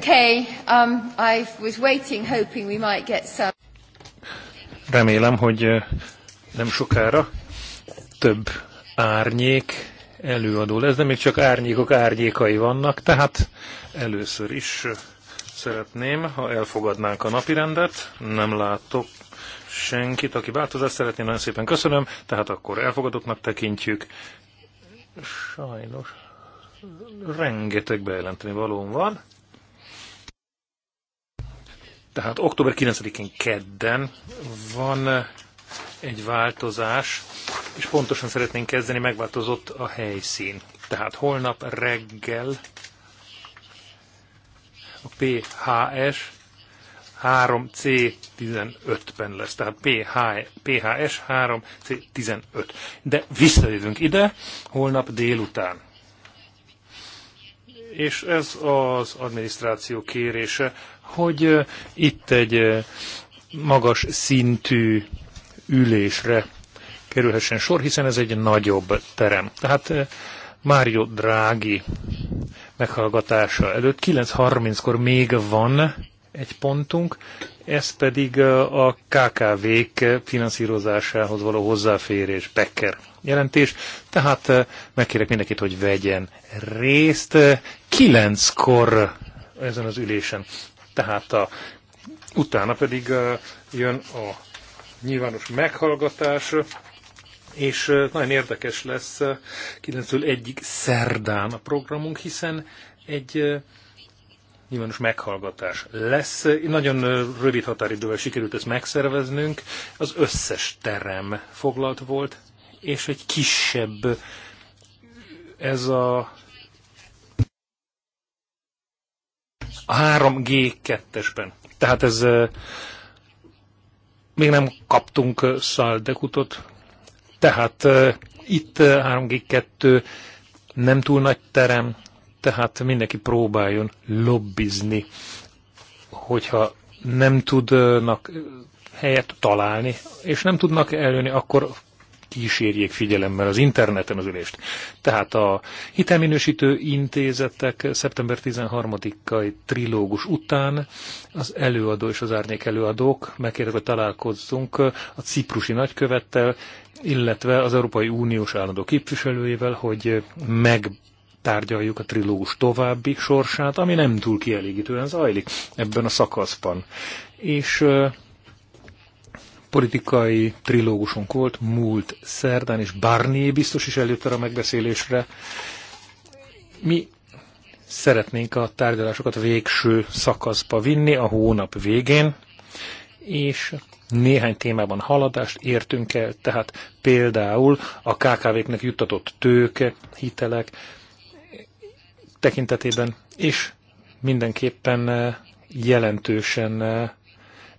Okay, um, I was waiting, hoping we might get some. Remélem, hogy eh, nem sokára több árnyék előadó lesz, de még csak árnyékok árnyékai vannak, tehát először is eh, szeretném, ha elfogadnánk a napirendet, nem látok senkit, aki változást szeretné, nagyon szépen köszönöm, tehát akkor elfogadottnak tekintjük. Sajnos rengeteg bejelenteni valóm van. Tehát október 9-én kedden van egy változás, és pontosan szeretnénk kezdeni, megváltozott a helyszín. Tehát holnap reggel a PHS 3C15-ben lesz, tehát PH, PHS 3C15. De visszajövünk ide holnap délután és ez az adminisztráció kérése, hogy itt egy magas szintű ülésre kerülhessen sor, hiszen ez egy nagyobb terem. Tehát Mário Drági meghallgatása előtt 9.30-kor még van egy pontunk, ez pedig a KKV-k finanszírozásához való hozzáférés. Becker jelentés, tehát eh, megkérek mindenkit, hogy vegyen részt eh, kilenckor ezen az ülésen. Tehát a, utána pedig eh, jön a nyilvános meghallgatás, és nagyon érdekes lesz 9-től egyik szerdán a programunk, hiszen egy nyilvános meghallgatás lesz. Nagyon rövid határidővel sikerült ezt megszerveznünk. Az összes terem foglalt volt, és egy kisebb ez a 3G2-esben. Tehát ez eh, még nem kaptunk eh, szaldekutot, tehát eh, itt 3G2 nem túl nagy terem, tehát mindenki próbáljon lobbizni, hogyha nem tudnak helyet találni, és nem tudnak előni, akkor kísérjék figyelemmel az interneten az ülést. Tehát a hitelminősítő intézetek szeptember 13-ai trilógus után az előadó és az árnyék előadók megkérdezik, hogy találkozzunk a ciprusi nagykövettel, illetve az Európai Uniós állandó képviselőjével, hogy meg tárgyaljuk a trilógus további sorsát, ami nem túl kielégítően zajlik ebben a szakaszban. És politikai trilógusunk volt múlt szerdán, és Barnier biztos is előtt a megbeszélésre. Mi szeretnénk a tárgyalásokat végső szakaszba vinni a hónap végén, és néhány témában haladást értünk el, tehát például a KKV-knek juttatott tőke, hitelek tekintetében, és mindenképpen eh, jelentősen eh,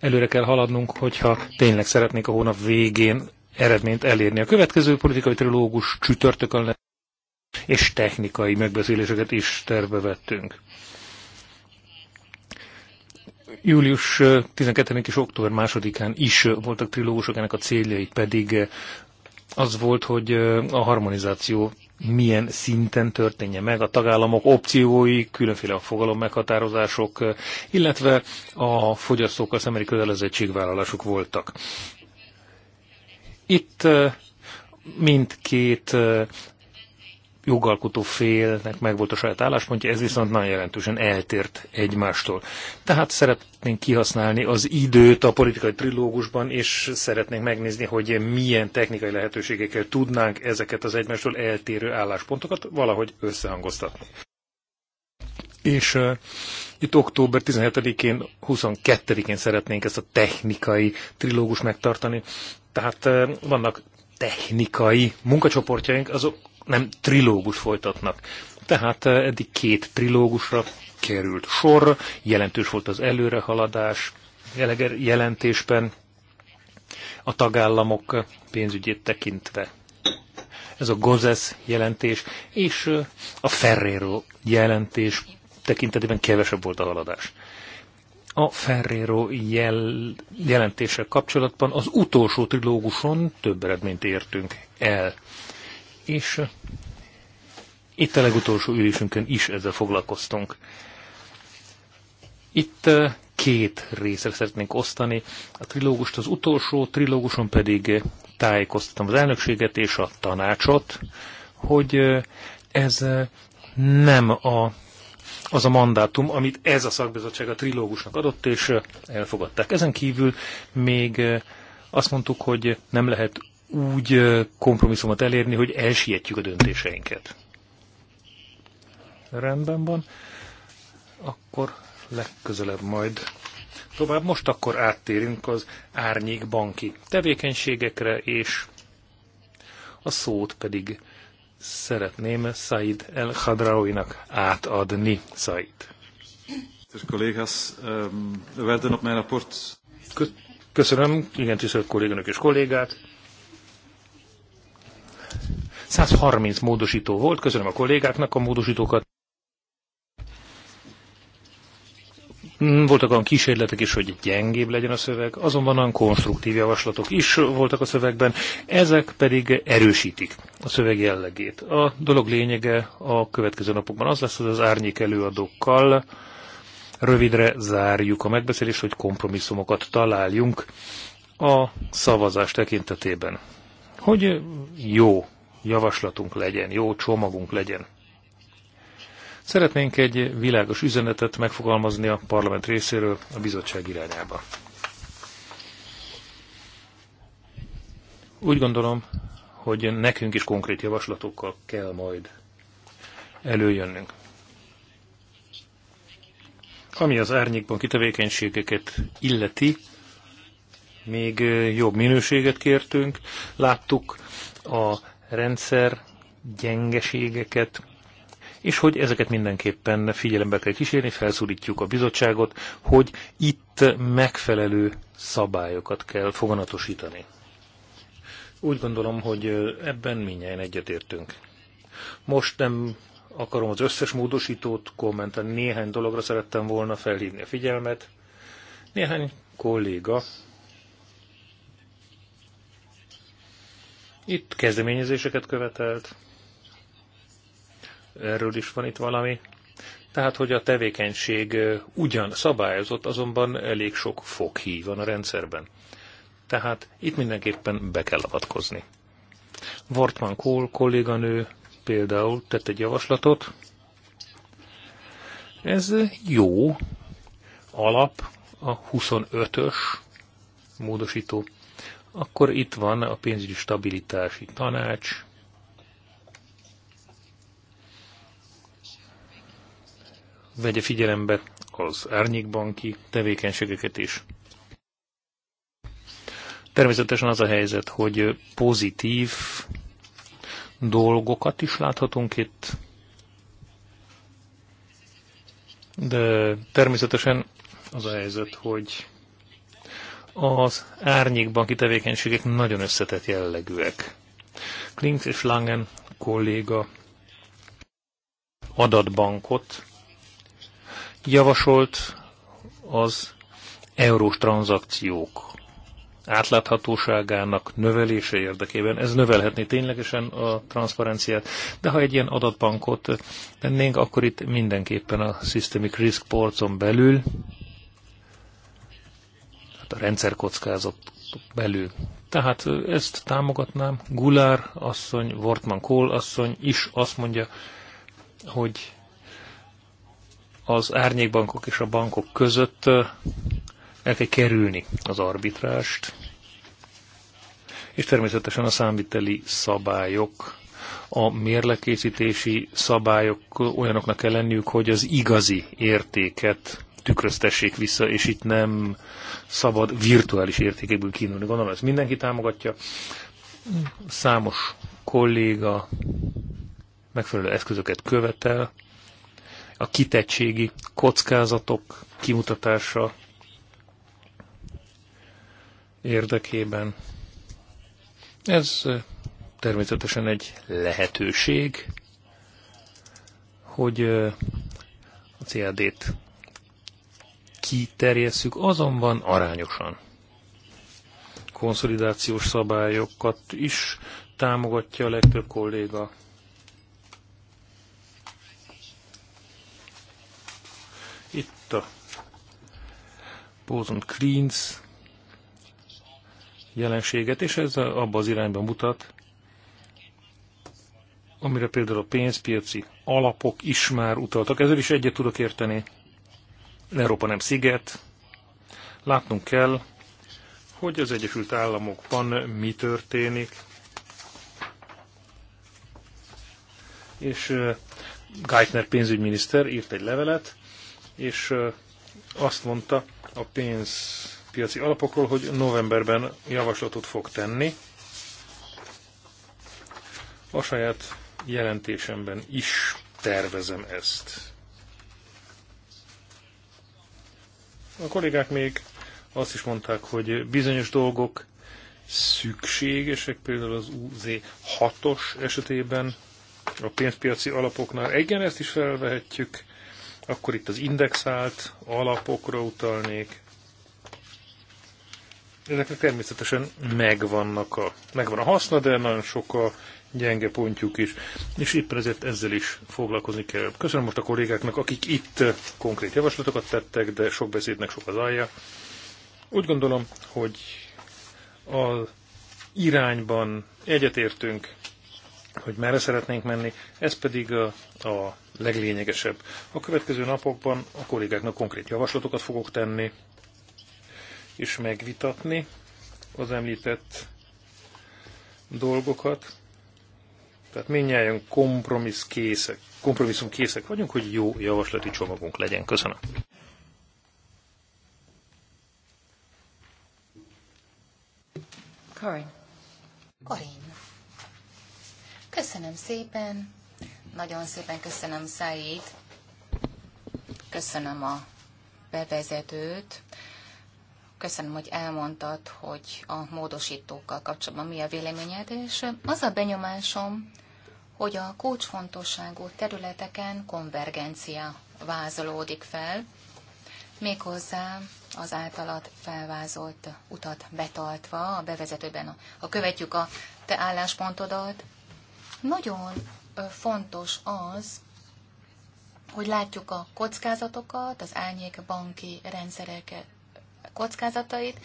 előre kell haladnunk, hogyha tényleg szeretnénk a hónap végén eredményt elérni. A következő politikai trilógus csütörtökön lesz, és technikai megbeszéléseket is terve vettünk. Július 12-én és október 2-án is voltak trilógusok, ennek a céljai pedig az volt, hogy a harmonizáció milyen szinten történje meg a tagállamok opciói, különféle a fogalom meghatározások, illetve a fogyasztókkal szembeni kötelezettségvállalások voltak. Itt eh, mindkét eh, jogalkotó félnek megvolt a saját álláspontja, ez viszont nagyon jelentősen eltért egymástól. Tehát szeretnénk kihasználni az időt a politikai trilógusban, és szeretnénk megnézni, hogy milyen technikai lehetőségekkel tudnánk ezeket az egymástól eltérő álláspontokat valahogy összehangoztatni. És uh, itt október 17-én, 22-én szeretnénk ezt a technikai trilógus megtartani. Tehát uh, vannak technikai munkacsoportjaink, azok nem trilógus folytatnak. Tehát eh, eddig két trilógusra került sor, jelentős volt az előrehaladás, jelentésben a tagállamok pénzügyét tekintve. Ez a Gozes jelentés és eh, a Ferrero jelentés tekintetében kevesebb volt a haladás. A Ferrero jel jelentése kapcsolatban az utolsó trilóguson több eredményt értünk el és uh, itt a legutolsó ülésünkön is ezzel foglalkoztunk. Itt uh, két részre szeretnénk osztani a trilógust, az utolsó trilóguson pedig uh, tájékoztatom az elnökséget és a tanácsot, hogy ez nem a, az a mandátum, amit ez a szakbizottság a trilógusnak adott, és elfogadták. Ezen kívül még azt mondtuk, hogy nem lehet úgy kompromisszumot elérni, hogy elsietjük a döntéseinket. Rendben van. Akkor legközelebb majd tovább. Most akkor áttérünk az árnyék banki tevékenységekre, és a szót pedig szeretném Said El Hadraoinak átadni. Said. Köszönöm, igen, tisztelt kolléganök és kollégát. 130 módosító volt, köszönöm a kollégáknak a módosítókat. Hmm, voltak olyan kísérletek is, hogy gyengébb legyen a szöveg, azonban olyan konstruktív javaslatok is voltak a szövegben, ezek pedig erősítik a szöveg jellegét. A dolog lényege a következő napokban az lesz, hogy az árnyék előadókkal rövidre zárjuk a megbeszélést, hogy kompromisszumokat találjunk a szavazás tekintetében. Hogy jó javaslatunk legyen, jó csomagunk legyen. Szeretnénk egy világos üzenetet megfogalmazni a parlament részéről a bizottság irányába. Úgy gondolom, hogy nekünk is konkrét javaslatokkal kell majd előjönnünk. Ami az árnyékban kitevékenységeket illeti, még jobb minőséget kértünk. Láttuk a rendszer gyengeségeket, és hogy ezeket mindenképpen figyelembe kell kísérni, felszólítjuk a bizottságot, hogy itt megfelelő szabályokat kell foganatosítani. Úgy gondolom, hogy ebben minnyáján egyetértünk. Most nem akarom az összes módosítót kommentálni, néhány dologra szerettem volna felhívni a figyelmet. Néhány kolléga Itt kezdeményezéseket követelt. Erről is van itt valami. Tehát, hogy a tevékenység ugyan szabályozott, azonban elég sok foghíj van a rendszerben. Tehát itt mindenképpen be kell avatkozni. Wortman Kohl kolléganő például tett egy javaslatot. Ez jó alap a 25-ös módosító akkor itt van a pénzügyi stabilitási tanács, vegye figyelembe az árnyékbanki tevékenységeket is. Természetesen az a helyzet, hogy pozitív dolgokat is láthatunk itt, de természetesen az a helyzet, hogy az árnyékban tevékenységek nagyon összetett jellegűek. Klinks és Langen kolléga adatbankot javasolt az eurós tranzakciók átláthatóságának növelése érdekében. Ez növelhetné ténylegesen a transzparenciát, de ha egy ilyen adatbankot tennénk, akkor itt mindenképpen a Systemic Risk Porton belül a rendszerkockázat belül. Tehát ezt támogatnám. Gulár asszony, Wortman Kohl asszony is azt mondja, hogy az árnyékbankok és a bankok között eh, el kell kerülni az arbitrást, és természetesen a számviteli szabályok, a mérlekészítési szabályok olyanoknak kell lenniük, hogy az igazi értéket tükröztessék vissza, és itt nem szabad virtuális értékekből kínálni. Gondolom, ezt mindenki támogatja. Számos kolléga megfelelő eszközöket követel, a kitettségi kockázatok kimutatása érdekében. Ez természetesen egy lehetőség, hogy a CAD-t kiterjesszük, azonban arányosan. Konszolidációs szabályokat is támogatja a legtöbb kolléga. Itt a Boson Cleans jelenséget, és ez abba az irányba mutat, amire például a pénzpiaci alapok is már utaltak. Ezzel is egyet tudok érteni. Európa nem sziget. Látnunk kell, hogy az Egyesült Államokban mi történik. És Geithner pénzügyminiszter írt egy levelet, és azt mondta a pénzpiaci alapokról, hogy novemberben javaslatot fog tenni. A saját jelentésemben is tervezem ezt. A kollégák még azt is mondták, hogy bizonyos dolgok szükségesek, például az UZ6-os esetében a pénzpiaci alapoknál. Igen, ezt is felvehetjük. Akkor itt az indexált alapokra utalnék. Ezeknek természetesen megvannak a, megvan a haszna, de nagyon sok a gyenge pontjuk is, és éppen ezért ezzel is foglalkozni kell. Köszönöm most a kollégáknak, akik itt konkrét javaslatokat tettek, de sok beszédnek sok az alja. Úgy gondolom, hogy az irányban egyetértünk, hogy merre szeretnénk menni, ez pedig a, a leglényegesebb. A következő napokban a kollégáknak konkrét javaslatokat fogok tenni, és megvitatni az említett dolgokat, tehát minnyáján kompromiss készek, kompromisszum készek vagyunk, hogy jó javaslati csomagunk legyen. Köszönöm. Karin. Karin. Köszönöm szépen. Nagyon szépen köszönöm Száid. Köszönöm a bevezetőt. Köszönöm, hogy elmondtad, hogy a módosítókkal kapcsolatban mi a véleményed, és az a benyomásom, hogy a kulcsfontosságú területeken konvergencia vázolódik fel, méghozzá az általad felvázolt utat betartva a bevezetőben. Ha követjük a te álláspontodat, nagyon fontos az, hogy látjuk a kockázatokat, az árnyék banki rendszereket, kockázatait.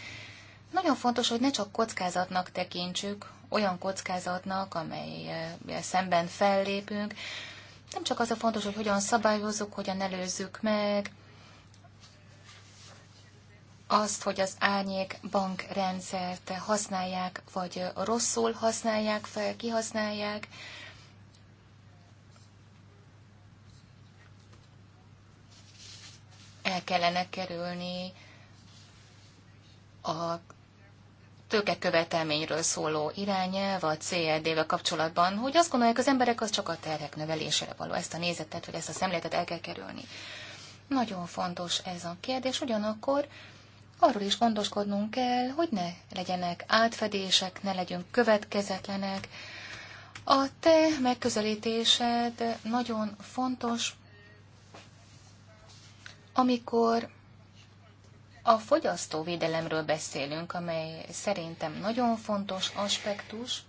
Nagyon fontos, hogy ne csak kockázatnak tekintsük, olyan kockázatnak, amelyel szemben fellépünk. Nem csak az a fontos, hogy hogyan szabályozzuk, hogyan előzzük meg, azt, hogy az árnyék bankrendszert használják, vagy rosszul használják fel, kihasználják. El kellene kerülni a követelményről szóló irányelv a CLD-vel e kapcsolatban, hogy azt gondolják az emberek, az csak a terhek növelésére való. Ezt a nézetet, vagy ezt a szemléletet el kell kerülni. Nagyon fontos ez a kérdés, ugyanakkor arról is gondoskodnunk kell, hogy ne legyenek átfedések, ne legyünk következetlenek. A te megközelítésed nagyon fontos, amikor a fogyasztóvédelemről beszélünk, amely szerintem nagyon fontos aspektus,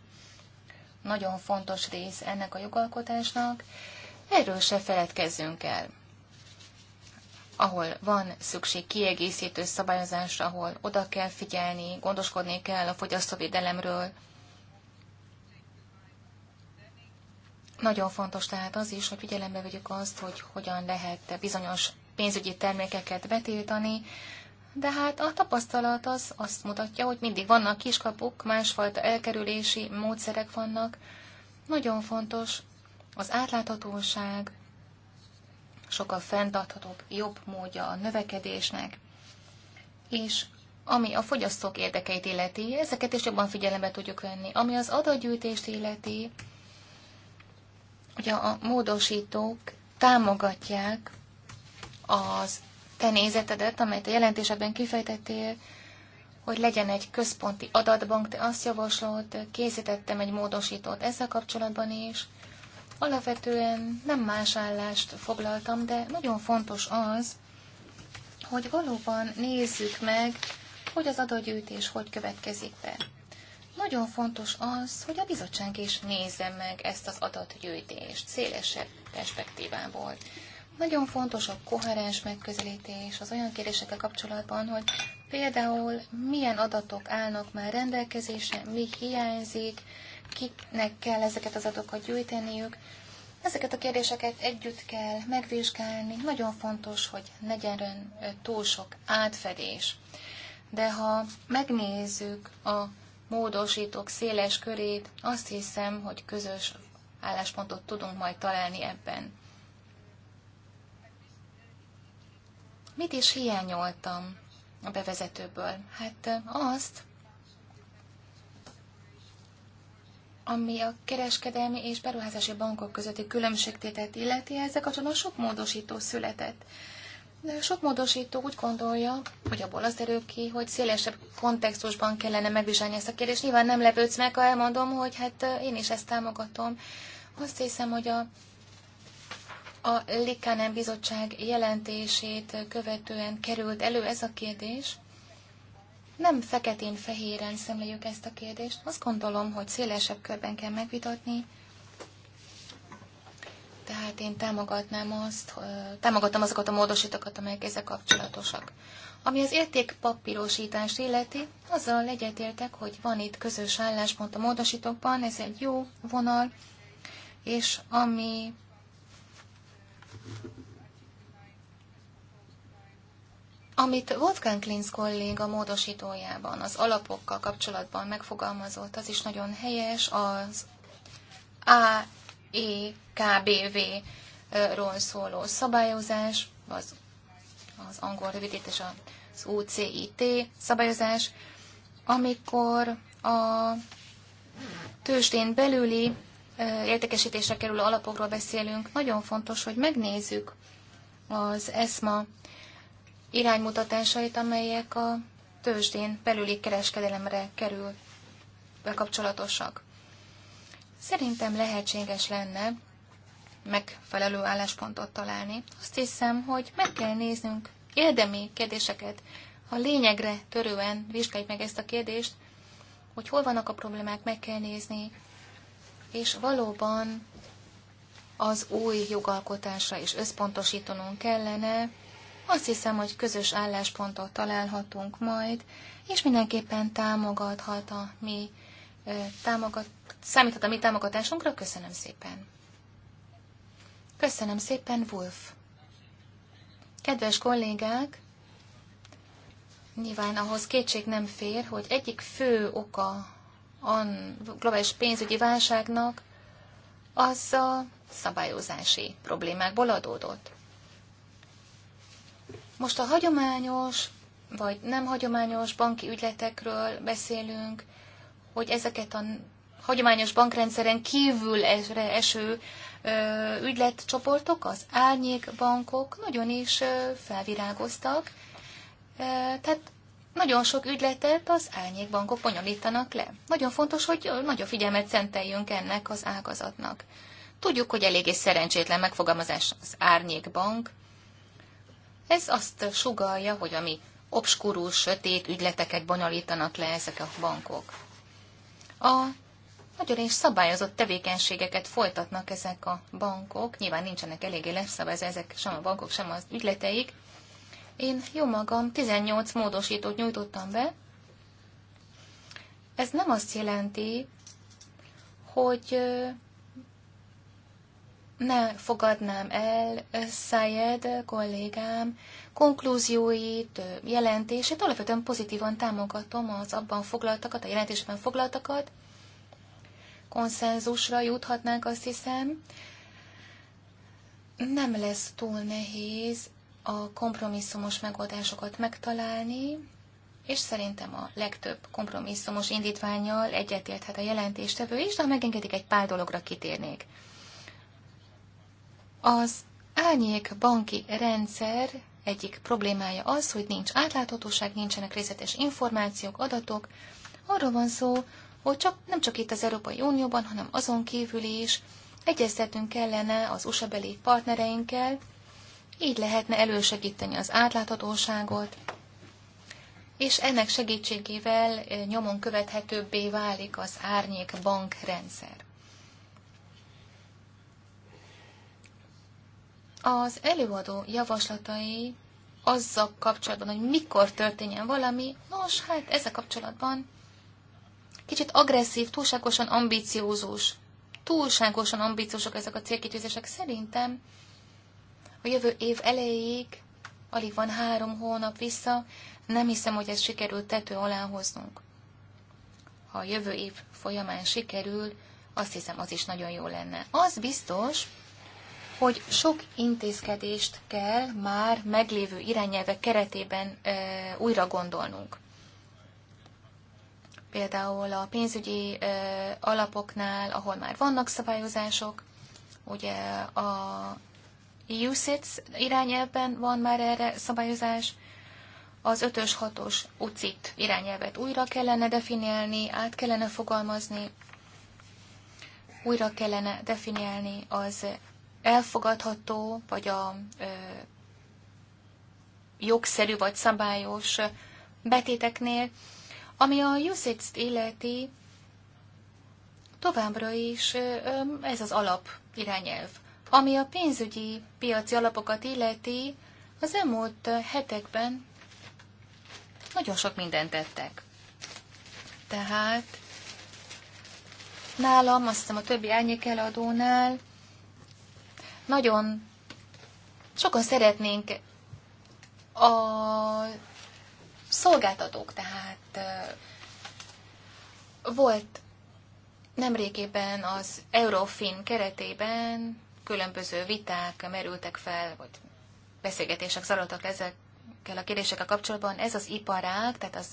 nagyon fontos rész ennek a jogalkotásnak. Erről se feledkezzünk el. Ahol van szükség kiegészítő szabályozásra, ahol oda kell figyelni, gondoskodni kell a fogyasztóvédelemről. Nagyon fontos tehát az is, hogy figyelembe vegyük azt, hogy hogyan lehet bizonyos pénzügyi termékeket betiltani, de hát a tapasztalat az azt mutatja, hogy mindig vannak kiskapuk, másfajta elkerülési módszerek vannak. Nagyon fontos az átláthatóság, sokkal fenntarthatóbb, jobb módja a növekedésnek, és ami a fogyasztók érdekeit illeti, ezeket is jobban figyelembe tudjuk venni. Ami az adatgyűjtést illeti, ugye a módosítók támogatják az te nézetedet, amelyet a jelentésedben kifejtettél, hogy legyen egy központi adatbank, te azt javaslod, készítettem egy módosítót ezzel kapcsolatban is. Alapvetően nem más állást foglaltam, de nagyon fontos az, hogy valóban nézzük meg, hogy az adatgyűjtés hogy következik be. Nagyon fontos az, hogy a bizottság is nézze meg ezt az adatgyűjtést szélesebb perspektívából. Nagyon fontos a koherens megközelítés az olyan kérdésekkel kapcsolatban, hogy például milyen adatok állnak már rendelkezésre, mi hiányzik, kiknek kell ezeket az adatokat gyűjteniük. Ezeket a kérdéseket együtt kell megvizsgálni. Nagyon fontos, hogy legyen túl sok átfedés. De ha megnézzük a módosítók széles körét, azt hiszem, hogy közös álláspontot tudunk majd találni ebben. Mit is hiányoltam a bevezetőből? Hát azt, ami a kereskedelmi és beruházási bankok közötti különbségtételt illeti, ezzel kapcsolatban sok módosító született. De sok módosító úgy gondolja, hogy abból az derül ki, hogy szélesebb kontextusban kellene megvizsgálni ezt a kérdést. Nyilván nem lepődsz meg, ha elmondom, hogy hát én is ezt támogatom. Azt hiszem, hogy a a Likánen bizottság jelentését követően került elő ez a kérdés. Nem feketén-fehéren szemléljük ezt a kérdést. Azt gondolom, hogy szélesebb körben kell megvitatni. Tehát én támogatnám azt, támogatom azokat a módosítókat, amelyek ezzel kapcsolatosak. Ami az értékpapírosítást illeti, azzal egyetértek, hogy van itt közös álláspont a módosítókban, ez egy jó vonal, és ami Amit Wolfgang Klinz kolléga módosítójában az alapokkal kapcsolatban megfogalmazott, az is nagyon helyes, az AEKBV-ról szóló szabályozás, az, az angol rövidítés az UCIT szabályozás, amikor a tőstén belüli értékesítésre kerülő alapokról beszélünk, nagyon fontos, hogy megnézzük az ESMA iránymutatásait, amelyek a tőzsdén belüli kereskedelemre kerül bekapcsolatosak. Szerintem lehetséges lenne megfelelő álláspontot találni. Azt hiszem, hogy meg kell néznünk érdemi kérdéseket. Ha lényegre törően vizsgáljuk meg ezt a kérdést, hogy hol vannak a problémák, meg kell nézni, és valóban az új jogalkotásra is összpontosítanunk kellene, azt hiszem, hogy közös álláspontot találhatunk majd, és mindenképpen támogathat a mi támogat, számíthat a mi támogatásunkra. Köszönöm szépen! Köszönöm szépen, Wolf! Kedves kollégák, nyilván ahhoz kétség nem fér, hogy egyik fő oka a globális pénzügyi válságnak az a szabályozási problémákból adódott. Most a hagyományos vagy nem hagyományos banki ügyletekről beszélünk, hogy ezeket a hagyományos bankrendszeren kívül eső ügyletcsoportok, az árnyékbankok nagyon is felvirágoztak. Tehát nagyon sok ügyletet az árnyékbankok bonyolítanak le. Nagyon fontos, hogy nagyon figyelmet szenteljünk ennek az ágazatnak. Tudjuk, hogy eléggé szerencsétlen megfogalmazás az árnyékbank, ez azt sugalja, hogy ami obskurus, sötét ügyleteket bonyolítanak le ezek a bankok. A nagyon és szabályozott tevékenységeket folytatnak ezek a bankok, nyilván nincsenek eléggé leszabályozva ezek sem a bankok, sem az ügyleteik. Én jó magam 18 módosítót nyújtottam be. Ez nem azt jelenti, hogy ne fogadnám el eh, Szájed eh, kollégám konklúzióit, eh, jelentését, alapvetően pozitívan támogatom az abban foglaltakat, a jelentésben foglaltakat. Konszenzusra juthatnánk, azt hiszem. Nem lesz túl nehéz a kompromisszumos megoldásokat megtalálni, és szerintem a legtöbb kompromisszumos indítványjal egyetérthet a jelentéstevő is, de ha megengedik, egy pár dologra kitérnék. Az árnyék banki rendszer egyik problémája az, hogy nincs átláthatóság, nincsenek részletes információk, adatok. Arról van szó, hogy csak, nem csak itt az Európai Unióban, hanem azon kívül is egyeztetünk kellene az USA beli partnereinkkel, így lehetne elősegíteni az átláthatóságot, és ennek segítségével nyomon követhetőbbé válik az árnyék bankrendszer. Az előadó javaslatai azzal kapcsolatban, hogy mikor történjen valami, nos, hát ezzel kapcsolatban kicsit agresszív, túlságosan ambiciózus. Túlságosan ambiciósok ezek a célkitűzések szerintem. A jövő év elejéig, alig van három hónap vissza, nem hiszem, hogy ez sikerült tető alá hoznunk. Ha a jövő év folyamán sikerül, azt hiszem, az is nagyon jó lenne. Az biztos, hogy sok intézkedést kell már meglévő irányelvek keretében e, újra gondolnunk. Például a pénzügyi e, alapoknál, ahol már vannak szabályozások, ugye a USITS irányelvben van már erre szabályozás, az 5-ös, 6-os UCIT irányelvet újra kellene definiálni, át kellene fogalmazni, újra kellene definiálni az elfogadható, vagy a ö, jogszerű, vagy szabályos betéteknél, ami a usage illeti, továbbra is ö, ez az alap irányelv. Ami a pénzügyi piaci alapokat illeti, az elmúlt hetekben nagyon sok mindent tettek. Tehát nálam, azt hiszem a többi árnyékeladónál nagyon sokan szeretnénk a szolgáltatók, tehát volt nemrégében az Eurofin keretében különböző viták merültek fel, vagy beszélgetések zajlottak ezekkel a kérdésekkel kapcsolatban. Ez az iparág, tehát az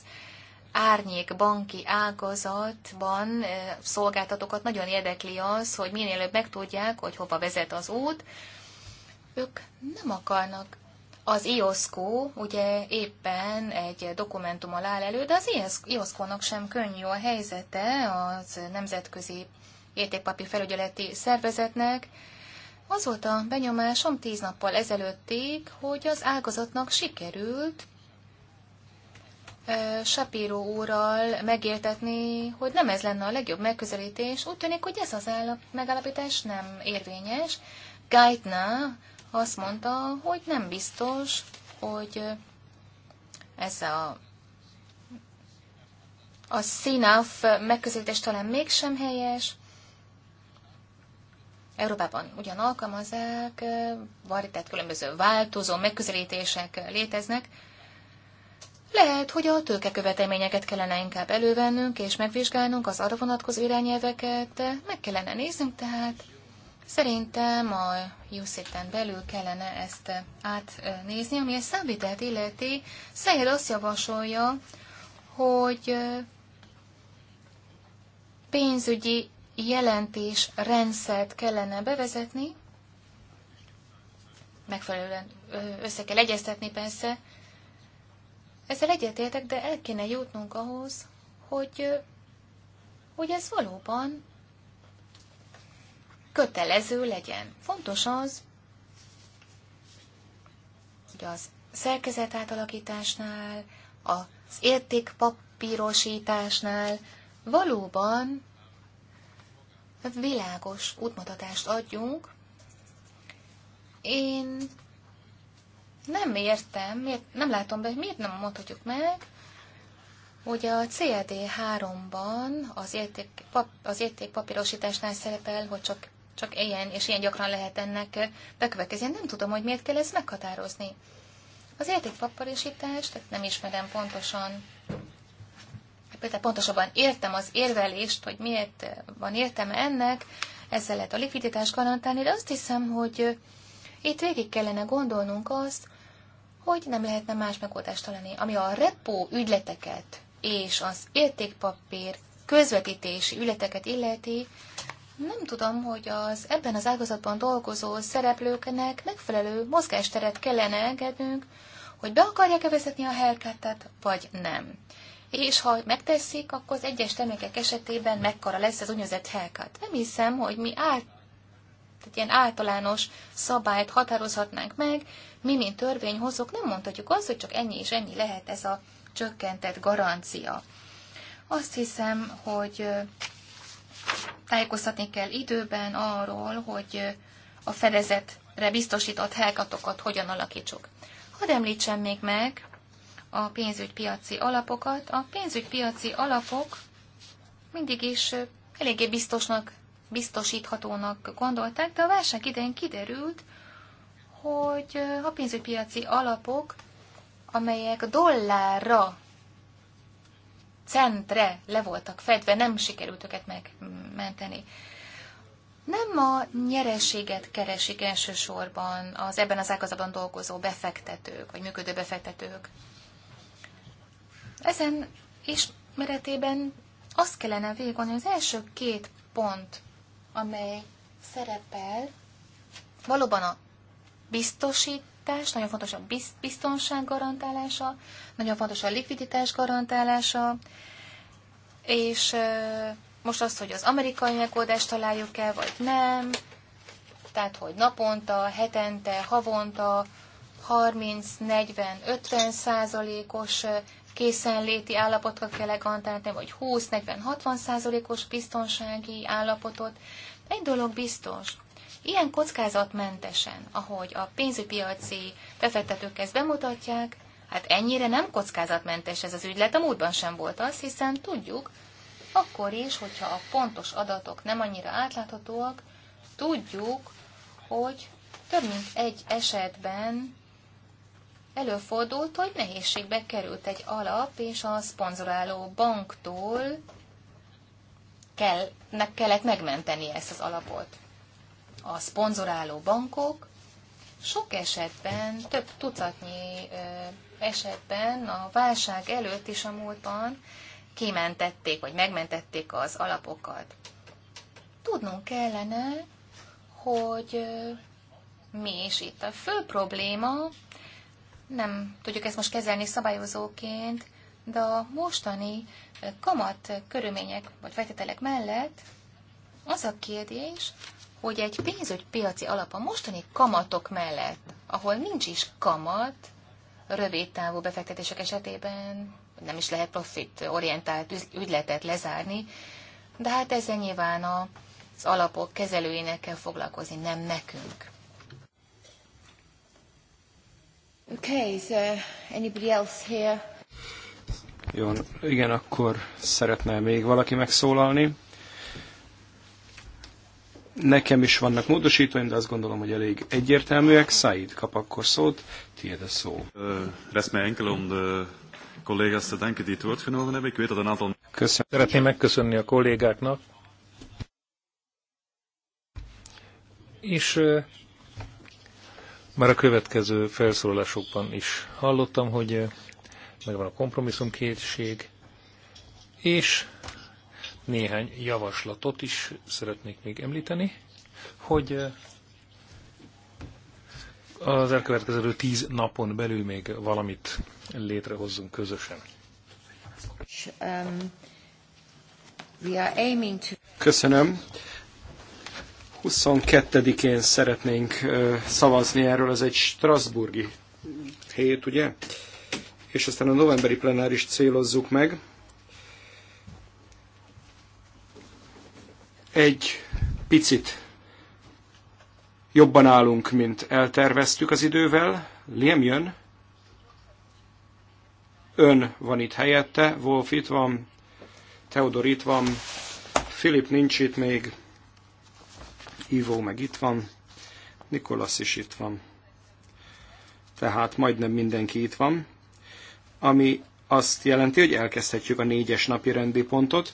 árnyék banki ágazatban eh, szolgáltatókat nagyon érdekli az, hogy minél előbb megtudják, hogy hova vezet az út. Ők nem akarnak. Az IOSCO ugye éppen egy dokumentummal áll elő, de az IOSCO-nak sem könnyű a helyzete az nemzetközi értékpapír felügyeleti szervezetnek, az volt a benyomásom tíz nappal ezelőttig, hogy az ágazatnak sikerült Sapíró úrral megértetni, hogy nem ez lenne a legjobb megközelítés. Úgy tűnik, hogy ez az állap, megállapítás nem érvényes. Geithner azt mondta, hogy nem biztos, hogy ez a, a színaf megközelítés talán mégsem helyes. Európában ugyan alkalmazzák, tehát különböző változó megközelítések léteznek, lehet, hogy a tőkekövetelményeket kellene inkább elővennünk és megvizsgálnunk az arra vonatkozó irányelveket, meg kellene néznünk, tehát szerintem a Jusszéten belül kellene ezt átnézni, ami egy számvitelt illeti. Szehér azt javasolja, hogy pénzügyi jelentés rendszert kellene bevezetni, megfelelően össze kell egyeztetni persze, ezzel egyetértek, de el kéne jutnunk ahhoz, hogy, hogy ez valóban kötelező legyen. Fontos az, hogy az szerkezet átalakításnál, az értékpapírosításnál valóban világos útmutatást adjunk. Én nem értem, miért, nem látom be, hogy miért nem mondhatjuk meg, hogy a CLD3-ban az, érték, pap, az értékpapírosításnál szerepel, hogy csak, csak ilyen és ilyen gyakran lehet ennek bekövetkezni. Nem tudom, hogy miért kell ezt meghatározni. Az értékpapírosítás, tehát nem ismerem pontosan, például pontosabban értem az érvelést, hogy miért van értem ennek, ezzel lehet a likviditás garantálni, de azt hiszem, hogy itt végig kellene gondolnunk azt, hogy nem lehetne más megoldást találni, ami a repó ügyleteket és az értékpapír közvetítési ügyleteket illeti, nem tudom, hogy az ebben az ágazatban dolgozó szereplőknek megfelelő mozgásteret kellene engednünk, hogy be akarják-e vezetni a helkátát, vagy nem. És ha megteszik, akkor az egyes termékek esetében mekkora lesz az úgynevezett helkát. Nem hiszem, hogy mi át egy ilyen általános szabályt határozhatnánk meg, mi, mint törvényhozók nem mondhatjuk azt, hogy csak ennyi és ennyi lehet ez a csökkentett garancia. Azt hiszem, hogy tájékoztatni kell időben arról, hogy a fedezetre biztosított helkatokat hogyan alakítsuk. Hadd említsem még meg a pénzügypiaci alapokat. A pénzügypiaci alapok mindig is eléggé biztosnak biztosíthatónak gondolták, de a válság idején kiderült, hogy a pénzügypiaci alapok, amelyek dollárra, centre le voltak fedve, nem sikerült őket megmenteni. Nem a nyereséget keresik elsősorban az ebben az ágazatban dolgozó befektetők, vagy működő befektetők. Ezen ismeretében azt kellene végigolni, hogy az első két pont amely szerepel valóban a biztosítás, nagyon fontos a biztonság garantálása, nagyon fontos a likviditás garantálása, és most azt, hogy az amerikai megoldást találjuk el, vagy nem, tehát hogy naponta, hetente, havonta 30-40-50 százalékos készenléti állapotot kell legantálni, vagy 20-40-60 százalékos biztonsági állapotot. Egy dolog biztos, ilyen kockázatmentesen, ahogy a pénzügypiaci befektetők ezt bemutatják, hát ennyire nem kockázatmentes ez az ügylet, a múltban sem volt az, hiszen tudjuk, akkor is, hogyha a pontos adatok nem annyira átláthatóak, tudjuk, hogy több mint egy esetben előfordult, hogy nehézségbe került egy alap, és a szponzoráló banktól kell, ne kellett megmenteni ezt az alapot. A szponzoráló bankok sok esetben, több tucatnyi esetben a válság előtt is a múltban kimentették, vagy megmentették az alapokat. Tudnunk kellene, hogy mi is itt a fő probléma, nem tudjuk ezt most kezelni szabályozóként, de a mostani eh, kamat körülmények vagy feltételek mellett az a kérdés, hogy egy piaci alap a mostani kamatok mellett, ahol nincs is kamat, rövid távú befektetések esetében nem is lehet profit-orientált ügyletet lezárni, de hát ezzel nyilván az alapok kezelőinek kell foglalkozni, nem nekünk. Okay, is there anybody else here? Jó, igen, akkor szeretne még valaki megszólalni. Nekem is vannak módosítóim, de azt gondolom, hogy elég egyértelműek. Said kap akkor szót, tiéd a szó. Eh, Köszönöm. Szeretném megköszönni a kollégáknak. És eh, már a következő felszólalásokban is hallottam, hogy eh, megvan a kompromisszumkészség, és néhány javaslatot is szeretnék még említeni, hogy eh, az elkövetkező tíz napon belül még valamit létrehozzunk közösen. Um, Köszönöm. 22-én szeretnénk szavazni erről, ez egy Strasburgi hét, ugye? És aztán a novemberi plenáris célozzuk meg. Egy picit jobban állunk, mint elterveztük az idővel. Liam jön. Ön van itt helyette, Wolf itt van, Theodor itt van, Philip nincs itt még, Ivo meg itt van, Nikolasz is itt van. Tehát majdnem mindenki itt van, ami azt jelenti, hogy elkezdhetjük a négyes napi rendi pontot,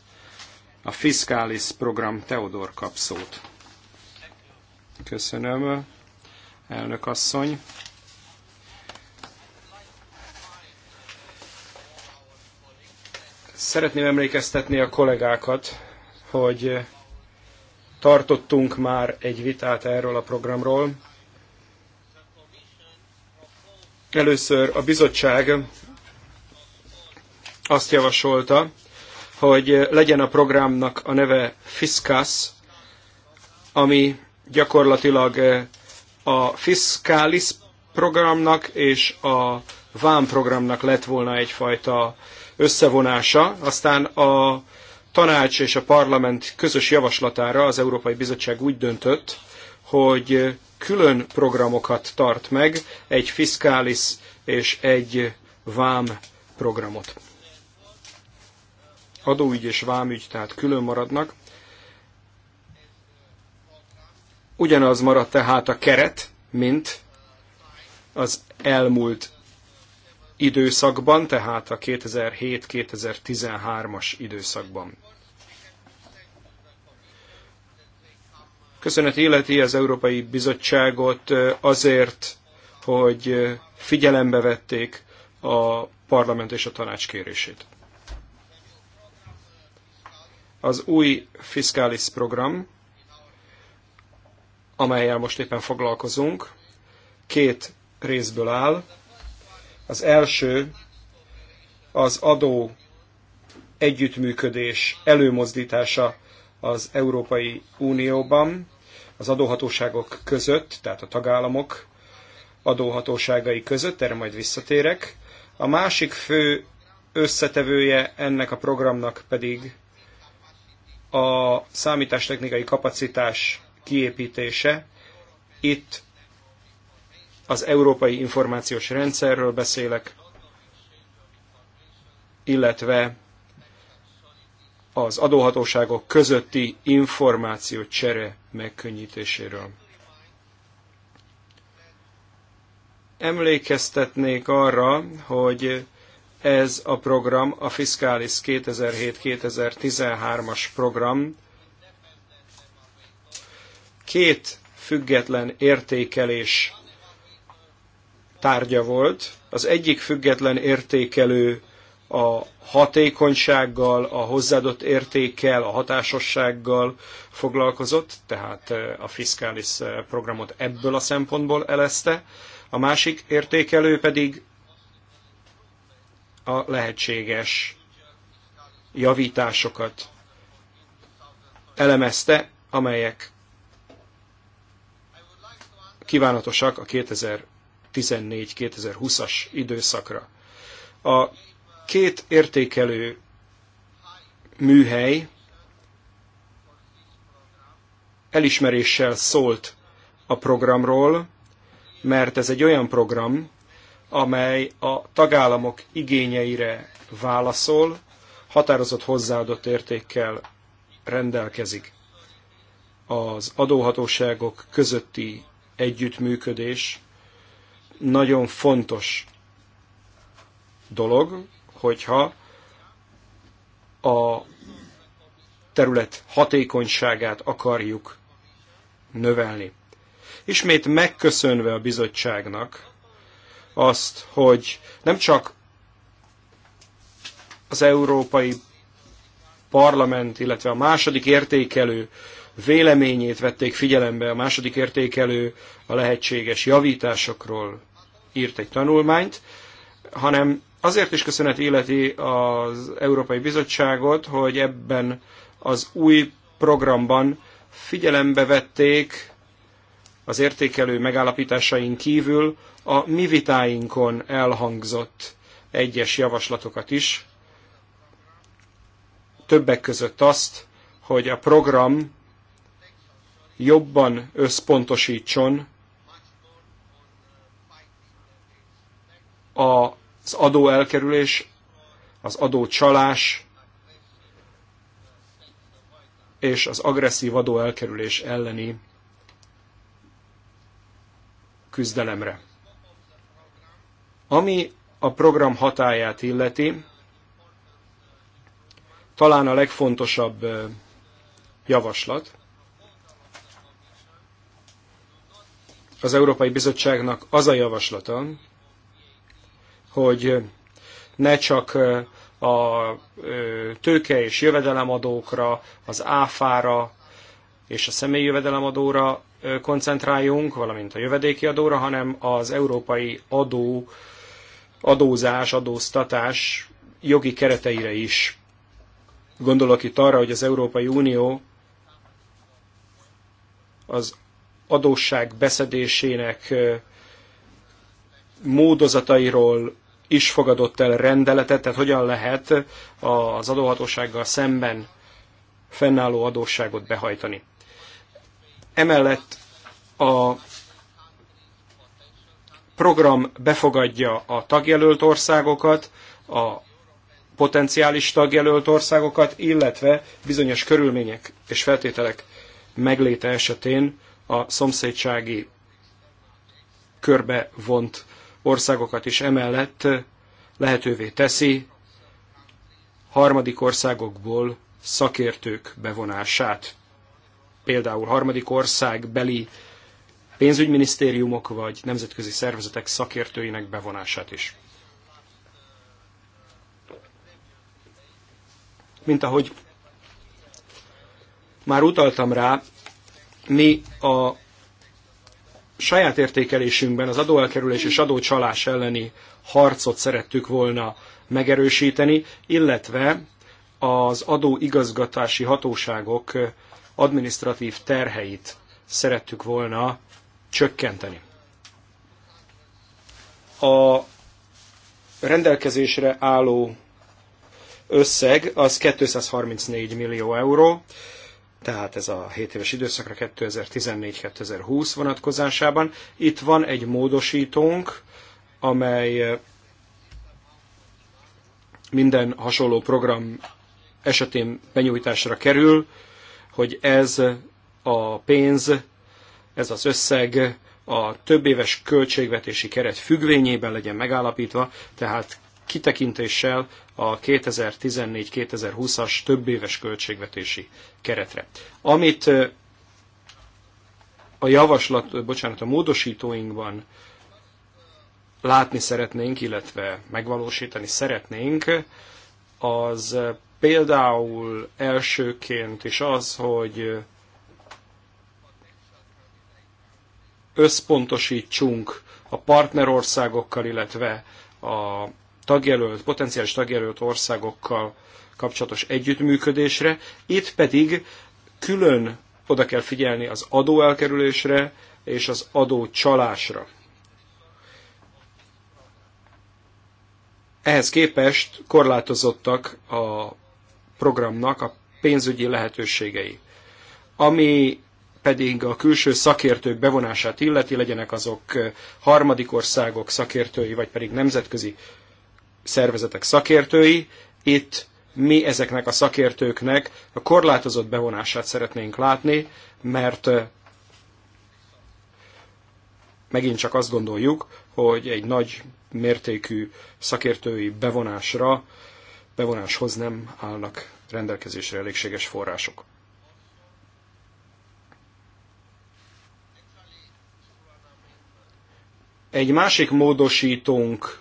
a Fiscalis program Teodor kapszót. Köszönöm, elnök asszony. Szeretném emlékeztetni a kollégákat, hogy Tartottunk már egy vitát erről a programról. Először a bizottság azt javasolta, hogy legyen a programnak a neve Fiskas, ami gyakorlatilag a Fiscalis programnak és a VAM programnak lett volna egyfajta összevonása. Aztán a tanács és a parlament közös javaslatára az Európai Bizottság úgy döntött, hogy külön programokat tart meg, egy fiskális és egy vám programot. Adóügy és vámügy tehát külön maradnak. Ugyanaz maradt tehát a keret, mint az elmúlt időszakban, tehát a 2007-2013-as időszakban. Köszönet életi az Európai Bizottságot azért, hogy figyelembe vették a parlament és a tanács kérését. Az új fiskális program, amelyel most éppen foglalkozunk, két részből áll. Az első az adó együttműködés előmozdítása az Európai Unióban, az adóhatóságok között, tehát a tagállamok adóhatóságai között, erre majd visszatérek. A másik fő összetevője ennek a programnak pedig a számítástechnikai kapacitás kiépítése. Itt az Európai Információs Rendszerről beszélek, illetve az adóhatóságok közötti információcsere megkönnyítéséről. Emlékeztetnék arra, hogy ez a program, a Fiscalis 2007-2013-as program két független értékelés tárgya volt. Az egyik független értékelő a hatékonysággal, a hozzáadott értékkel, a hatásossággal foglalkozott, tehát a fiskális programot ebből a szempontból elezte. A másik értékelő pedig a lehetséges javításokat elemezte, amelyek kívánatosak a 2014-2020-as időszakra. A két értékelő műhely elismeréssel szólt a programról, mert ez egy olyan program, amely a tagállamok igényeire válaszol, határozott hozzáadott értékkel rendelkezik. Az adóhatóságok közötti együttműködés nagyon fontos dolog, hogyha a terület hatékonyságát akarjuk növelni. Ismét megköszönve a bizottságnak azt, hogy nem csak az Európai Parlament, illetve a második értékelő véleményét vették figyelembe, a második értékelő a lehetséges javításokról, írt egy tanulmányt, hanem azért is köszönet életi az Európai Bizottságot, hogy ebben az új programban figyelembe vették az értékelő megállapításaink kívül a mi vitáinkon elhangzott egyes javaslatokat is, többek között azt, hogy a program jobban összpontosítson az adó elkerülés, az adó csalás és az agresszív adó elkerülés elleni küzdelemre. Ami a program hatáját illeti, talán a legfontosabb javaslat. Az Európai Bizottságnak az a javaslata, hogy ne csak a tőke és jövedelemadókra, az áfára és a személyi jövedelemadóra koncentráljunk, valamint a jövedéki adóra, hanem az európai adó, adózás, adóztatás jogi kereteire is. Gondolok itt arra, hogy az Európai Unió az adósság beszedésének módozatairól is fogadott el rendeletet, tehát hogyan lehet az adóhatósággal szemben fennálló adósságot behajtani. Emellett a program befogadja a tagjelölt országokat, a potenciális tagjelölt országokat, illetve bizonyos körülmények és feltételek megléte esetén a szomszédsági körbe vont országokat is emellett lehetővé teszi harmadik országokból szakértők bevonását. Például harmadik ország beli pénzügyminisztériumok vagy nemzetközi szervezetek szakértőinek bevonását is. Mint ahogy már utaltam rá, mi a saját értékelésünkben az adóelkerülés és adócsalás elleni harcot szerettük volna megerősíteni, illetve az adóigazgatási hatóságok administratív terheit szerettük volna csökkenteni. A rendelkezésre álló összeg az 234 millió euró, tehát ez a 7 éves időszakra 2014-2020 vonatkozásában. Itt van egy módosítónk, amely eh, minden hasonló program esetén benyújtásra kerül, hogy ez a pénz, ez az összeg a több éves költségvetési keret függvényében legyen megállapítva, tehát kitekintéssel a 2014-2020-as több éves költségvetési keretre. Amit a javaslat, bocsánat, a módosítóinkban látni szeretnénk, illetve megvalósítani szeretnénk, az például elsőként is az, hogy összpontosítsunk a partnerországokkal, illetve a tagjelölt, potenciális tagjelölt országokkal kapcsolatos együttműködésre, itt pedig külön oda kell figyelni az adóelkerülésre és az adócsalásra. Ehhez képest korlátozottak a programnak a pénzügyi lehetőségei. Ami pedig a külső szakértők bevonását illeti, legyenek azok harmadik országok szakértői, vagy pedig nemzetközi szervezetek szakértői, itt mi ezeknek a szakértőknek a korlátozott bevonását szeretnénk látni, mert megint csak azt gondoljuk, hogy egy nagy mértékű szakértői bevonásra, bevonáshoz nem állnak rendelkezésre elégséges források. Egy másik módosítónk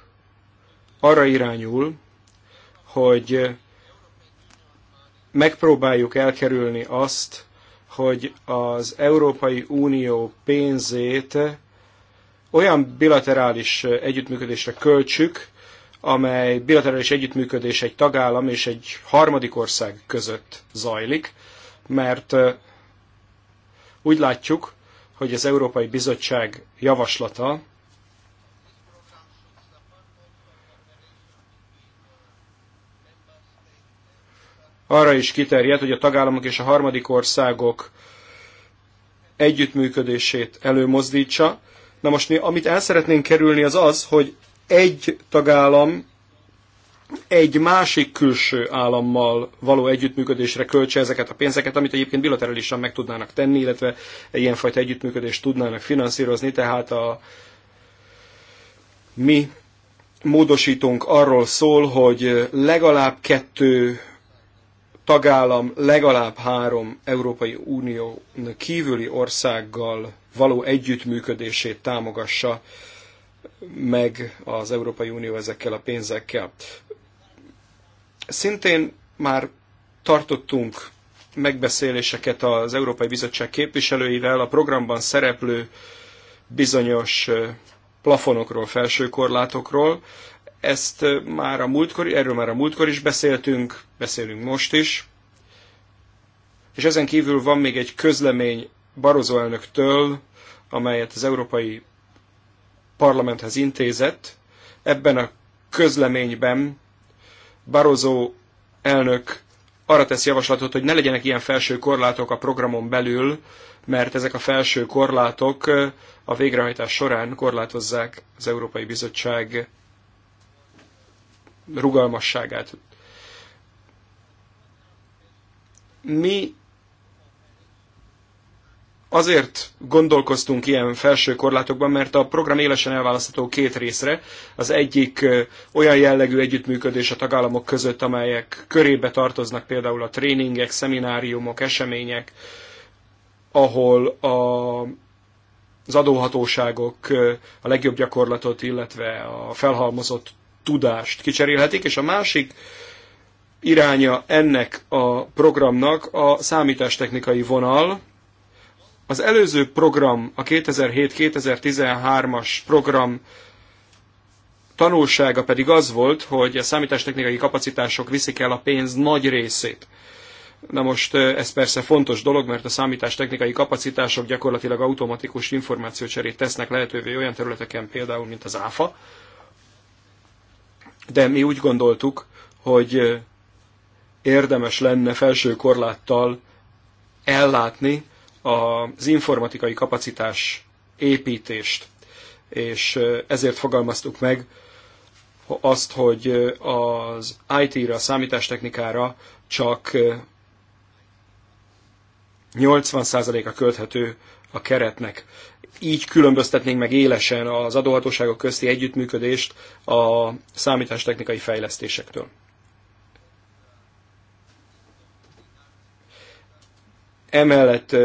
arra irányul, hogy megpróbáljuk elkerülni azt, hogy az Európai Unió pénzét olyan bilaterális együttműködésre költsük, amely bilaterális együttműködés egy tagállam és egy harmadik ország között zajlik, mert úgy látjuk, hogy az Európai Bizottság javaslata arra is kiterjed, hogy a tagállamok és a harmadik országok együttműködését előmozdítsa. Na most mi, amit el szeretnénk kerülni, az az, hogy egy tagállam egy másik külső állammal való együttműködésre költse ezeket a pénzeket, amit egyébként bilaterálisan meg tudnának tenni, illetve ilyenfajta együttműködést tudnának finanszírozni, tehát a mi módosítunk arról szól, hogy legalább kettő tagállam legalább három Európai Unió kívüli országgal való együttműködését támogassa meg az Európai Unió ezekkel a pénzekkel. Szintén már tartottunk megbeszéléseket az Európai Bizottság képviselőivel a programban szereplő bizonyos plafonokról, felső korlátokról. Ezt már a múltkor, erről már a múltkor is beszéltünk, beszélünk most is. És ezen kívül van még egy közlemény Barozó elnöktől, amelyet az Európai Parlamenthez intézett. Ebben a közleményben Barozó elnök arra tesz javaslatot, hogy ne legyenek ilyen felső korlátok a programon belül, mert ezek a felső korlátok a végrehajtás során korlátozzák az Európai Bizottság rugalmasságát. Mi azért gondolkoztunk ilyen felső korlátokban, mert a program élesen elválasztható két részre. Az egyik olyan jellegű együttműködés a tagállamok között, amelyek körébe tartoznak például a tréningek, szemináriumok, események, ahol a, az adóhatóságok a legjobb gyakorlatot, illetve a felhalmozott tudást kicserélhetik, és a másik iránya ennek a programnak a számítástechnikai vonal. Az előző program, a 2007-2013-as program tanulsága pedig az volt, hogy a számítástechnikai kapacitások viszik el a pénz nagy részét. Na most ez persze fontos dolog, mert a számítástechnikai kapacitások gyakorlatilag automatikus információcserét tesznek lehetővé olyan területeken például, mint az ÁFA, de mi úgy gondoltuk, hogy érdemes lenne felső korláttal ellátni az informatikai kapacitás építést, és ezért fogalmaztuk meg azt, hogy az IT-ra, a számítástechnikára csak 80%-a költhető a keretnek így különböztetnénk meg élesen az adóhatóságok közti együttműködést a számítástechnikai fejlesztésektől. Emellett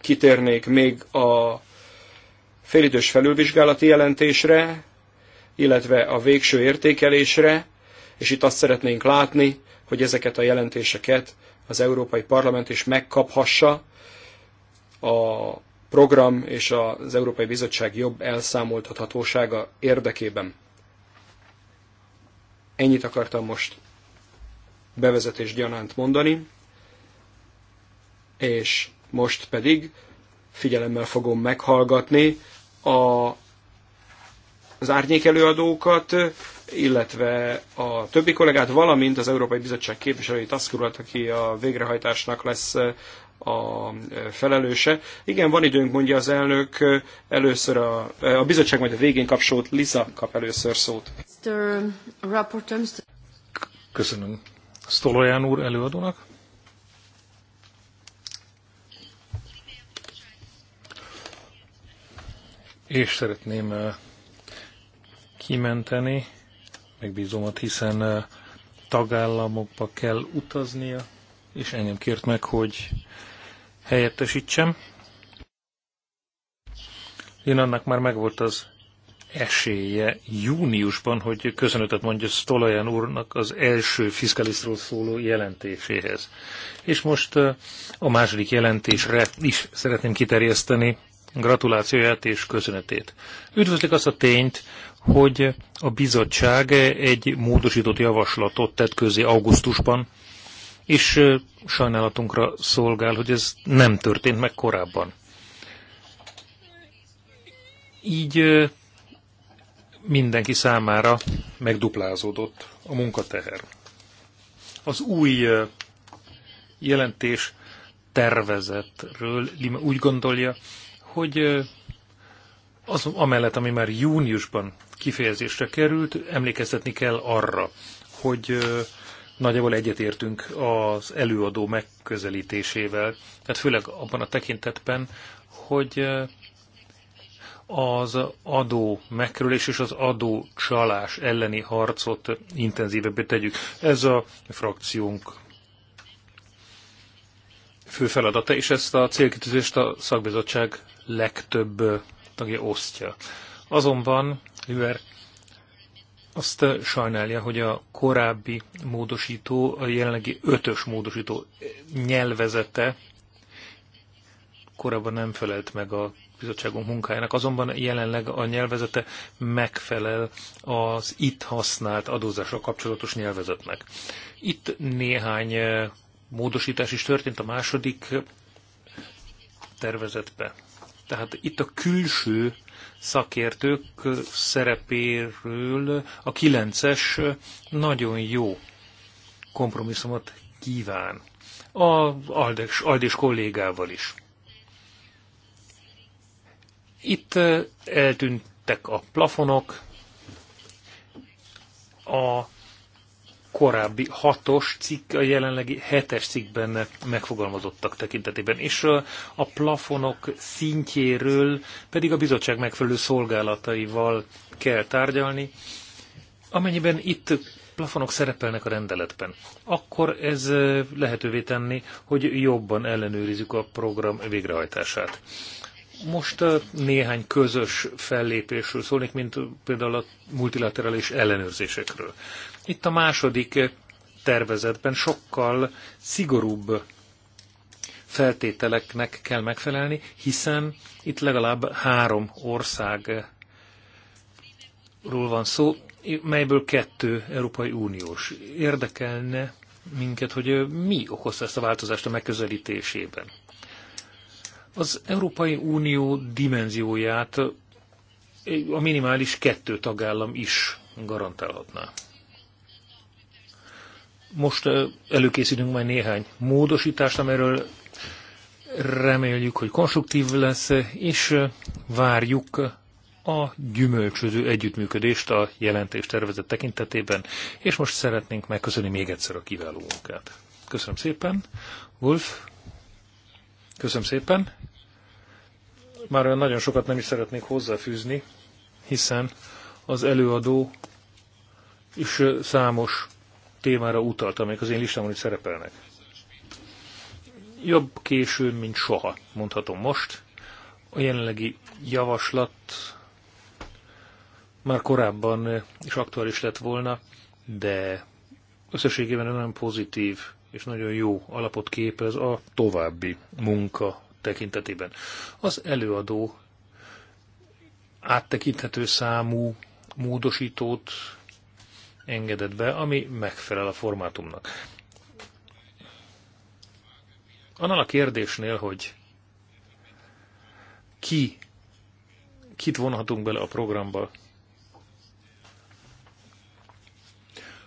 kitérnék még a félidős felülvizsgálati jelentésre, illetve a végső értékelésre, és itt azt szeretnénk látni, hogy ezeket a jelentéseket az Európai Parlament is megkaphassa a program és az Európai Bizottság jobb elszámoltathatósága érdekében. Ennyit akartam most bevezetés gyanánt mondani, és most pedig figyelemmel fogom meghallgatni a, az árnyék előadókat, illetve a többi kollégát, valamint az Európai Bizottság képviselői taszkulat, aki a végrehajtásnak lesz a felelőse. Igen, van időnk, mondja az elnök, először a, a bizottság majd a végén kap sót, Liza kap először szót. Köszönöm. Stoloján úr előadónak. És szeretném eh, kimenteni megbízomat, hiszen eh, tagállamokba kell utaznia, és engem kért meg, hogy helyettesítsem. Én annak már megvolt az esélye júniusban, hogy köszönetet mondja Stolajan úrnak az első fiskalisztról szóló jelentéséhez. És most a második jelentésre is szeretném kiterjeszteni gratulációját és köszönetét. Üdvözlik azt a tényt, hogy a bizottság egy módosított javaslatot tett közé augusztusban, és sajnálatunkra szolgál, hogy ez nem történt meg korábban. Így mindenki számára megduplázódott a munkateher. Az új jelentés tervezetről Lima úgy gondolja, hogy az amellett, ami már júniusban kifejezésre került, emlékeztetni kell arra, hogy nagyjából egyetértünk az előadó megközelítésével, tehát főleg abban a tekintetben, hogy az adó megkerülés és az adó csalás elleni harcot intenzívebbé tegyük. Ez a frakciónk fő feladata, és ezt a célkitűzést a szakbizottság legtöbb tagja osztja. Azonban, mivel azt eh, sajnálja, hogy a korábbi módosító, a jelenlegi ötös módosító eh, nyelvezete korábban nem felelt meg a bizottságunk munkájának, azonban jelenleg a nyelvezete megfelel az itt használt adózásra kapcsolatos nyelvezetnek. Itt néhány eh, módosítás is történt a második tervezetbe. Tehát itt a külső szakértők szerepéről a kilences nagyon jó kompromisszumot kíván. A Aldes, Aldis kollégával is. Itt eltűntek a plafonok, a korábbi hatos cikk, a jelenlegi hetes cikkben megfogalmazottak tekintetében, és a plafonok szintjéről pedig a bizottság megfelelő szolgálataival kell tárgyalni. Amennyiben itt plafonok szerepelnek a rendeletben, akkor ez lehetővé tenni, hogy jobban ellenőrizzük a program végrehajtását. Most néhány közös fellépésről szólnék, mint például a multilaterális ellenőrzésekről. Itt a második eh, tervezetben sokkal szigorúbb feltételeknek kell megfelelni, hiszen itt legalább három országról van szó, melyből kettő Európai Uniós. Érdekelne minket, hogy eh, mi okozta ezt a változást a megközelítésében. Az Európai Unió dimenzióját eh, a minimális kettő tagállam is garantálhatná. Most előkészítünk majd néhány módosítást, amiről reméljük, hogy konstruktív lesz, és várjuk a gyümölcsöző együttműködést a jelentés tervezet tekintetében, és most szeretnénk megköszönni még egyszer a kiváló munkát. Köszönöm szépen, Wolf. Köszönöm szépen. Már olyan nagyon sokat nem is szeretnék hozzáfűzni, hiszen az előadó is számos témára utalt, amelyek az én listámon itt szerepelnek. Jobb későn, mint soha, mondhatom most. A jelenlegi javaslat már korábban is aktuális lett volna, de összességében nagyon pozitív és nagyon jó alapot képez a további munka tekintetében. Az előadó áttekinthető számú módosítót engedett be, ami megfelel a formátumnak. Annál a kérdésnél, hogy ki, kit vonhatunk bele a programba,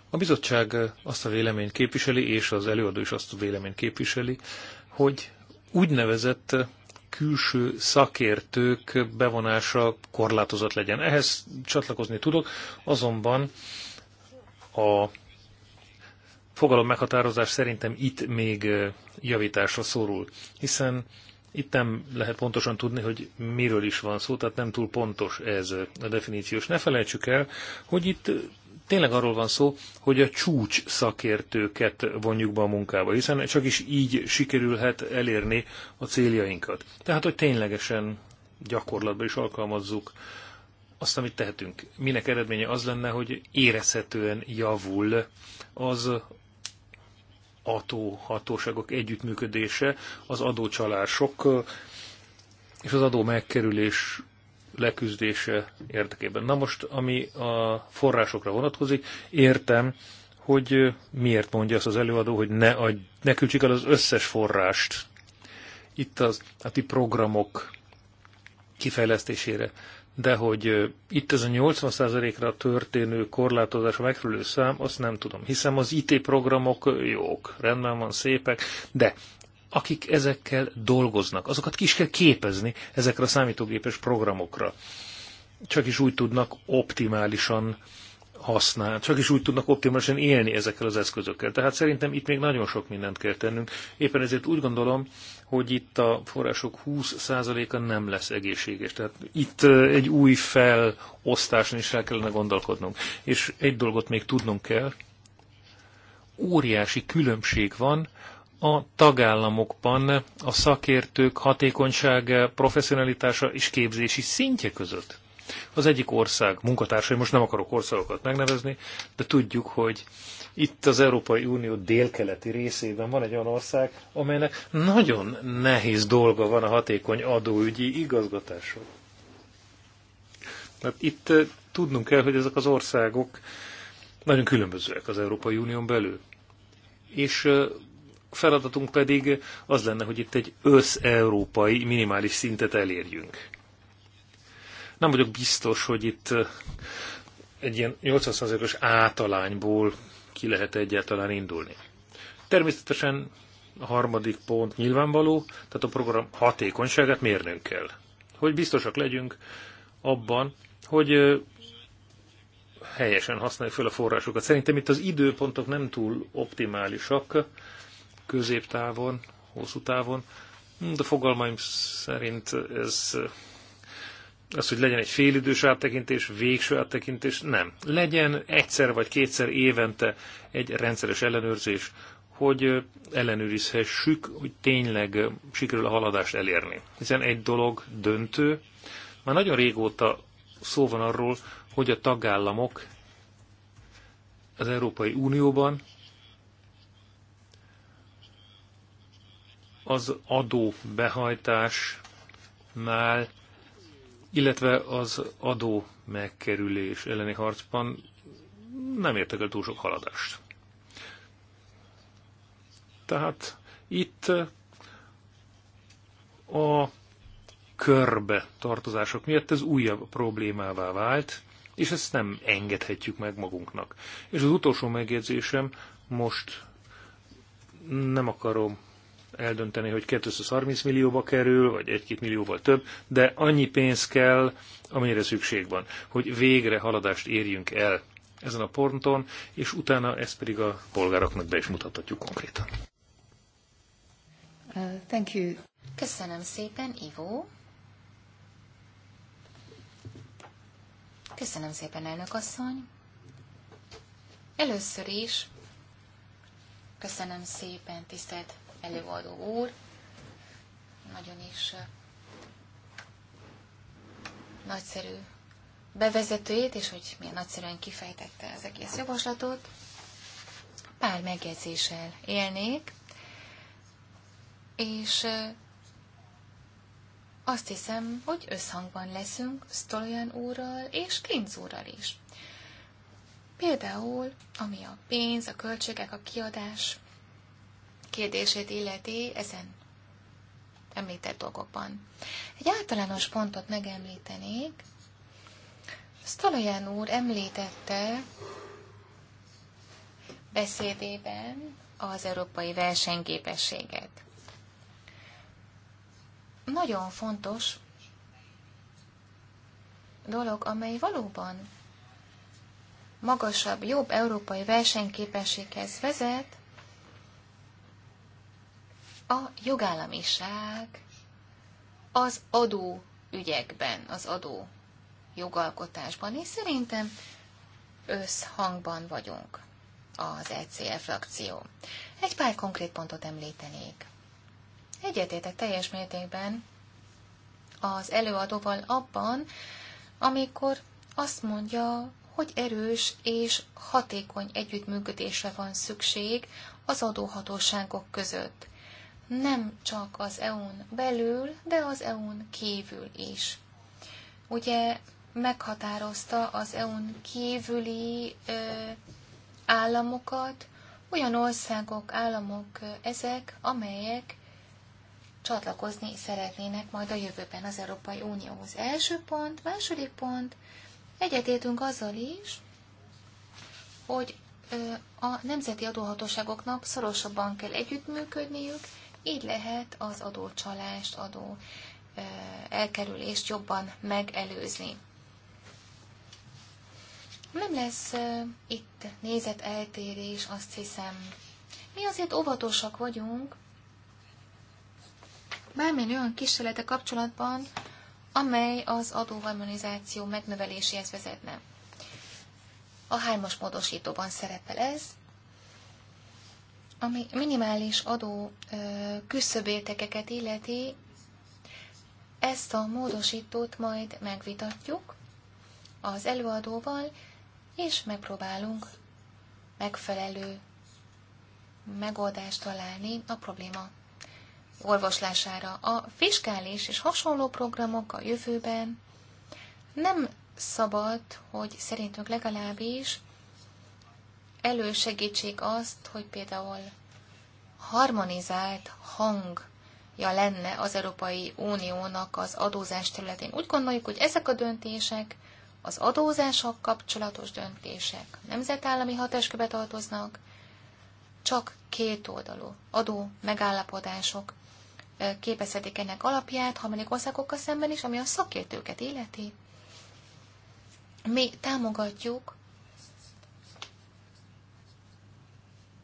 A bizottság azt a véleményt képviseli, és az előadó is azt a véleményt képviseli, hogy úgynevezett külső szakértők bevonása korlátozott legyen. Ehhez csatlakozni tudok, azonban a fogalom meghatározás szerintem itt még javításra szorul, hiszen itt nem lehet pontosan tudni, hogy miről is van szó, tehát nem túl pontos ez a definíciós. ne felejtsük el, hogy itt tényleg arról van szó, hogy a csúcs szakértőket vonjuk be a munkába, hiszen csak is így sikerülhet elérni a céljainkat. Tehát, hogy ténylegesen gyakorlatban is alkalmazzuk azt, amit tehetünk. Minek eredménye az lenne, hogy érezhetően javul az hatóságok együttműködése, az adócsalások és az adó megkerülés leküzdése érdekében. Na most, ami a forrásokra vonatkozik, értem, hogy miért mondja azt az előadó, hogy ne, adj, ne küldsük el az összes forrást. Itt az, a ti programok kifejlesztésére de hogy itt ez a 80%-ra történő korlátozás megfelelő szám, azt nem tudom. Hiszem az IT programok jók, rendben van, szépek, de akik ezekkel dolgoznak, azokat ki is kell képezni ezekre a számítógépes programokra. Csak is úgy tudnak optimálisan használ, csak is úgy tudnak optimálisan élni ezekkel az eszközökkel. Tehát szerintem itt még nagyon sok mindent kell tennünk. Éppen ezért úgy gondolom, hogy itt a források 20%-a nem lesz egészséges. Tehát itt egy új felosztáson is el kellene gondolkodnunk. És egy dolgot még tudnunk kell, óriási különbség van a tagállamokban a szakértők hatékonysága, professzionalitása és képzési szintje között. Az egyik ország munkatársai, most nem akarok országokat megnevezni, de tudjuk, hogy itt az Európai Unió délkeleti részében van egy olyan ország, amelynek nagyon nehéz dolga van a hatékony adóügyi igazgatásról. Mert itt eh, tudnunk kell, hogy ezek az országok nagyon különbözőek az Európai Unión belül. És eh, feladatunk pedig az lenne, hogy itt egy össze-európai minimális szintet elérjünk. Nem vagyok biztos, hogy itt egy ilyen 80%-os átalányból ki lehet egyáltalán indulni. Természetesen a harmadik pont nyilvánvaló, tehát a program hatékonyságát mérnünk kell. Hogy biztosak legyünk abban, hogy helyesen használjuk fel a forrásokat. Szerintem itt az időpontok nem túl optimálisak középtávon, hosszú távon, de fogalmaim szerint ez az, hogy legyen egy félidős áttekintés, végső áttekintés, nem. Legyen egyszer vagy kétszer évente egy rendszeres ellenőrzés, hogy ellenőrizhessük, hogy tényleg sikerül a haladást elérni. Hiszen egy dolog döntő. Már nagyon régóta szó van arról, hogy a tagállamok az Európai Unióban az adóbehajtásnál illetve az adó megkerülés elleni harcban nem értek el túl sok haladást. Tehát itt a körbe tartozások miatt ez újabb problémává vált, és ezt nem engedhetjük meg magunknak. És az utolsó megjegyzésem, most nem akarom eldönteni, hogy 230 millióba kerül, vagy 1-2 millióval több, de annyi pénz kell, amire szükség van, hogy végre haladást érjünk el ezen a ponton, és utána ezt pedig a polgároknak be is mutathatjuk konkrétan. Uh, thank you. Köszönöm szépen, Ivo. Köszönöm szépen, elnök asszony. Először is köszönöm szépen, tisztelt előadó úr. Nagyon is nagyszerű bevezetőjét, és hogy milyen nagyszerűen kifejtette az egész javaslatot. Pár megjegyzéssel élnék, és azt hiszem, hogy összhangban leszünk Stolian úrral és Klinz úrral is. Például, ami a pénz, a költségek, a kiadás kérdését illeti ezen említett dolgokban. Egy általános pontot megemlítenék. Sztalaján úr említette beszédében az európai versenyképességet. Nagyon fontos dolog, amely valóban magasabb, jobb európai versenyképességhez vezet, a jogállamiság az adó ügyekben, az adó jogalkotásban, és szerintem összhangban vagyunk az ECF frakció. Egy pár konkrét pontot említenék. Egyetétek teljes mértékben az előadóval abban, amikor azt mondja, hogy erős és hatékony együttműködésre van szükség az adóhatóságok között nem csak az EU-n belül, de az EU-n kívül is. Ugye meghatározta az EU-n kívüli ö, államokat, olyan országok, államok ezek, amelyek csatlakozni szeretnének majd a jövőben az Európai Unióhoz. Első pont, második pont, egyetértünk azzal is, hogy a nemzeti adóhatóságoknak szorosabban kell együttműködniük, így lehet az adócsalást, adó elkerülést jobban megelőzni. Nem lesz itt nézeteltérés, azt hiszem. Mi azért óvatosak vagyunk bármilyen olyan kísérlete kapcsolatban, amely az adóharmonizáció megnöveléséhez vezetne. A hármas módosítóban szerepel ez, ami minimális adó küszöbértekeket illeti, ezt a módosítót majd megvitatjuk az előadóval, és megpróbálunk megfelelő megoldást találni a probléma orvoslására. A fiskális és hasonló programok a jövőben nem szabad, hogy szerintünk legalábbis elősegítsék azt, hogy például harmonizált hangja lenne az Európai Uniónak az adózás területén. Úgy gondoljuk, hogy ezek a döntések, az adózások kapcsolatos döntések nemzetállami hatáskörbe tartoznak, csak kétoldalú adó megállapodások képezhetik ennek alapját harmadik országokkal szemben is, ami a szakértőket illeti. Mi támogatjuk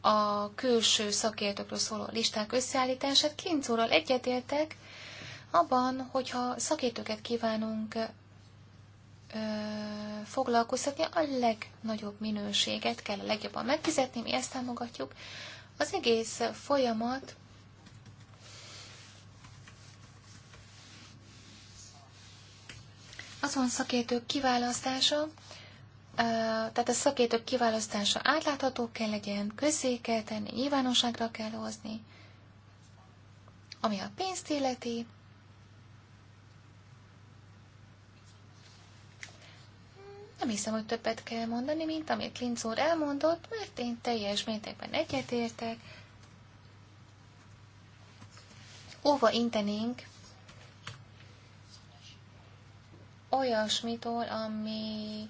a külső szakértőkről szóló listák összeállítását. Klinc egyetértek abban, hogyha szakértőket kívánunk ö, foglalkoztatni, a legnagyobb minőséget kell a legjobban megfizetni, mi ezt támogatjuk. Az egész folyamat azon szakértők kiválasztása, tehát a szakértők kiválasztása átlátható kell legyen, közzé kell tenni, nyilvánosságra kell hozni, ami a pénzt illeti. Nem hiszem, hogy többet kell mondani, mint amit Linz úr elmondott, mert én teljes mértékben egyetértek. Óva intenénk olyasmitól, ami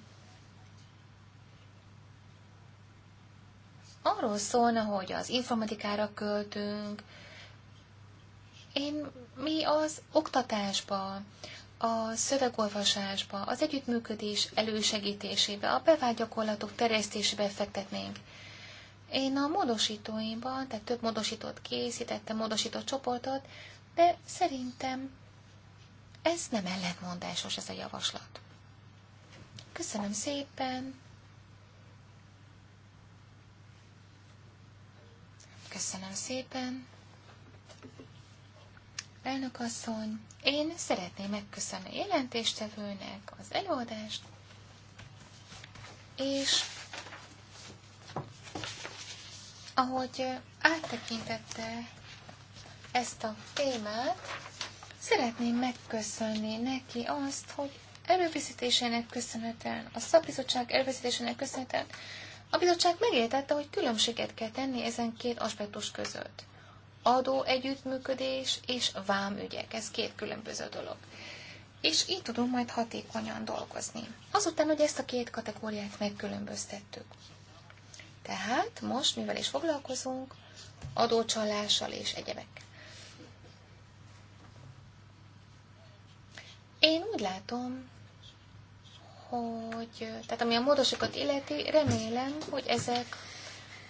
arról szólna, hogy az informatikára költünk, én mi az oktatásba, a szövegolvasásba, az együttműködés elősegítésébe, a bevált gyakorlatok terjesztésébe fektetnénk. Én a módosítóimban, tehát több módosítót készítettem, módosított csoportot, de szerintem ez nem ellentmondásos ez a javaslat. Köszönöm szépen! Köszönöm szépen. Elnök asszony, én szeretném megköszönni a jelentéstevőnek az előadást, és ahogy áttekintette ezt a témát, szeretném megköszönni neki azt, hogy erőfeszítésének köszönhetően, a szakbizottság erőfeszítésének köszönhetően a bizottság megértette, hogy különbséget kell tenni ezen két aspektus között. Adó együttműködés és vámügyek, ez két különböző dolog. És így tudunk majd hatékonyan dolgozni. Azután, hogy ezt a két kategóriát megkülönböztettük. Tehát most, mivel is foglalkozunk, adócsalással és egyebek. Én úgy látom, hogy, tehát ami a módosokat illeti, remélem, hogy ezek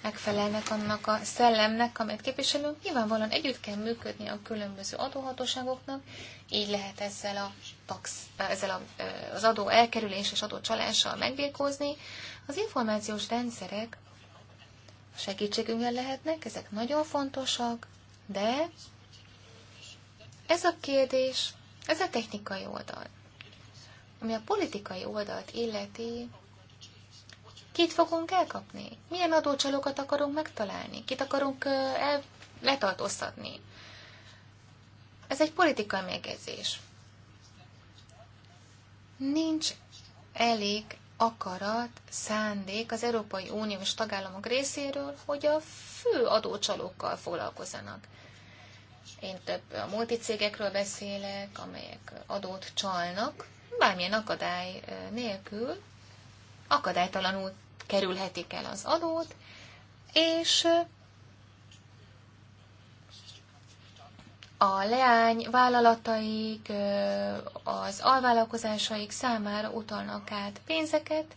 megfelelnek annak a szellemnek, amit képviselünk. Nyilvánvalóan együtt kell működni a különböző adóhatóságoknak, így lehet ezzel, a tax, ezzel a, az adó elkerülés és adó csalással megbírkózni. Az információs rendszerek segítségünkkel lehetnek, ezek nagyon fontosak, de ez a kérdés, ez a technikai oldal. Ami a politikai oldalt illeti, kit fogunk elkapni? Milyen adócsalókat akarunk megtalálni? Kit akarunk el, letartóztatni? Ez egy politikai megjegyzés. Nincs elég akarat, szándék az Európai Unió és tagállamok részéről, hogy a fő adócsalókkal foglalkozzanak. Én több a multicégekről beszélek, amelyek adót csalnak, bármilyen akadály nélkül akadálytalanul kerülhetik el az adót, és a leány vállalataik, az alvállalkozásaik számára utalnak át pénzeket.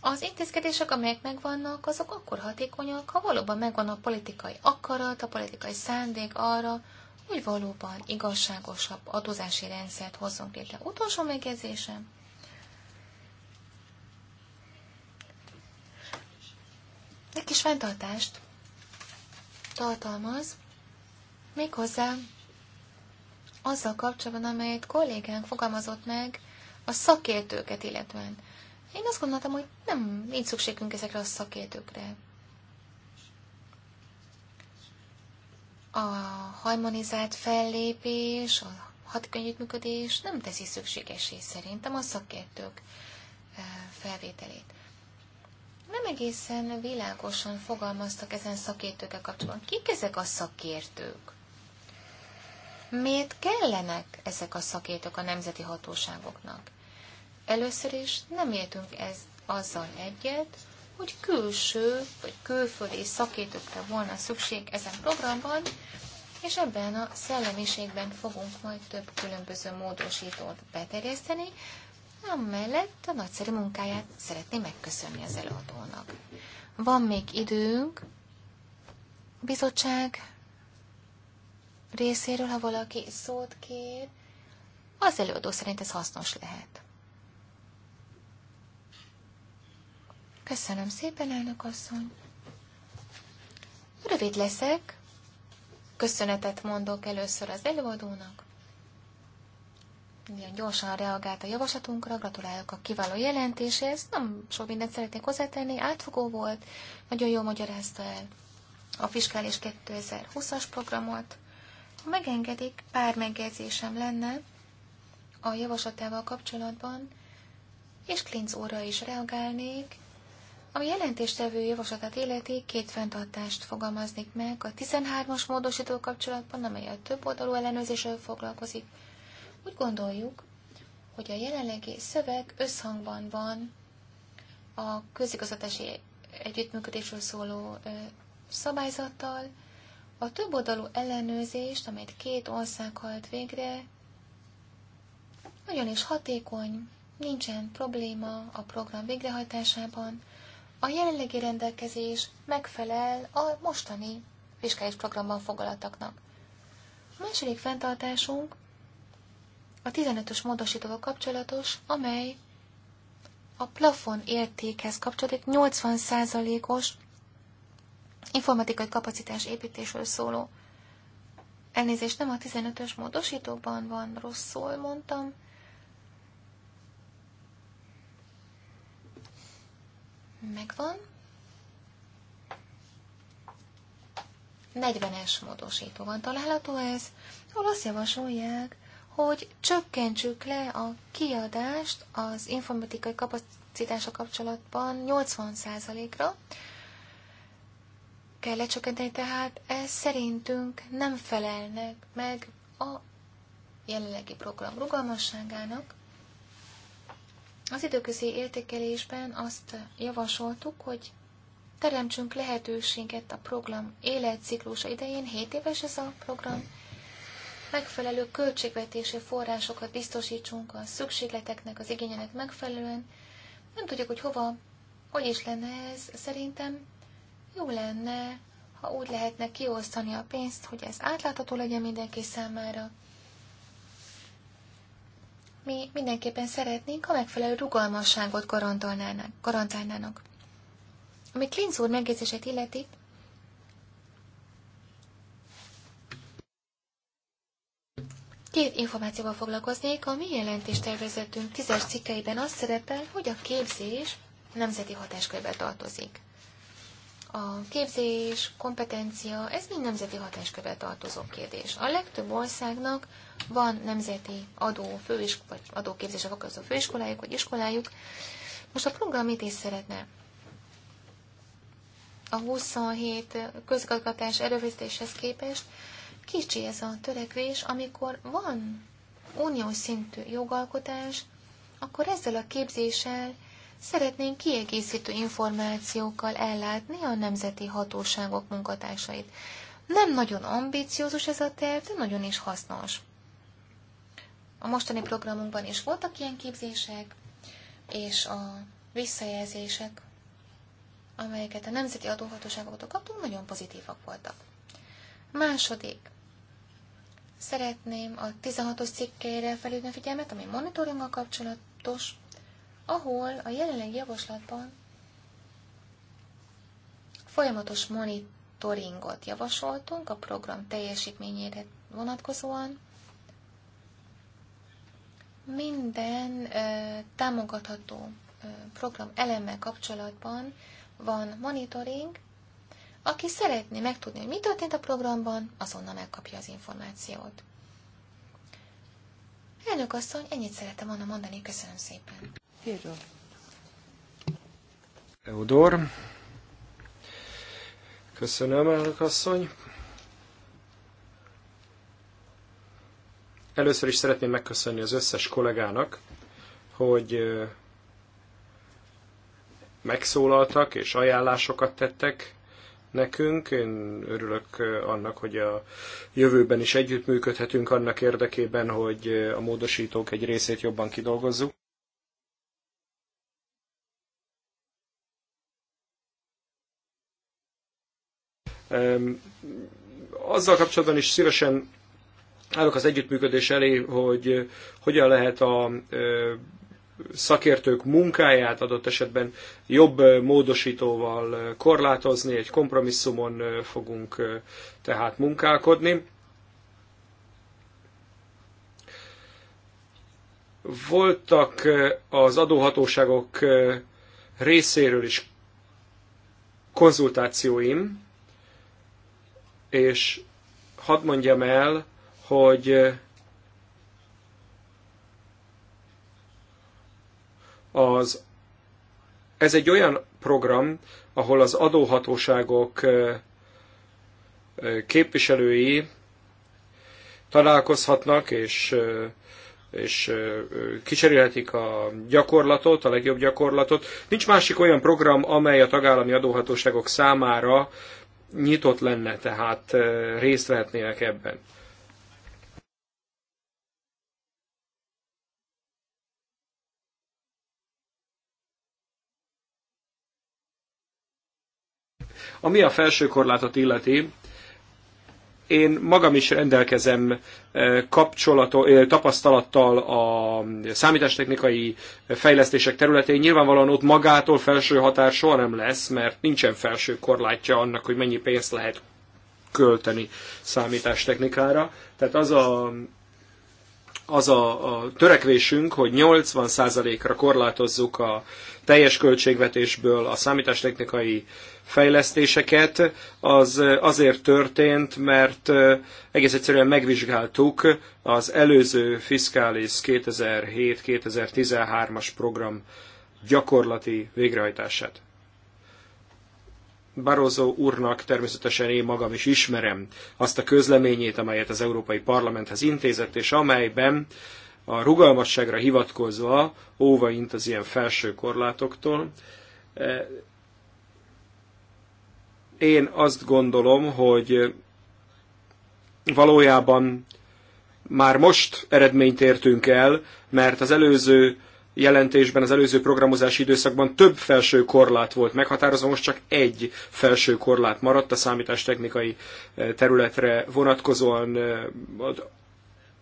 Az intézkedések, amelyek megvannak, azok akkor hatékonyak, ha valóban megvan a politikai akarat, a politikai szándék arra, hogy valóban igazságosabb adózási rendszert hozzon létre. Utolsó megjegyzésem. Egy kis fenntartást tartalmaz, méghozzá azzal kapcsolatban, amelyet kollégánk fogalmazott meg a szakértőket illetve, Én azt gondoltam, hogy nem, nincs szükségünk ezekre a szakértőkre. a harmonizált fellépés, a hatékony működés nem teszi szükségesé szerintem a szakértők e, felvételét. Nem egészen világosan fogalmaztak ezen szakértőkkel kapcsolatban. Kik ezek a szakértők? Miért kellenek ezek a szakértők a nemzeti hatóságoknak? Először is nem értünk ez azzal egyet, hogy külső vagy külföldi szakértőkre volna szükség ezen programban, és ebben a szellemiségben fogunk majd több különböző módosítót beterjeszteni, amellett a nagyszerű munkáját szeretném megköszönni az előadónak. Van még időnk, bizottság részéről, ha valaki szót kér, az előadó szerint ez hasznos lehet. Köszönöm szépen, elnök asszony. Rövid leszek. Köszönetet mondok először az előadónak. Ilyen gyorsan reagált a javaslatunkra, gratulálok a kiváló jelentéshez. Nem sok mindent szeretnék hozzátenni, átfogó volt, nagyon jól magyarázta el a Fiskális 2020-as programot. Ha megengedik, pár megjegyzésem lenne a javaslatával kapcsolatban, és Klinc óra is reagálnék, ami jelentéstevő javaslatát életi, két fenntartást fogalmaznék meg a 13-as módosító kapcsolatban, amely a több oldalú ellenőrzésről foglalkozik. Úgy gondoljuk, hogy a jelenlegi szöveg összhangban van a közigazgatási együttműködésről szóló szabályzattal, a több oldalú ellenőrzést, amelyet két ország halt végre, nagyon is hatékony, nincsen probléma a program végrehajtásában, a jelenlegi rendelkezés megfelel a mostani vizsgális programban foglaltaknak. A második fenntartásunk a 15-ös módosítóval kapcsolatos, amely a plafon értékhez kapcsolódik 80%-os informatikai kapacitás építésről szóló. Elnézést, nem a 15-ös módosítóban van, rosszul mondtam. Megvan. 40-es módosító van található ez, ahol azt javasolják, hogy csökkentsük le a kiadást az informatikai kapacitása kapcsolatban 80%-ra. Kell lecsökkenteni, tehát ez szerintünk nem felelnek meg a jelenlegi program rugalmasságának. Az időközi értékelésben azt javasoltuk, hogy teremtsünk lehetőséget a program életciklusa idején, 7 éves ez a program, megfelelő költségvetési forrásokat biztosítsunk a szükségleteknek, az igényenek megfelelően. Nem tudjuk, hogy hova, hogy is lenne ez. Szerintem jó lenne, ha úgy lehetne kiosztani a pénzt, hogy ez átlátható legyen mindenki számára, mi mindenképpen szeretnénk, ha megfelelő rugalmasságot garantálnának. garantálnának. Ami Klinz úr megjegyzését illeti, Két információval foglalkoznék, a mi jelentéstervezetünk tízes cikkeiben az szerepel, hogy a képzés nemzeti hatáskörbe tartozik a képzés, kompetencia, ez mind nemzeti hatáskörbe tartozó kérdés. A legtöbb országnak van nemzeti adó, főisk- vagy adóképzésre foglalkozó főiskolájuk vagy iskolájuk. Most a program mit is szeretne? A 27 közgazgatás erőfeszítéshez képest kicsi ez a törekvés, amikor van uniós szintű jogalkotás, akkor ezzel a képzéssel szeretnénk kiegészítő információkkal ellátni a nemzeti hatóságok munkatársait. Nem nagyon ambiciózus ez a terv, de nagyon is hasznos. A mostani programunkban is voltak ilyen képzések, és a visszajelzések, amelyeket a nemzeti adóhatóságoktól kaptunk, nagyon pozitívak voltak. Második. Szeretném a 16-os cikkére felhívni a figyelmet, ami monitoringgal kapcsolatos ahol a jelenlegi javaslatban folyamatos monitoringot javasoltunk a program teljesítményére vonatkozóan. Minden ö, támogatható ö, program elemmel kapcsolatban van monitoring, aki szeretné megtudni, hogy mi történt a programban, azonnal megkapja az információt. Elnök asszony, ennyit szeretem volna mondani, köszönöm szépen. Eudor. Köszönöm, elnök asszony. Először is szeretném megköszönni az összes kollégának, hogy megszólaltak és ajánlásokat tettek nekünk. Én örülök annak, hogy a jövőben is együttműködhetünk annak érdekében, hogy a módosítók egy részét jobban kidolgozzuk. Azzal kapcsolatban is szívesen állok az együttműködés elé, hogy eh, hogyan lehet a eh, szakértők munkáját adott esetben jobb eh, módosítóval korlátozni, egy kompromisszumon fogunk tehát munkálkodni. Voltak az adóhatóságok részéről is konzultációim, és hadd mondjam el, hogy az, ez egy olyan program, ahol az adóhatóságok képviselői találkozhatnak, és, és kicserélhetik a gyakorlatot, a legjobb gyakorlatot. Nincs másik olyan program, amely a tagállami adóhatóságok számára nyitott lenne, tehát részt vehetnének ebben. Ami a felső korlátot illeti, én magam is rendelkezem eh, eh, tapasztalattal a számítástechnikai fejlesztések területén. Nyilvánvalóan ott magától felső határ soha nem lesz, mert nincsen felső korlátja annak, hogy mennyi pénzt lehet költeni számítástechnikára. Tehát az a az a, a törekvésünk, hogy 80%-ra korlátozzuk a teljes költségvetésből a számítástechnikai fejlesztéseket, az azért történt, mert egész egyszerűen megvizsgáltuk az előző fiskális 2007-2013-as program gyakorlati végrehajtását. Barroso úrnak természetesen én magam is ismerem azt a közleményét, amelyet az Európai Parlamenthez intézett, és amelyben a rugalmasságra hivatkozva óvaint az ilyen felső korlátoktól. E, én azt gondolom, hogy valójában már most eredményt értünk el, mert az előző jelentésben az előző programozási időszakban több felső korlát volt meghatározva, most csak egy felső korlát maradt a számítástechnikai e, területre vonatkozóan, e,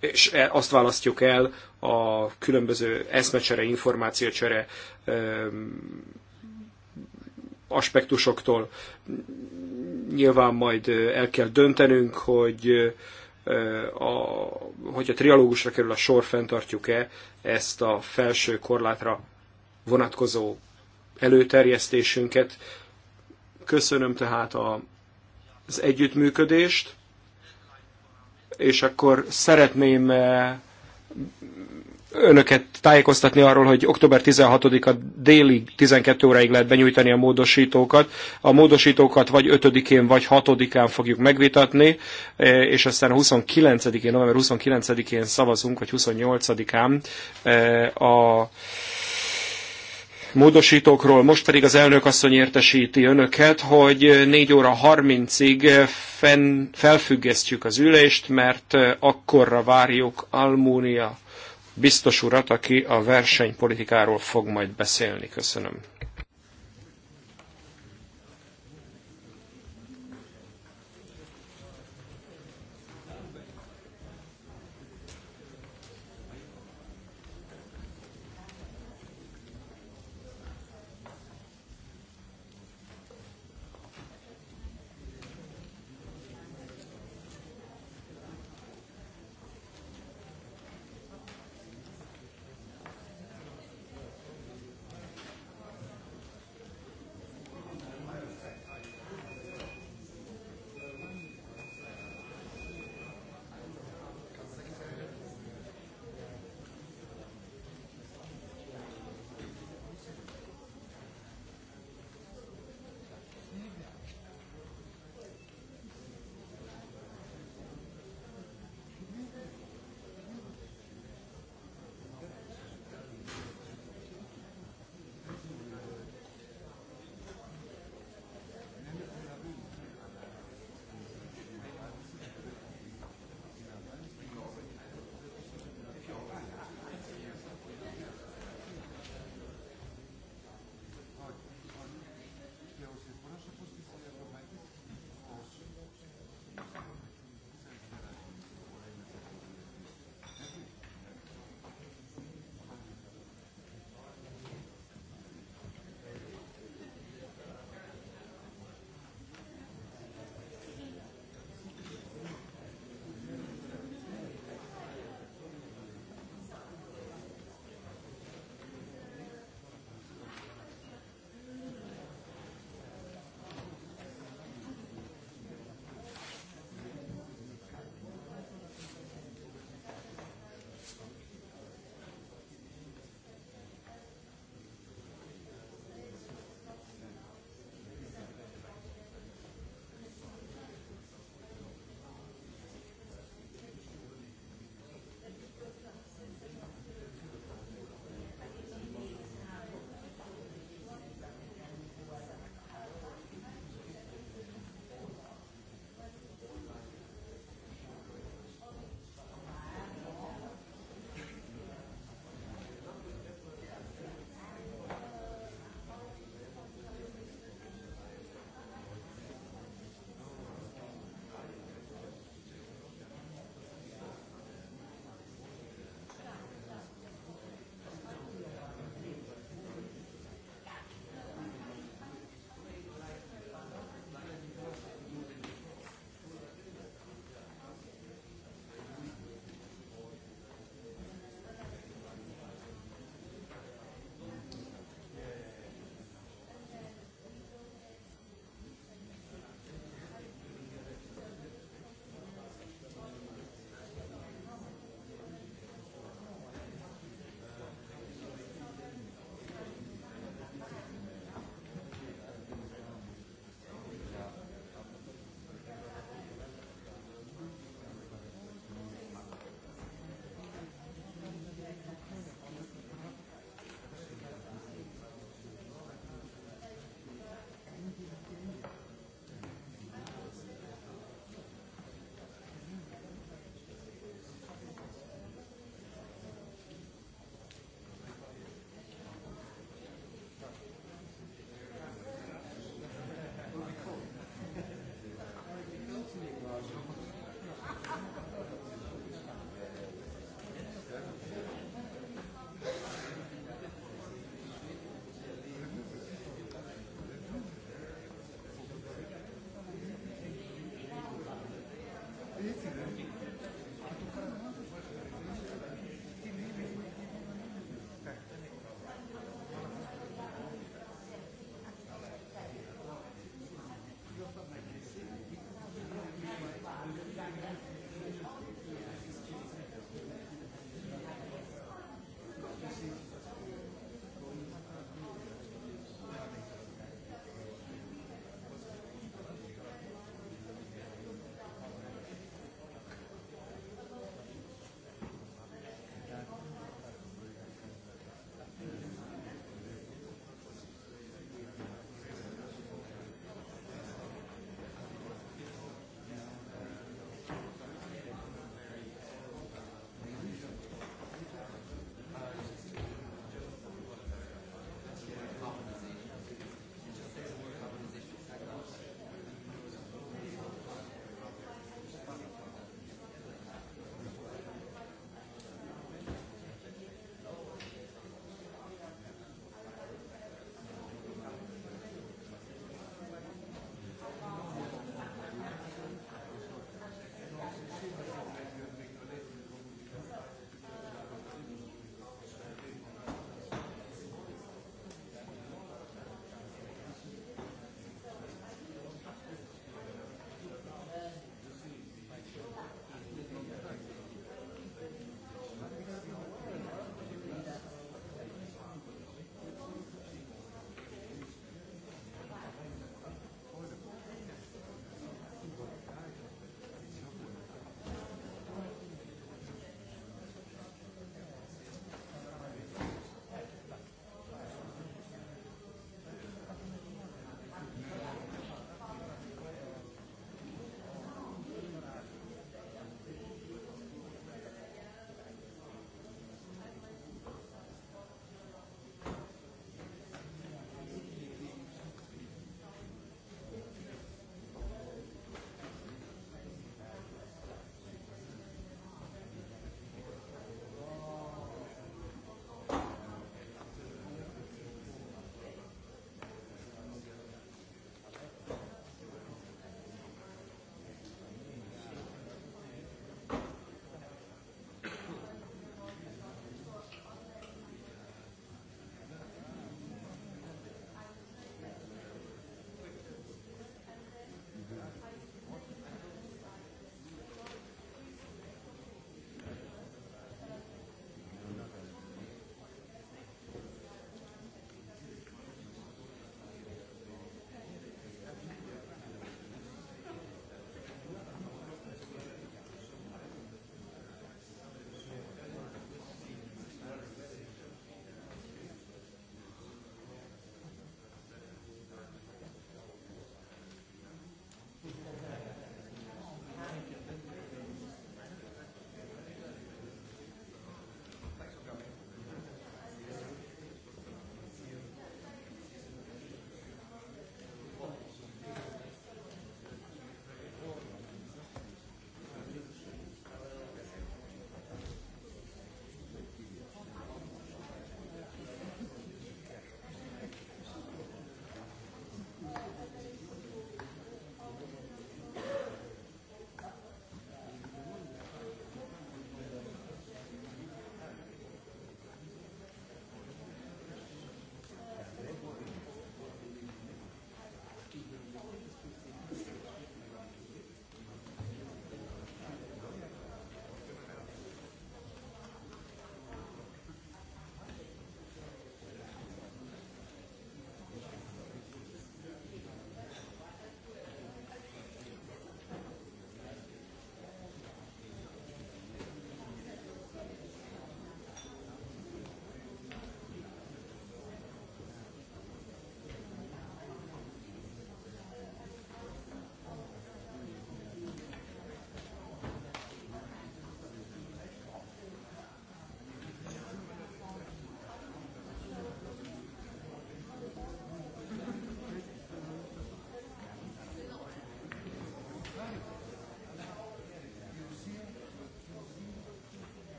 és e, azt választjuk el a különböző eszmecsere, információcsere aspektusoktól. Nyilván majd el kell döntenünk, hogy a, hogyha trialógusra kerül a sor, fenntartjuk-e ezt a felső korlátra vonatkozó előterjesztésünket. Köszönöm tehát a, az együttműködést, és akkor szeretném önöket tájékoztatni arról, hogy október 16-a déli 12 óráig lehet benyújtani a módosítókat. A módosítókat vagy 5-én, vagy 6-án fogjuk megvitatni, e, és aztán 29-én, november 29-én szavazunk, vagy 28-án e, a módosítókról. Most pedig az elnök asszony értesíti önöket, hogy 4 óra 30-ig felfüggesztjük az ülést, mert e, akkorra várjuk Almúnia biztos urat, aki a versenypolitikáról fog majd beszélni. Köszönöm.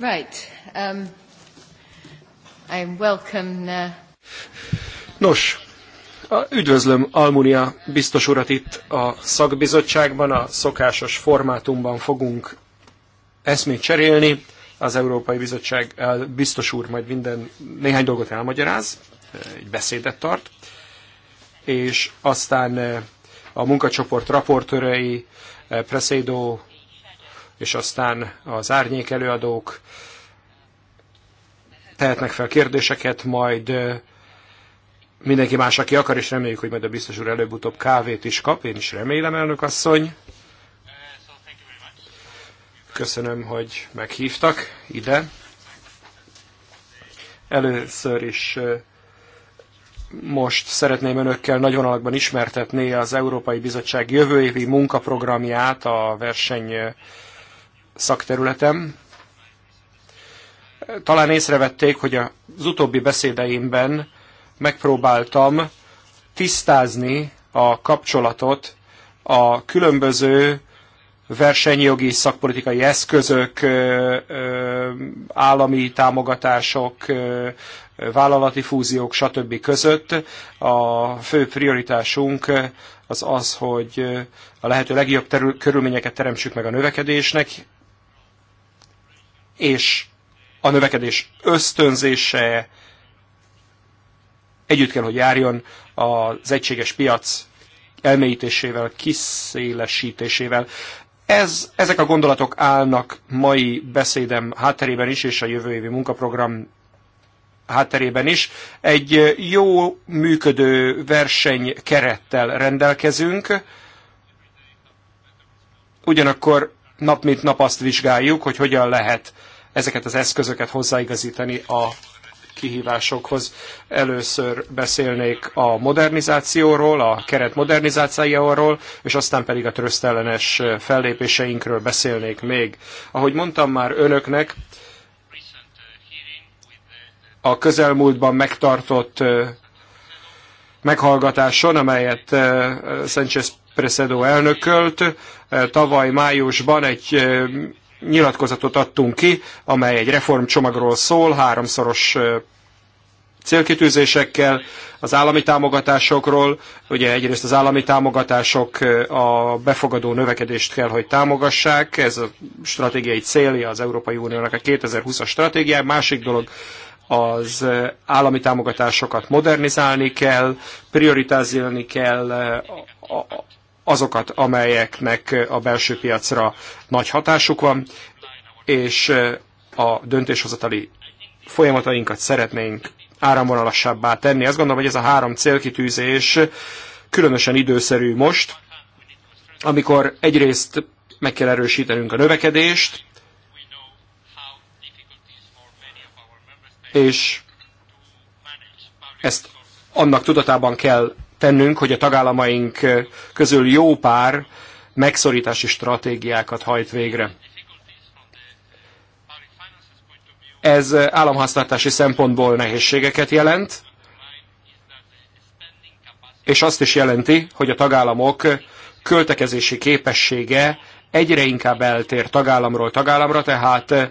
Right. Um, I welcome, uh... Nos, üdvözlöm Almunia biztos urat itt a szakbizottságban, a szokásos formátumban fogunk eszmét cserélni. Az Európai Bizottság biztos úr majd minden néhány dolgot elmagyaráz, egy beszédet tart, és aztán uh, a munkacsoport raportörei, uh, Preszédó és aztán az árnyék előadók tehetnek fel kérdéseket, majd mindenki más, aki akar, és reméljük, hogy majd a biztos úr előbb-utóbb kávét is kap. Én is remélem, elnök asszony. Köszönöm, hogy meghívtak ide. Először is most szeretném önökkel nagy vonalakban ismertetni az Európai Bizottság jövő évi munkaprogramját a verseny szakterületem. Talán észrevették, hogy az utóbbi beszédeimben megpróbáltam tisztázni a kapcsolatot a különböző versenyjogi szakpolitikai eszközök, állami támogatások, vállalati fúziók, stb. között. A fő prioritásunk az az, hogy a lehető legjobb körülményeket teremtsük meg a növekedésnek, és a növekedés ösztönzése együtt kell, hogy járjon az egységes piac elmélyítésével, kiszélesítésével. Ez, ezek a gondolatok állnak mai beszédem hátterében is, és a jövő évi munkaprogram hátterében is. Egy jó működő versenykerettel rendelkezünk, ugyanakkor nap mint nap azt vizsgáljuk, hogy hogyan lehet ezeket az eszközöket hozzáigazítani a kihívásokhoz. Először beszélnék a modernizációról, a keret modernizációról, és aztán pedig a trösztellenes fellépéseinkről beszélnék még. Ahogy mondtam már önöknek, a közelmúltban megtartott meghallgatáson, amelyet Sánchez Presedo elnökölt, tavaly májusban egy nyilatkozatot adtunk ki, amely egy reformcsomagról szól, háromszoros célkitűzésekkel, az állami támogatásokról, ugye egyrészt az állami támogatások a befogadó növekedést kell, hogy támogassák, ez a stratégiai célja az Európai Uniónak a 2020-as stratégiája, másik dolog az állami támogatásokat modernizálni kell, prioritázni kell azokat, amelyeknek a belső piacra nagy hatásuk van, és a döntéshozatali folyamatainkat szeretnénk áramvonalasabbá tenni. Azt gondolom, hogy ez a három célkitűzés különösen időszerű most, amikor egyrészt meg kell erősítenünk a növekedést, és ezt annak tudatában kell tennünk, hogy a tagállamaink közül jó pár megszorítási stratégiákat hajt végre. Ez államháztartási szempontból nehézségeket jelent, és azt is jelenti, hogy a tagállamok költekezési képessége egyre inkább eltér tagállamról tagállamra, tehát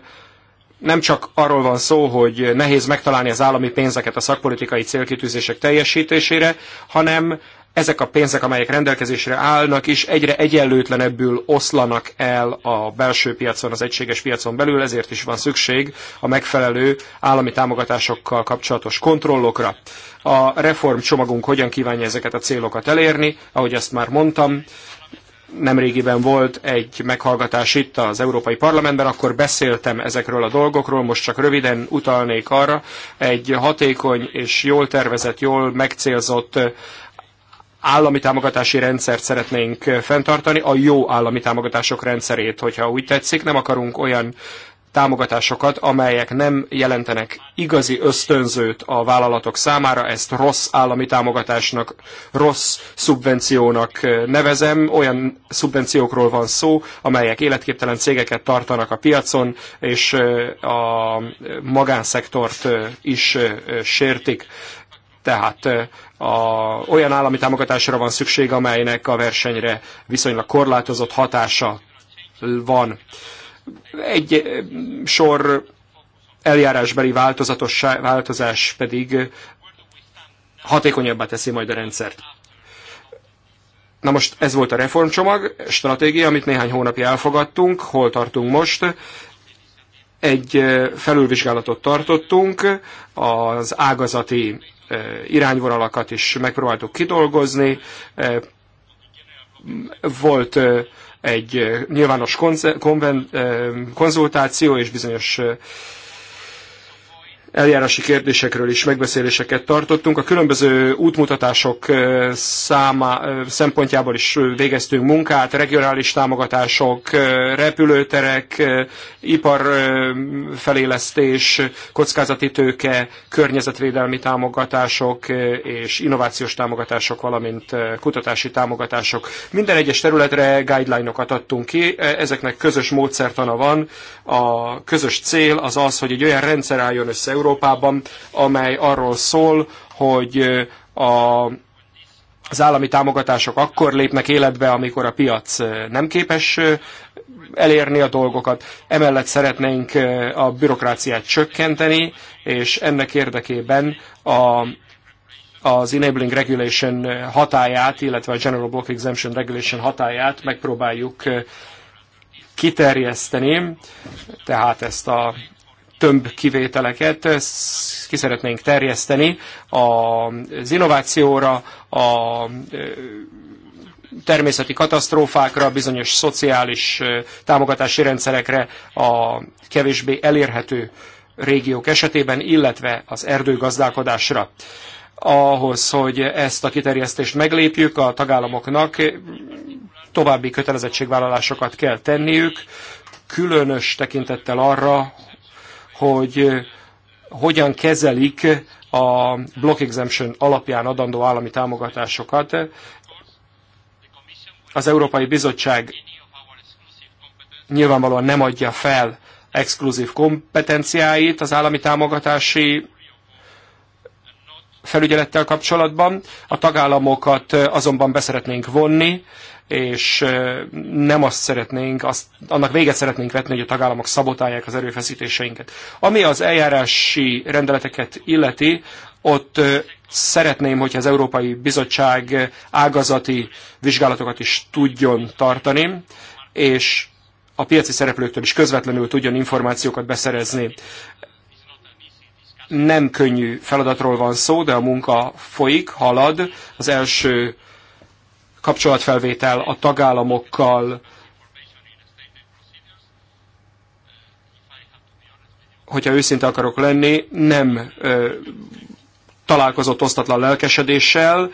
nem csak arról van szó, hogy nehéz megtalálni az állami pénzeket a szakpolitikai célkitűzések teljesítésére, hanem ezek a pénzek, amelyek rendelkezésre állnak is, egyre egyenlőtlenebbül oszlanak el a belső piacon, az egységes piacon belül, ezért is van szükség a megfelelő állami támogatásokkal kapcsolatos kontrollokra. A reformcsomagunk hogyan kívánja ezeket a célokat elérni, ahogy azt már mondtam, nemrégiben volt egy meghallgatás itt az Európai Parlamentben, akkor beszéltem ezekről a dolgokról, most csak röviden utalnék arra. Egy hatékony és jól tervezett, jól megcélzott állami támogatási rendszert szeretnénk fenntartani, a jó állami támogatások rendszerét, hogyha úgy tetszik. Nem akarunk olyan támogatásokat, amelyek nem jelentenek igazi ösztönzőt a vállalatok számára, ezt rossz állami támogatásnak, rossz szubvenciónak eh, nevezem. Olyan szubvenciókról van szó, amelyek életképtelen cégeket tartanak a piacon, és eh, a magánszektort eh, is sértik. Tehát a, olyan állami támogatásra van szükség, amelynek a versenyre viszonylag korlátozott hatása van egy eh, sor eljárásbeli változás pedig hatékonyabbá teszi majd a rendszert. Na most ez volt a reformcsomag, stratégia, amit néhány hónapja elfogadtunk, hol tartunk most. Egy eh, felülvizsgálatot tartottunk, az ágazati eh, irányvonalakat is megpróbáltuk kidolgozni, volt egy eh, nyilvános eh, konzultáció és bizonyos eh, eljárási kérdésekről is megbeszéléseket tartottunk. A különböző útmutatások száma, szempontjából is végeztünk munkát, regionális támogatások, repülőterek, iparfelélesztés, kockázati tőke, környezetvédelmi támogatások és innovációs támogatások, valamint kutatási támogatások. Minden egyes területre guideline-okat adtunk ki, e, ezeknek közös módszertana van. A közös cél az az, hogy egy olyan rendszer álljon össze Európában, amely arról szól, hogy a, az állami támogatások akkor lépnek életbe, amikor a piac nem képes elérni a dolgokat. Emellett szeretnénk a bürokráciát csökkenteni, és ennek érdekében a az Enabling Regulation hatáját, illetve a General Block Exemption Regulation hatáját megpróbáljuk kiterjeszteni, tehát ezt a több kivételeket ki szeretnénk terjeszteni az innovációra, a természeti katasztrófákra, bizonyos szociális támogatási rendszerekre, a kevésbé elérhető régiók esetében, illetve az erdőgazdálkodásra. Ahhoz, hogy ezt a kiterjesztést meglépjük, a tagállamoknak további kötelezettségvállalásokat kell tenniük, különös tekintettel arra, hogy eh, hogyan kezelik a block exemption alapján adandó állami támogatásokat. Az Európai Bizottság nyilvánvalóan nem adja fel exkluzív kompetenciáit az állami támogatási felügyelettel kapcsolatban. A tagállamokat eh, azonban beszeretnénk vonni, és nem azt szeretnénk, azt, annak véget szeretnénk vetni, hogy a tagállamok szabotálják az erőfeszítéseinket. Ami az eljárási rendeleteket illeti, ott szeretném, hogyha az Európai Bizottság ágazati vizsgálatokat is tudjon tartani, és a piaci szereplőktől is közvetlenül tudjon információkat beszerezni. Nem könnyű feladatról van szó, de a munka folyik, halad. Az első kapcsolatfelvétel a tagállamokkal, hogyha őszinte akarok lenni, nem ö, találkozott osztatlan lelkesedéssel.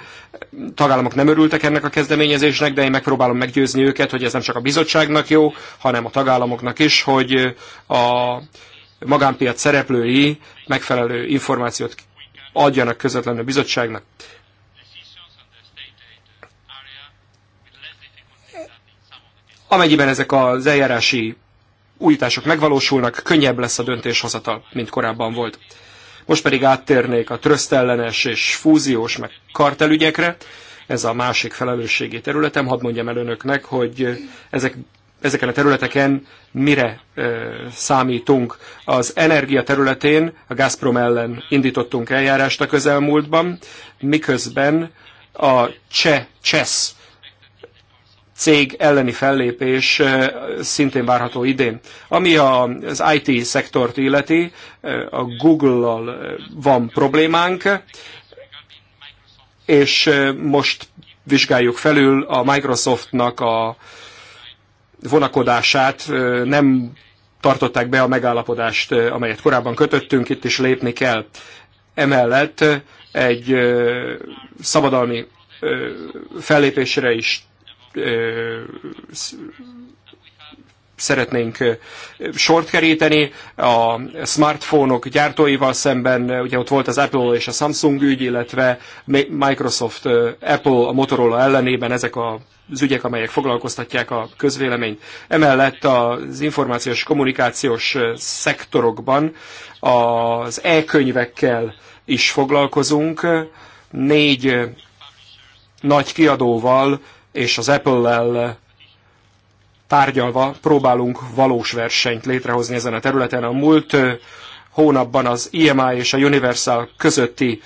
Tagállamok nem örültek ennek a kezdeményezésnek, de én megpróbálom meggyőzni őket, hogy ez nem csak a bizottságnak jó, hanem a tagállamoknak is, hogy a magánpiac szereplői megfelelő információt adjanak közvetlenül a bizottságnak. Amennyiben ezek az eljárási újítások megvalósulnak, könnyebb lesz a döntéshozatal, mint korábban volt. Most pedig áttérnék a trösztellenes és fúziós meg kartelügyekre. Ez a másik felelősségi területem. Hadd mondjam el önöknek, hogy ezek, ezeken a területeken mire e, számítunk. Az energia területén a Gazprom ellen indítottunk eljárást a közelmúltban, miközben a cseh csesz cég elleni fellépés szintén várható idén. Ami az IT szektort illeti, a Google-al van problémánk, és most vizsgáljuk felül a Microsoftnak a vonakodását, nem tartották be a megállapodást, amelyet korábban kötöttünk, itt is lépni kell. Emellett egy szabadalmi fellépésre is szeretnénk sort keríteni a smartphone-ok gyártóival szemben, ugye ott volt az Apple és a Samsung ügy, illetve Microsoft, Apple, a Motorola ellenében ezek a az ügyek, amelyek foglalkoztatják a közvéleményt. Emellett az információs kommunikációs szektorokban az e-könyvekkel is foglalkozunk. Négy nagy kiadóval és az Apple-lel tárgyalva próbálunk valós versenyt létrehozni ezen a területen. A múlt hónapban az EMI és a Universal közötti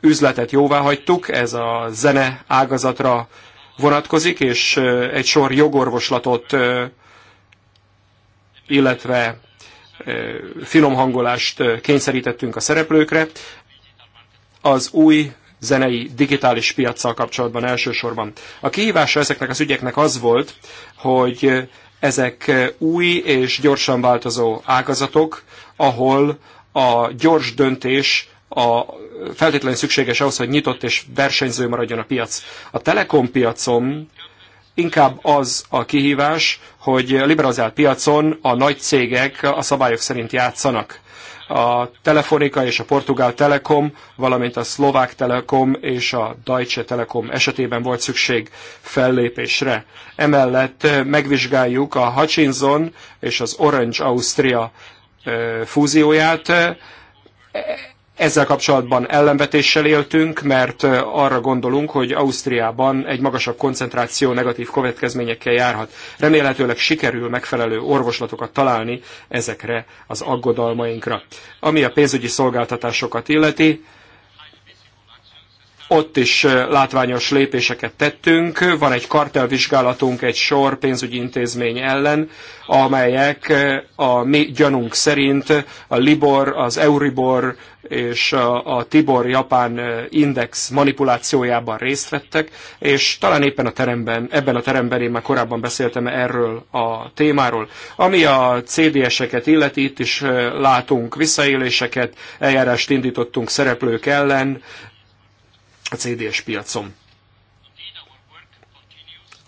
üzletet jóvá hagytuk, ez a zene ágazatra vonatkozik, és egy sor jogorvoslatot, illetve finomhangolást kényszerítettünk a szereplőkre. Az új zenei digitális piaccal kapcsolatban elsősorban. A kihívása ezeknek az ügyeknek az volt, hogy ezek új és gyorsan változó ágazatok, ahol a gyors döntés a feltétlenül szükséges ahhoz, hogy nyitott és versenyző maradjon a piac. A telekom piacon inkább az a kihívás, hogy a liberalizált piacon a nagy cégek a szabályok szerint játszanak a Telefonika és a Portugál Telekom, valamint a Szlovák Telekom és a Deutsche Telekom esetében volt szükség fellépésre. Emellett megvizsgáljuk a Hutchinson és az Orange Austria fúzióját. Ezzel kapcsolatban ellenvetéssel éltünk, mert arra gondolunk, hogy Ausztriában egy magasabb koncentráció negatív következményekkel járhat. Remélhetőleg sikerül megfelelő orvoslatokat találni ezekre az aggodalmainkra. Ami a pénzügyi szolgáltatásokat illeti, ott is látványos lépéseket tettünk. Van egy kartelvizsgálatunk egy sor pénzügyi intézmény ellen, amelyek a mi gyanunk szerint a Libor, az Euribor és a, a Tibor-Japán index manipulációjában részt vettek, és talán éppen a teremben, ebben a teremben én már korábban beszéltem erről a témáról. Ami a CDS-eket illeti, itt is látunk visszaéléseket, eljárást indítottunk szereplők ellen, a CDS piacon.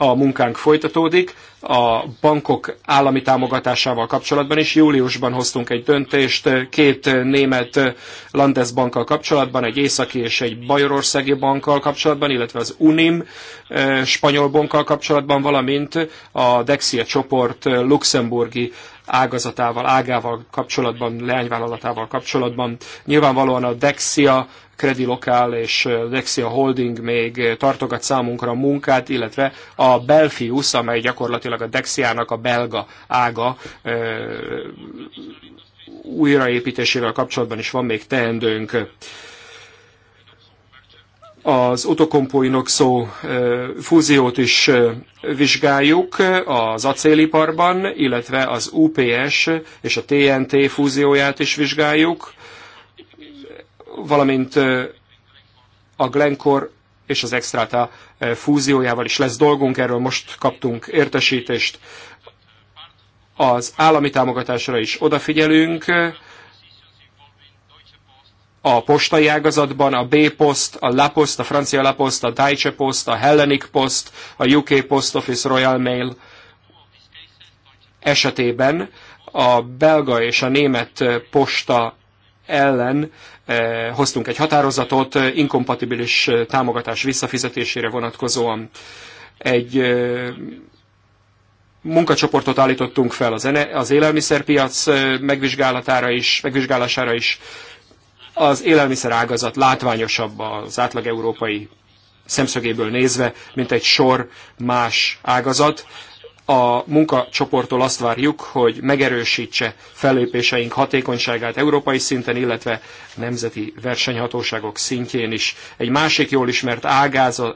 A munkánk folytatódik, a bankok állami támogatásával kapcsolatban is. Júliusban hoztunk egy döntést két német Landesbankkal kapcsolatban, egy északi és egy bajorországi bankkal kapcsolatban, illetve az Unim eh, spanyol bankkal kapcsolatban, valamint a Dexia csoport luxemburgi ágazatával, ágával kapcsolatban, leányvállalatával kapcsolatban. Nyilvánvalóan a Dexia Lokál és Dexia Holding még tartogat számunkra a munkát, illetve a Belfius, amely gyakorlatilag a Dexiának a belga ága újraépítésével kapcsolatban is van még teendőnk az otokompóinok szó fúziót is vizsgáljuk az acéliparban, illetve az UPS és a TNT fúzióját is vizsgáljuk, valamint a Glencore és az Extrata fúziójával is lesz dolgunk, erről most kaptunk értesítést. Az állami támogatásra is odafigyelünk, a postai ágazatban, a B-Post, a La Post, a francia La Post, a Deutsche Post, a Hellenic Post, a UK Post Office Royal Mail esetében a belga és a német posta ellen eh, hoztunk egy határozatot eh, inkompatibilis eh, támogatás visszafizetésére vonatkozóan. Egy eh, munkacsoportot állítottunk fel az, az élelmiszerpiac eh, megvizsgálatára is, megvizsgálására is, az élelmiszerágazat látványosabb az átlag európai szemszögéből nézve, mint egy sor más ágazat. A munkacsoporttól azt várjuk, hogy megerősítse fellépéseink hatékonyságát európai szinten, illetve nemzeti versenyhatóságok szintjén is. Egy másik jól ismert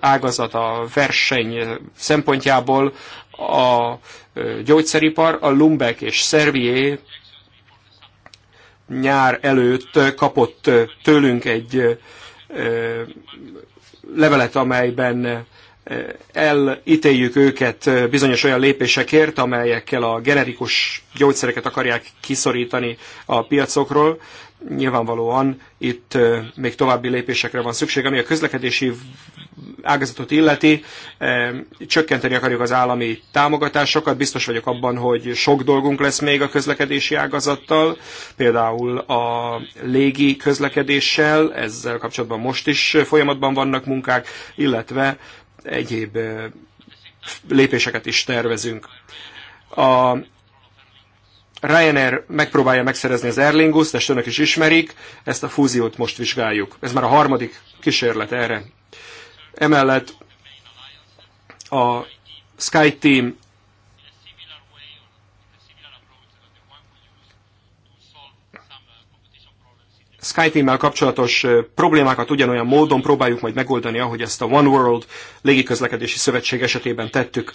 ágazat a verseny szempontjából a gyógyszeripar, a lumbek és Servier nyár előtt kapott tőlünk egy levelet, amelyben elítéljük őket bizonyos olyan lépésekért, amelyekkel a generikus gyógyszereket akarják kiszorítani a piacokról nyilvánvalóan itt még további lépésekre van szükség, ami a közlekedési ágazatot illeti. Csökkenteni akarjuk az állami támogatásokat. Biztos vagyok abban, hogy sok dolgunk lesz még a közlekedési ágazattal, például a légi közlekedéssel, ezzel kapcsolatban most is folyamatban vannak munkák, illetve egyéb lépéseket is tervezünk. A Ryanair megpróbálja megszerezni az erlingus Lingus, ezt önök is ismerik, ezt a fúziót most vizsgáljuk. Ez már a harmadik kísérlet erre. Emellett a Sky Team SkyTeam-mel kapcsolatos problémákat ugyanolyan módon próbáljuk majd megoldani, ahogy ezt a One World légiközlekedési szövetség esetében tettük.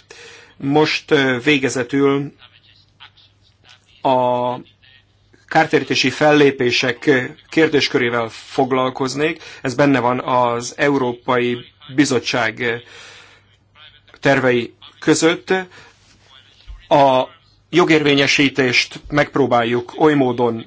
Most végezetül a kártérítési fellépések kérdéskörével foglalkoznék. Ez benne van az Európai Bizottság tervei között. A jogérvényesítést megpróbáljuk oly módon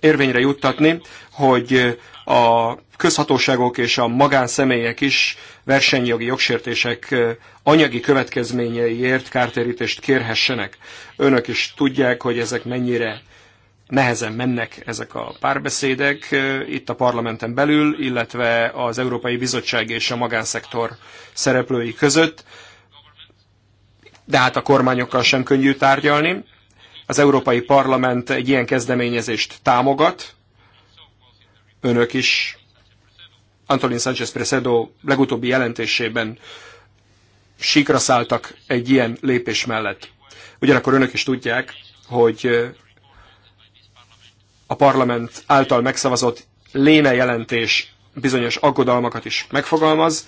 érvényre juttatni, hogy a közhatóságok és a magánszemélyek is versenyjogi jogsértések anyagi következményeiért kártérítést kérhessenek. Önök is tudják, hogy ezek mennyire nehezen mennek ezek a párbeszédek itt a parlamenten belül, illetve az Európai Bizottság és a magánszektor szereplői között, de hát a kormányokkal sem könnyű tárgyalni. Az Európai Parlament egy ilyen kezdeményezést támogat, önök is Antolin Sánchez Presedo legutóbbi jelentésében síkra szálltak egy ilyen lépés mellett. Ugyanakkor önök is tudják, hogy a parlament által megszavazott léne jelentés bizonyos aggodalmakat is megfogalmaz.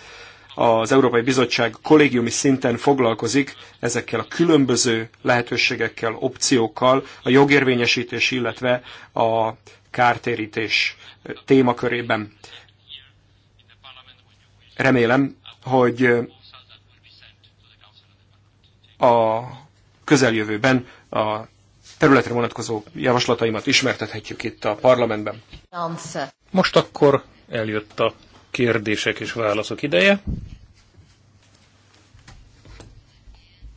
Az Európai Bizottság kollégiumi szinten foglalkozik ezekkel a különböző lehetőségekkel, opciókkal, a jogérvényesítés, illetve a kártérítés témakörében. Remélem, hogy a közeljövőben a területre vonatkozó javaslataimat ismertethetjük itt a parlamentben. Most akkor eljött a kérdések és válaszok ideje.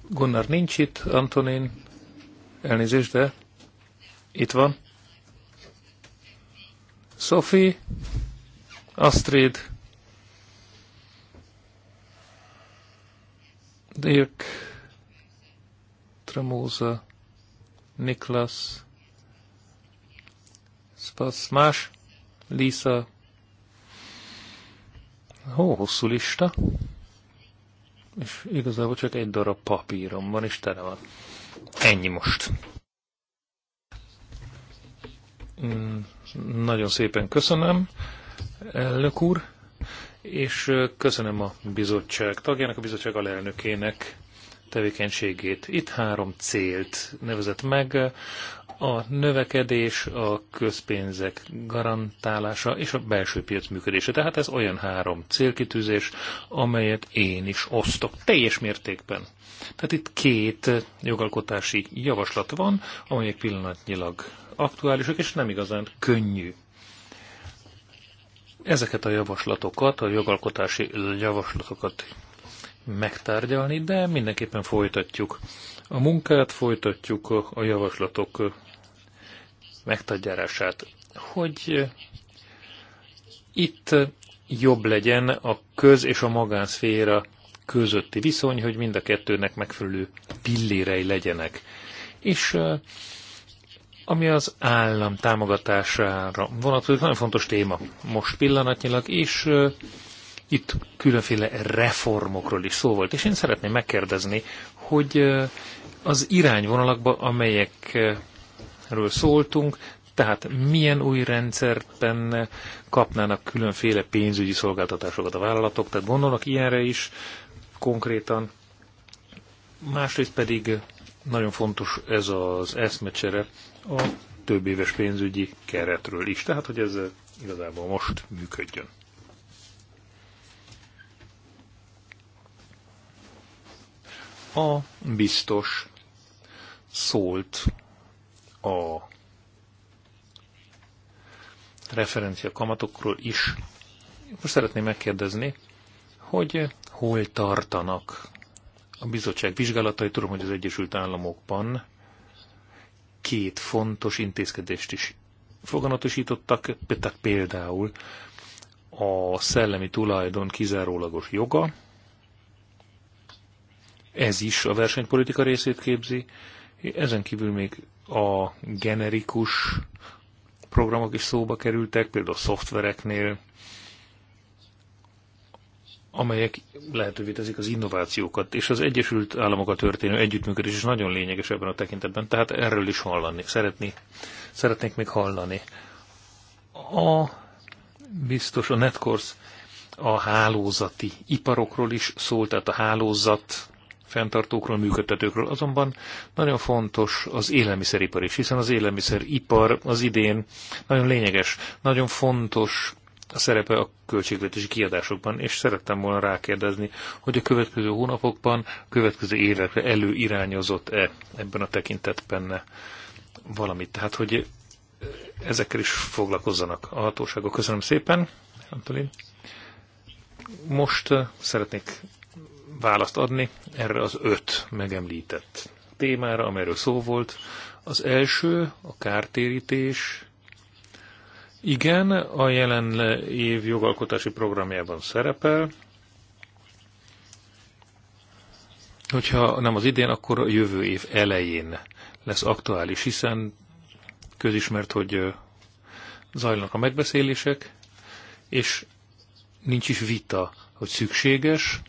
Gunnar nincs itt, Antonin, elnézést, de itt van. Sophie, Astrid, Dirk, Tremóza, Niklas, Spasz, más, Lisa. Hó, hosszú lista. És igazából csak egy darab papírom van, és tele van. Ennyi most. Mm, nagyon szépen köszönöm, elnök úr és köszönöm a bizottság tagjának, a bizottság alelnökének tevékenységét. Itt három célt nevezett meg, a növekedés, a közpénzek garantálása és a belső piac működése. Tehát ez olyan három célkitűzés, amelyet én is osztok teljes mértékben. Tehát itt két jogalkotási javaslat van, amelyek pillanatnyilag aktuálisak, és nem igazán könnyű ezeket a javaslatokat, a jogalkotási javaslatokat megtárgyalni, de mindenképpen folytatjuk a munkát, folytatjuk a javaslatok megtagyárását, hogy itt jobb legyen a köz és a magánszféra közötti viszony, hogy mind a kettőnek megfelelő pillérei legyenek. És ami az állam támogatására vonatkozik, nagyon fontos téma most pillanatnyilag, és itt különféle reformokról is szó volt, és én szeretném megkérdezni, hogy az irányvonalakban, amelyekről szóltunk, tehát milyen új rendszerben kapnának különféle pénzügyi szolgáltatásokat a vállalatok, tehát gondolok ilyenre is konkrétan. Másrészt pedig nagyon fontos ez az eszmecsere a több éves pénzügyi keretről is. Tehát, hogy ez igazából most működjön. A biztos szólt a referencia kamatokról is. Most szeretném megkérdezni, hogy hol tartanak a bizottság vizsgálatai. Tudom, hogy az Egyesült Államokban két fontos intézkedést is foganatosítottak, tehát például a szellemi tulajdon kizárólagos joga, ez is a versenypolitika részét képzi, ezen kívül még a generikus programok is szóba kerültek, például a szoftvereknél, amelyek lehetővé teszik az innovációkat, és az Egyesült Államokkal történő együttműködés is nagyon lényeges ebben a tekintetben, tehát erről is hallani, szeretni, szeretnék még hallani. A biztos a Netcourse a hálózati iparokról is szól, tehát a hálózat fenntartókról, működtetőkről, azonban nagyon fontos az élelmiszeripar is, hiszen az élelmiszeripar az idén nagyon lényeges, nagyon fontos a szerepe a költségvetési kiadásokban, és szerettem volna rákérdezni, hogy a következő hónapokban, a következő évekre előirányozott-e ebben a tekintetben valamit. Tehát, hogy ezekkel is foglalkozzanak a hatóságok. Köszönöm szépen, Antolin. Most eh, szeretnék választ adni erre az öt megemlített témára, amelyről szó volt. Az első a kártérítés, igen, a jelen év jogalkotási programjában szerepel. Hogyha nem az idén, akkor a jövő év elején lesz aktuális, hiszen közismert, hogy zajlanak a megbeszélések, és nincs is vita, hogy szükséges,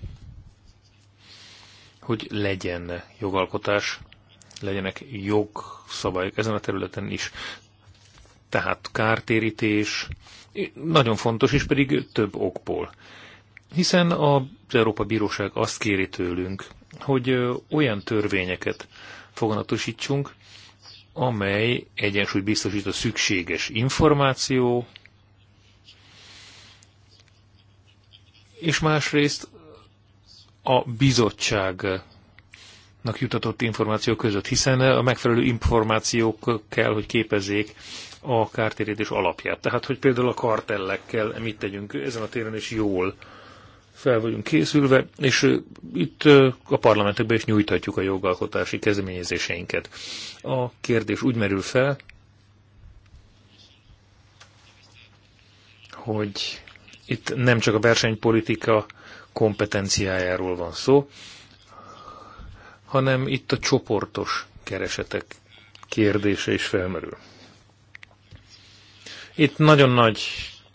hogy legyen jogalkotás, legyenek jogszabályok ezen a területen is tehát kártérítés, nagyon fontos, és pedig több okból. Hiszen az Európa Bíróság azt kéri tőlünk, hogy olyan törvényeket foganatosítsunk, amely egyensúly biztosít a szükséges információ, és másrészt a bizottság nak jutatott információ között, hiszen a megfelelő információk kell, hogy képezzék a kártérítés alapját. Tehát, hogy például a kartellekkel mit tegyünk ezen a téren, és jól fel vagyunk készülve, és itt a parlamentekben is nyújtatjuk a jogalkotási kezdeményezéseinket. A kérdés úgy merül fel, hogy itt nem csak a versenypolitika kompetenciájáról van szó, hanem itt a csoportos keresetek kérdése is felmerül. Itt nagyon nagy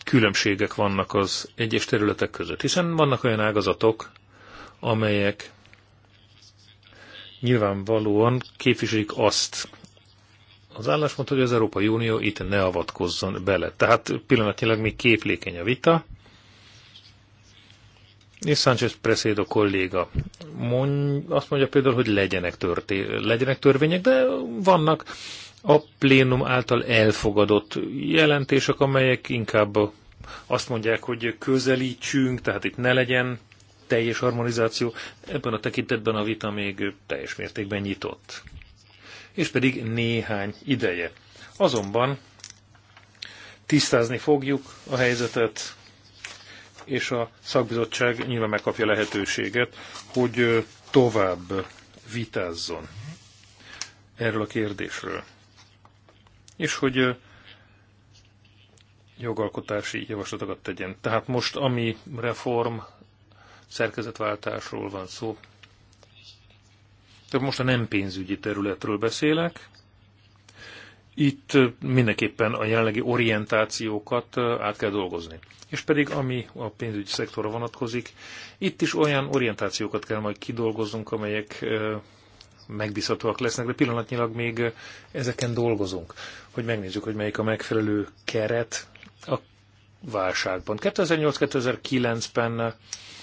különbségek vannak az egyes területek között, hiszen vannak olyan ágazatok, amelyek nyilvánvalóan képviselik azt az álláspont, hogy az Európai Unió itt ne avatkozzon bele. Tehát pillanatnyilag még képlékeny a vita, és Sánchez Presedo kolléga mond, azt mondja például, hogy legyenek, törté, legyenek törvények, de vannak a plénum által elfogadott jelentések, amelyek inkább azt mondják, hogy közelítsünk, tehát itt ne legyen teljes harmonizáció. Ebben a tekintetben a vita még teljes mértékben nyitott. És pedig néhány ideje. Azonban tisztázni fogjuk a helyzetet, és a szakbizottság nyilván megkapja lehetőséget, hogy tovább vitázzon erről a kérdésről. És hogy jogalkotási javaslatokat tegyen. Tehát most, ami reform szerkezetváltásról van szó, de most a nem pénzügyi területről beszélek, itt mindenképpen a jelenlegi orientációkat át kell dolgozni. És pedig ami a pénzügyi szektorra vonatkozik, itt is olyan orientációkat kell majd kidolgoznunk, amelyek megbízhatóak lesznek, de pillanatnyilag még ezeken dolgozunk, hogy megnézzük, hogy melyik a megfelelő keret a válságban. 2008-2009-ben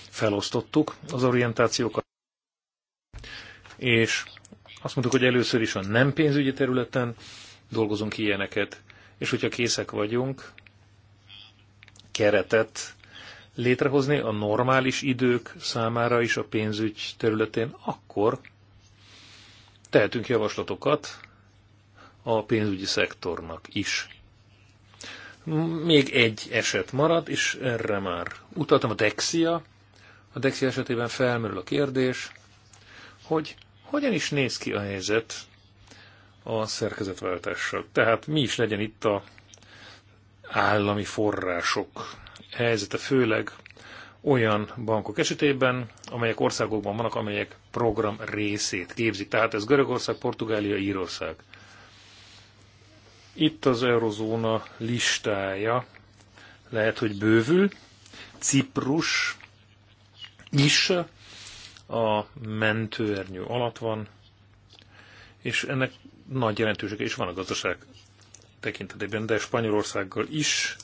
felosztottuk az orientációkat, és azt mondtuk, hogy először is a nem pénzügyi területen dolgozunk ilyeneket. És hogyha készek vagyunk keretet létrehozni a normális idők számára is a pénzügy területén, akkor tehetünk javaslatokat a pénzügyi szektornak is. Még egy eset marad, és erre már utaltam a Dexia. A Dexia esetében felmerül a kérdés, hogy hogyan is néz ki a helyzet a szerkezetváltással. Tehát mi is legyen itt a állami források helyzete, főleg olyan bankok esetében, amelyek országokban vannak, amelyek program részét képzik. Tehát ez Görögország, Portugália, Írország. Itt az eurozóna listája lehet, hogy bővül. Ciprus is a mentőernyő alatt van, és ennek nagy jelentősége is van a gazdaság tekintetében, de Spanyolországgal is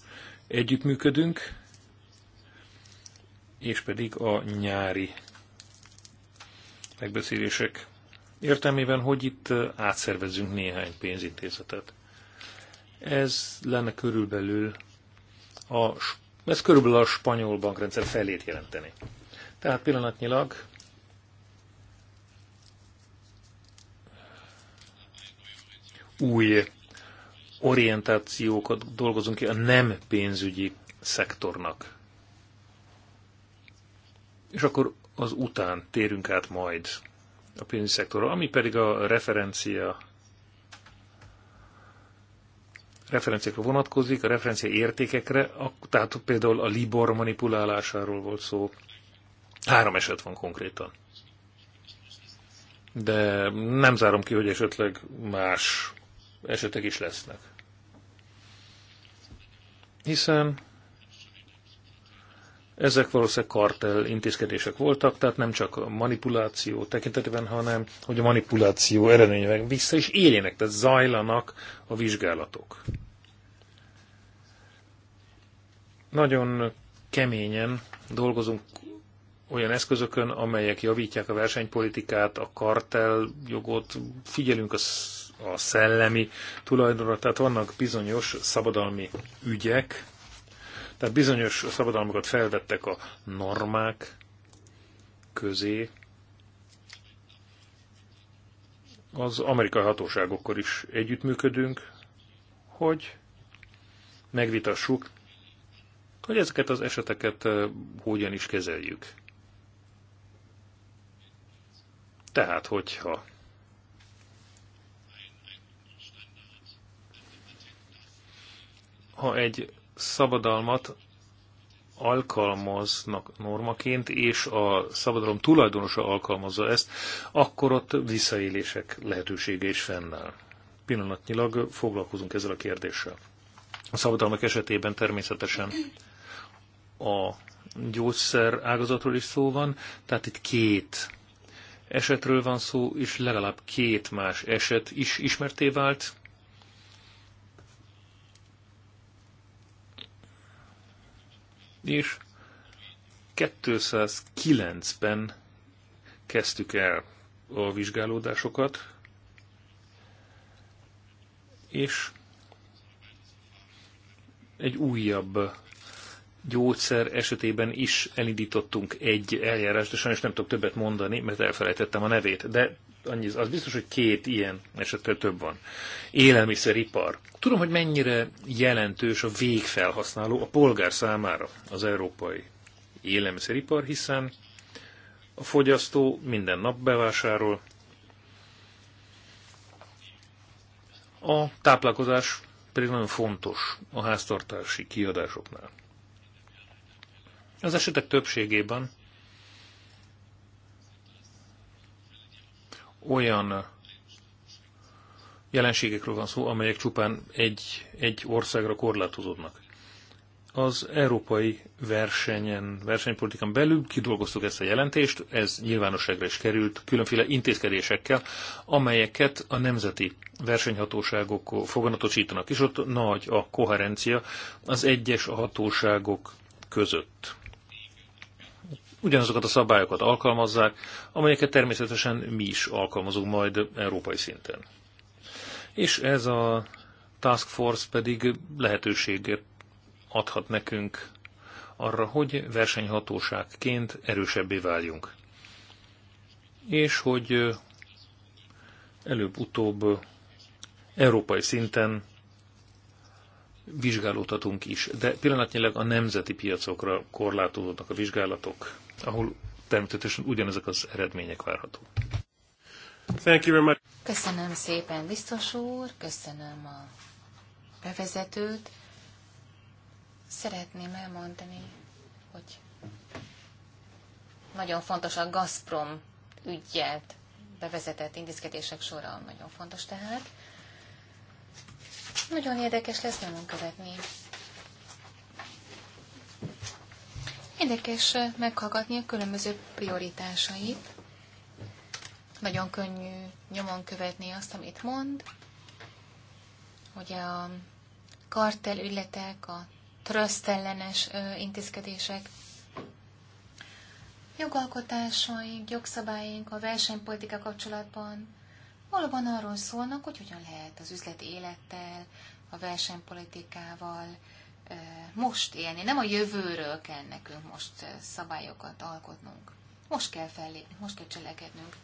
együttműködünk, és pedig a nyári megbeszélések értelmében, hogy itt átszervezzünk néhány pénzintézetet. Ez lenne körülbelül a, ez körülbelül a spanyol bankrendszer felét jelenteni. Tehát pillanatnyilag új orientációkat dolgozunk ki a nem pénzügyi szektornak. És akkor az után térünk át majd a pénzügyi szektorra, ami pedig a referencia referenciákra vonatkozik, a referencia értékekre, a, tehát például a Libor manipulálásáról volt szó. Három eset van konkrétan. De nem zárom ki, hogy esetleg más esetek is lesznek. Hiszen ezek valószínűleg kartel intézkedések voltak, tehát nem csak a manipuláció tekintetében, hanem hogy a manipuláció eredményében vissza is éljenek, tehát zajlanak a vizsgálatok. Nagyon keményen dolgozunk olyan eszközökön, amelyek javítják a versenypolitikát, a kartel jogot, figyelünk a a szellemi tulajdonra, tehát vannak bizonyos szabadalmi ügyek, tehát bizonyos szabadalmakat felvettek a normák közé, az amerikai Hatóságokkor is együttműködünk, hogy megvitassuk, hogy ezeket az eseteket hogyan is kezeljük. Tehát, hogyha ha egy szabadalmat alkalmaznak normaként, és a szabadalom tulajdonosa alkalmazza ezt, akkor ott visszaélések lehetősége is fennáll. Pillanatnyilag foglalkozunk ezzel a kérdéssel. A szabadalmak esetében természetesen a gyógyszer ágazatról is szó van, tehát itt két esetről van szó, és legalább két más eset is ismerté vált, és 209-ben kezdtük el a vizsgálódásokat, és egy újabb gyógyszer esetében is elindítottunk egy eljárást, de sajnos nem tudok többet mondani, mert elfelejtettem a nevét, de annyi, az biztos, hogy két ilyen esetben több van. Élelmiszeripar. Tudom, hogy mennyire jelentős a végfelhasználó a polgár számára az európai élelmiszeripar, hiszen a fogyasztó minden nap bevásárol. A táplálkozás pedig nagyon fontos a háztartási kiadásoknál. Az esetek többségében olyan jelenségekről van szó, amelyek csupán egy, egy országra korlátozódnak. Az európai versenyen, versenypolitikán belül kidolgoztuk ezt a jelentést, ez nyilvánosságra is került különféle intézkedésekkel, amelyeket a nemzeti versenyhatóságok foganatosítanak, és ott nagy a koherencia az egyes hatóságok között ugyanazokat a szabályokat alkalmazzák, amelyeket természetesen mi is alkalmazunk majd európai szinten. És ez a Task Force pedig lehetőséget adhat nekünk arra, hogy versenyhatóságként erősebbé váljunk. És hogy előbb-utóbb európai szinten vizsgálódhatunk is, de pillanatnyilag a nemzeti piacokra korlátozódnak a vizsgálatok ahol természetesen ugyanezek az eredmények várhatók. Thank you very much. Köszönöm szépen, biztos úr, köszönöm a bevezetőt. Szeretném elmondani, hogy nagyon fontos a Gazprom ügyet bevezetett intézkedések sora, nagyon fontos tehát. Nagyon érdekes lesz nyomon követni Érdekes meghallgatni a különböző prioritásait. Nagyon könnyű nyomon követni azt, amit mond. Ugye a kartel ügyletek, a trösztellenes intézkedések, jogalkotásaink, jogszabályaink a versenypolitika kapcsolatban valóban arról szólnak, hogy hogyan lehet az üzleti élettel, a versenypolitikával most élni, nem a jövőről kell nekünk most szabályokat alkotnunk. Most kell fellépni, most kell cselekednünk.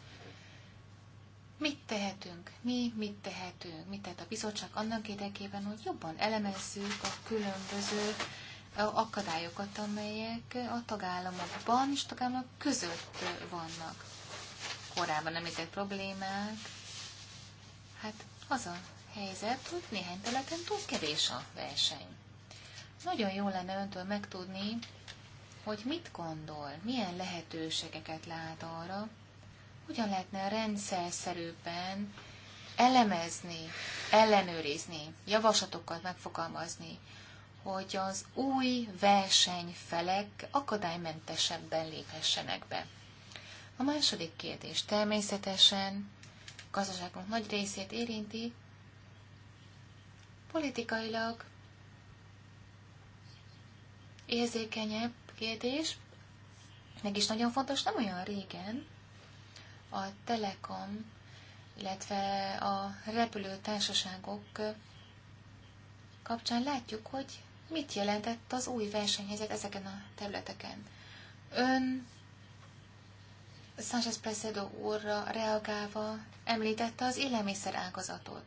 Mit tehetünk? Mi mit tehetünk? Mit tehet a bizottság annak érdekében, hogy jobban elemezzük a különböző akadályokat, amelyek a tagállamokban és tagállamok között vannak. Korábban említett problémák, hát az a helyzet, hogy néhány területen túl kevés a verseny. Nagyon jó lenne öntől megtudni, hogy mit gondol, milyen lehetőségeket lát arra, hogyan lehetne rendszerszerűbben elemezni, ellenőrizni, javaslatokat megfogalmazni, hogy az új versenyfelek akadálymentesebben léphessenek be. A második kérdés természetesen gazdaságunk nagy részét érinti, politikailag érzékenyebb kérdés, is nagyon fontos, nem olyan régen a Telekom, illetve a repülőtársaságok kapcsán látjuk, hogy mit jelentett az új versenyhelyzet ezeken a területeken. Ön Sánchez Presedo úrra reagálva említette az élelmiszer ágazatot.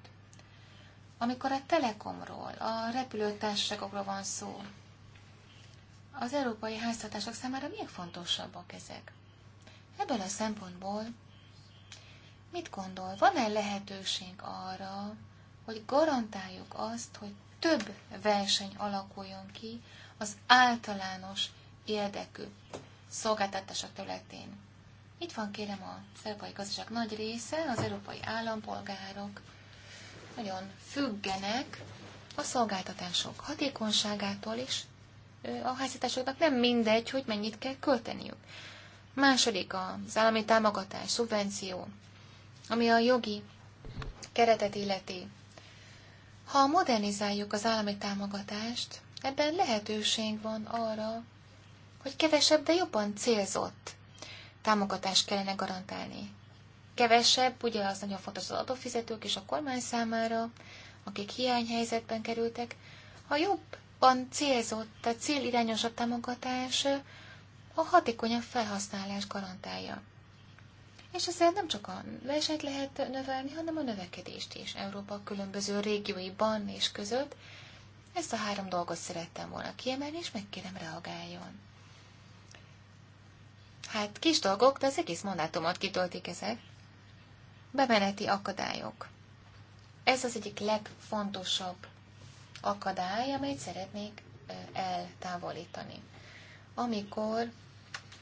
Amikor a telekomról, a repülőtársaságokról van szó, az európai háztartások számára még fontosabbak ezek? Ebből a szempontból mit gondol? Van-e lehetőség arra, hogy garantáljuk azt, hogy több verseny alakuljon ki az általános érdekű szolgáltatások területén? Itt van kérem a európai gazdaság nagy része, az európai állampolgárok nagyon függenek a szolgáltatások hatékonyságától és a háztartásoknak nem mindegy, hogy mennyit kell költeniük. Második az állami támogatás, szubvenció, ami a jogi keretet illeti. Ha modernizáljuk az állami támogatást, ebben lehetőség van arra, hogy kevesebb, de jobban célzott támogatást kellene garantálni. Kevesebb, ugye az nagyon fontos az adófizetők és a kormány számára, akik hiányhelyzetben kerültek. Ha jobb van célzott, tehát célirányosabb támogatás a hatékonyabb felhasználás garantálja. És ezzel nem csak a versenyt lehet növelni, hanem a növekedést is Európa különböző régióiban és között. Ezt a három dolgot szerettem volna kiemelni, és megkérem reagáljon. Hát kis dolgok, de az egész mandátumot kitöltik ezek. Bemeneti akadályok. Ez az egyik legfontosabb akadály, amelyet szeretnék eltávolítani. Amikor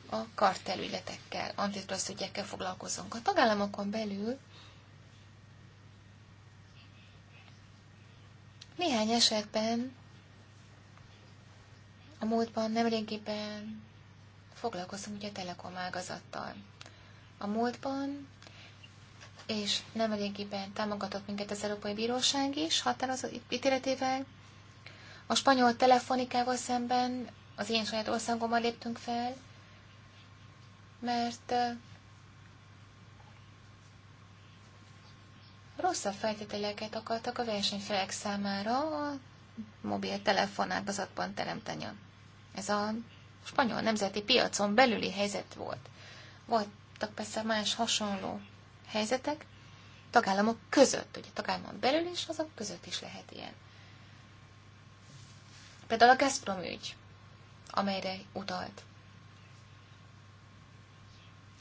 a kartelügyletekkel, antitrust ügyekkel foglalkozunk. A tagállamokon belül néhány esetben a múltban nemrégiben foglalkoztunk ugye a telekom ágazattal. A múltban és nemrégiben támogatott minket az Európai Bíróság is határozott ítéletével, a spanyol telefonikával szemben az én saját országommal léptünk fel, mert rosszabb feltételeket akartak a versenyfelek számára a mobiltelefon ágazatban teremteni. Ez a spanyol nemzeti piacon belüli helyzet volt. Voltak persze más hasonló helyzetek, tagállamok között, ugye tagállamok belül is, azok között is lehet ilyen. Például a Gazprom ügy, amelyre utalt.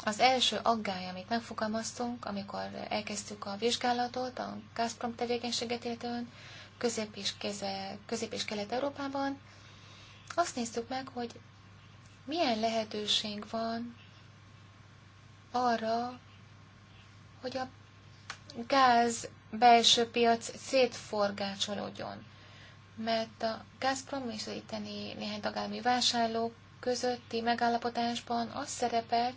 Az első aggály, amit megfogalmaztunk, amikor elkezdtük a vizsgálatot a Gazprom tevékenységet illetően közép és, keze, közép és kelet-európában, azt néztük meg, hogy milyen lehetőség van arra, hogy a gáz belső piac szétforgácsolódjon mert a Gazprom és az itteni néhány tagállami vásárlók közötti megállapodásban az szerepelt,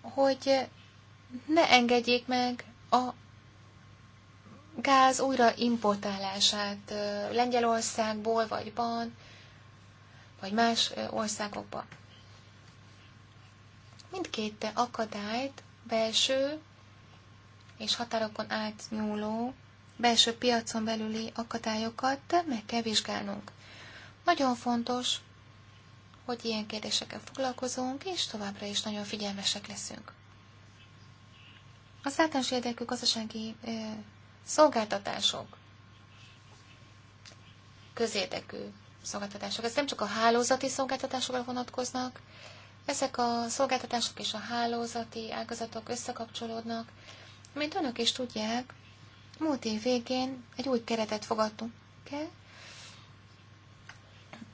hogy ne engedjék meg a gáz újra importálását Lengyelországból, vagy Ban, vagy más országokba. Mindkét akadályt belső és határokon átnyúló belső piacon belüli akadályokat meg kell vizsgálnunk. Nagyon fontos, hogy ilyen kérdésekkel foglalkozunk, és továbbra is nagyon figyelmesek leszünk. Az általános érdekű gazdasági ö, szolgáltatások, közérdekű szolgáltatások, ez nem csak a hálózati szolgáltatásokra vonatkoznak, ezek a szolgáltatások és a hálózati ágazatok összekapcsolódnak, mint önök is tudják, Múlt év végén egy új keretet fogadtunk el.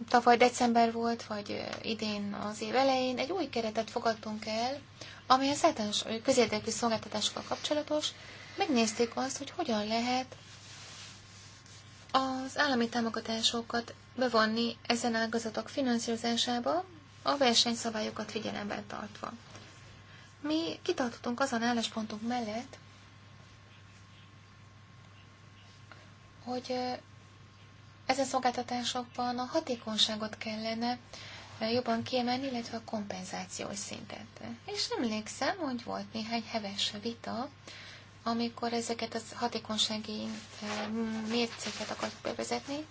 Tavaly december volt, vagy idén az év elején egy új keretet fogadtunk el, ami a általános közérdekű szolgáltatásokkal kapcsolatos. Megnézték azt, hogy hogyan lehet az állami támogatásokat bevonni ezen ágazatok finanszírozásába, a versenyszabályokat figyelemben tartva. Mi kitartottunk azon álláspontunk mellett, hogy ezen szolgáltatásokban a hatékonyságot kellene jobban kiemelni, illetve a kompenzációs szintet. És emlékszem, hogy volt néhány heves vita, amikor ezeket a hatékonysági mércéket akartuk bevezetni,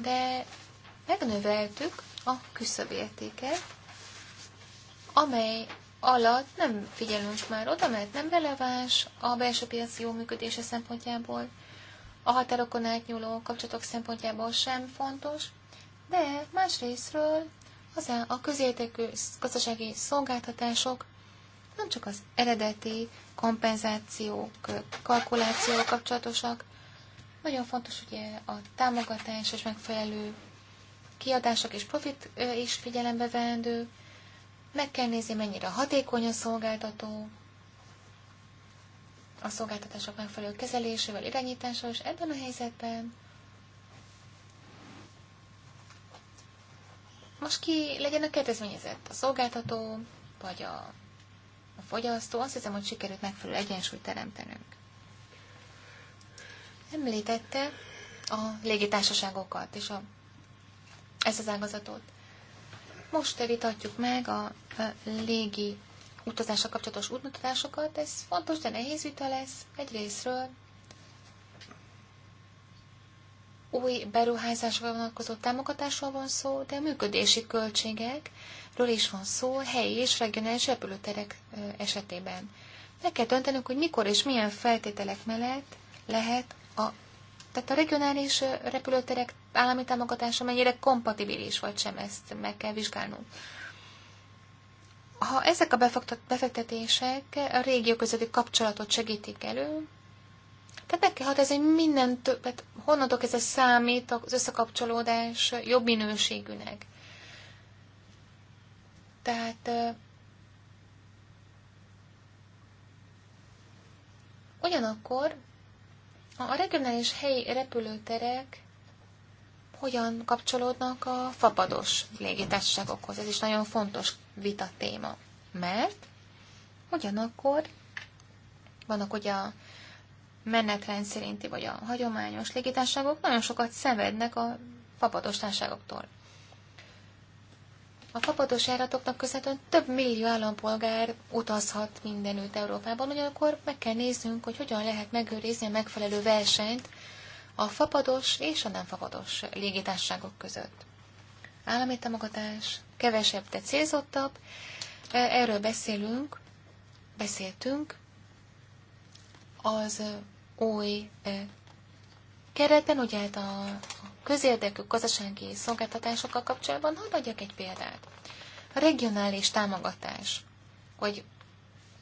de megnöveltük a küszöbértéket, amely alatt nem figyelünk már oda, mert nem releváns a belső piaci jó működése szempontjából, a határokon átnyúló kapcsolatok szempontjából sem fontos, de másrésztről az a közértékű gazdasági szolgáltatások nem csak az eredeti kompenzációk, kalkulációk kapcsolatosak, nagyon fontos ugye a támogatás és megfelelő kiadások és profit is figyelembe vendő, meg kell nézni, mennyire hatékony a szolgáltató, a szolgáltatások megfelelő kezelésével, irányítással, és ebben a helyzetben most ki legyen a kedvezményezett, a szolgáltató, vagy a, a fogyasztó, azt hiszem, hogy sikerült megfelelő egyensúlyt teremtenünk. Említette a légitársaságokat és a, ezt az ágazatot. Most vitatjuk meg a, a légi utazásra kapcsolatos útmutatásokat, ez fontos, de nehéz vita lesz egy részről Új beruházásra vonatkozó támogatásról van szó, de a működési költségekről is van szó helyi és regionális repülőterek esetében. Meg kell döntenünk, hogy mikor és milyen feltételek mellett lehet a tehát a regionális repülőterek állami támogatása mennyire kompatibilis vagy sem, ezt meg kell vizsgálnunk. Ha ezek a befektetések a régió közötti kapcsolatot segítik elő, tehát meg kell ez egy minden több, tehát ez a számít az összekapcsolódás jobb minőségűnek. Tehát ugyanakkor a regionális helyi repülőterek hogyan kapcsolódnak a fapados légitársaságokhoz. Ez is nagyon fontos vita téma, mert ugyanakkor vannak ugye a menetrend szerinti, vagy a hagyományos légitárságok nagyon sokat szenvednek a fapados társágoktól. A fapados járatoknak köszönhetően több millió állampolgár utazhat mindenütt Európában, ugyanakkor meg kell néznünk, hogy hogyan lehet megőrizni a megfelelő versenyt a fapados és a nem fapados légitárságok között. Állami támogatás kevesebb, de célzottabb. E, erről beszélünk, beszéltünk az új keretben, ugye hát a közérdekű gazdasági szolgáltatásokkal kapcsolatban, hadd adjak egy példát. A regionális támogatás, hogy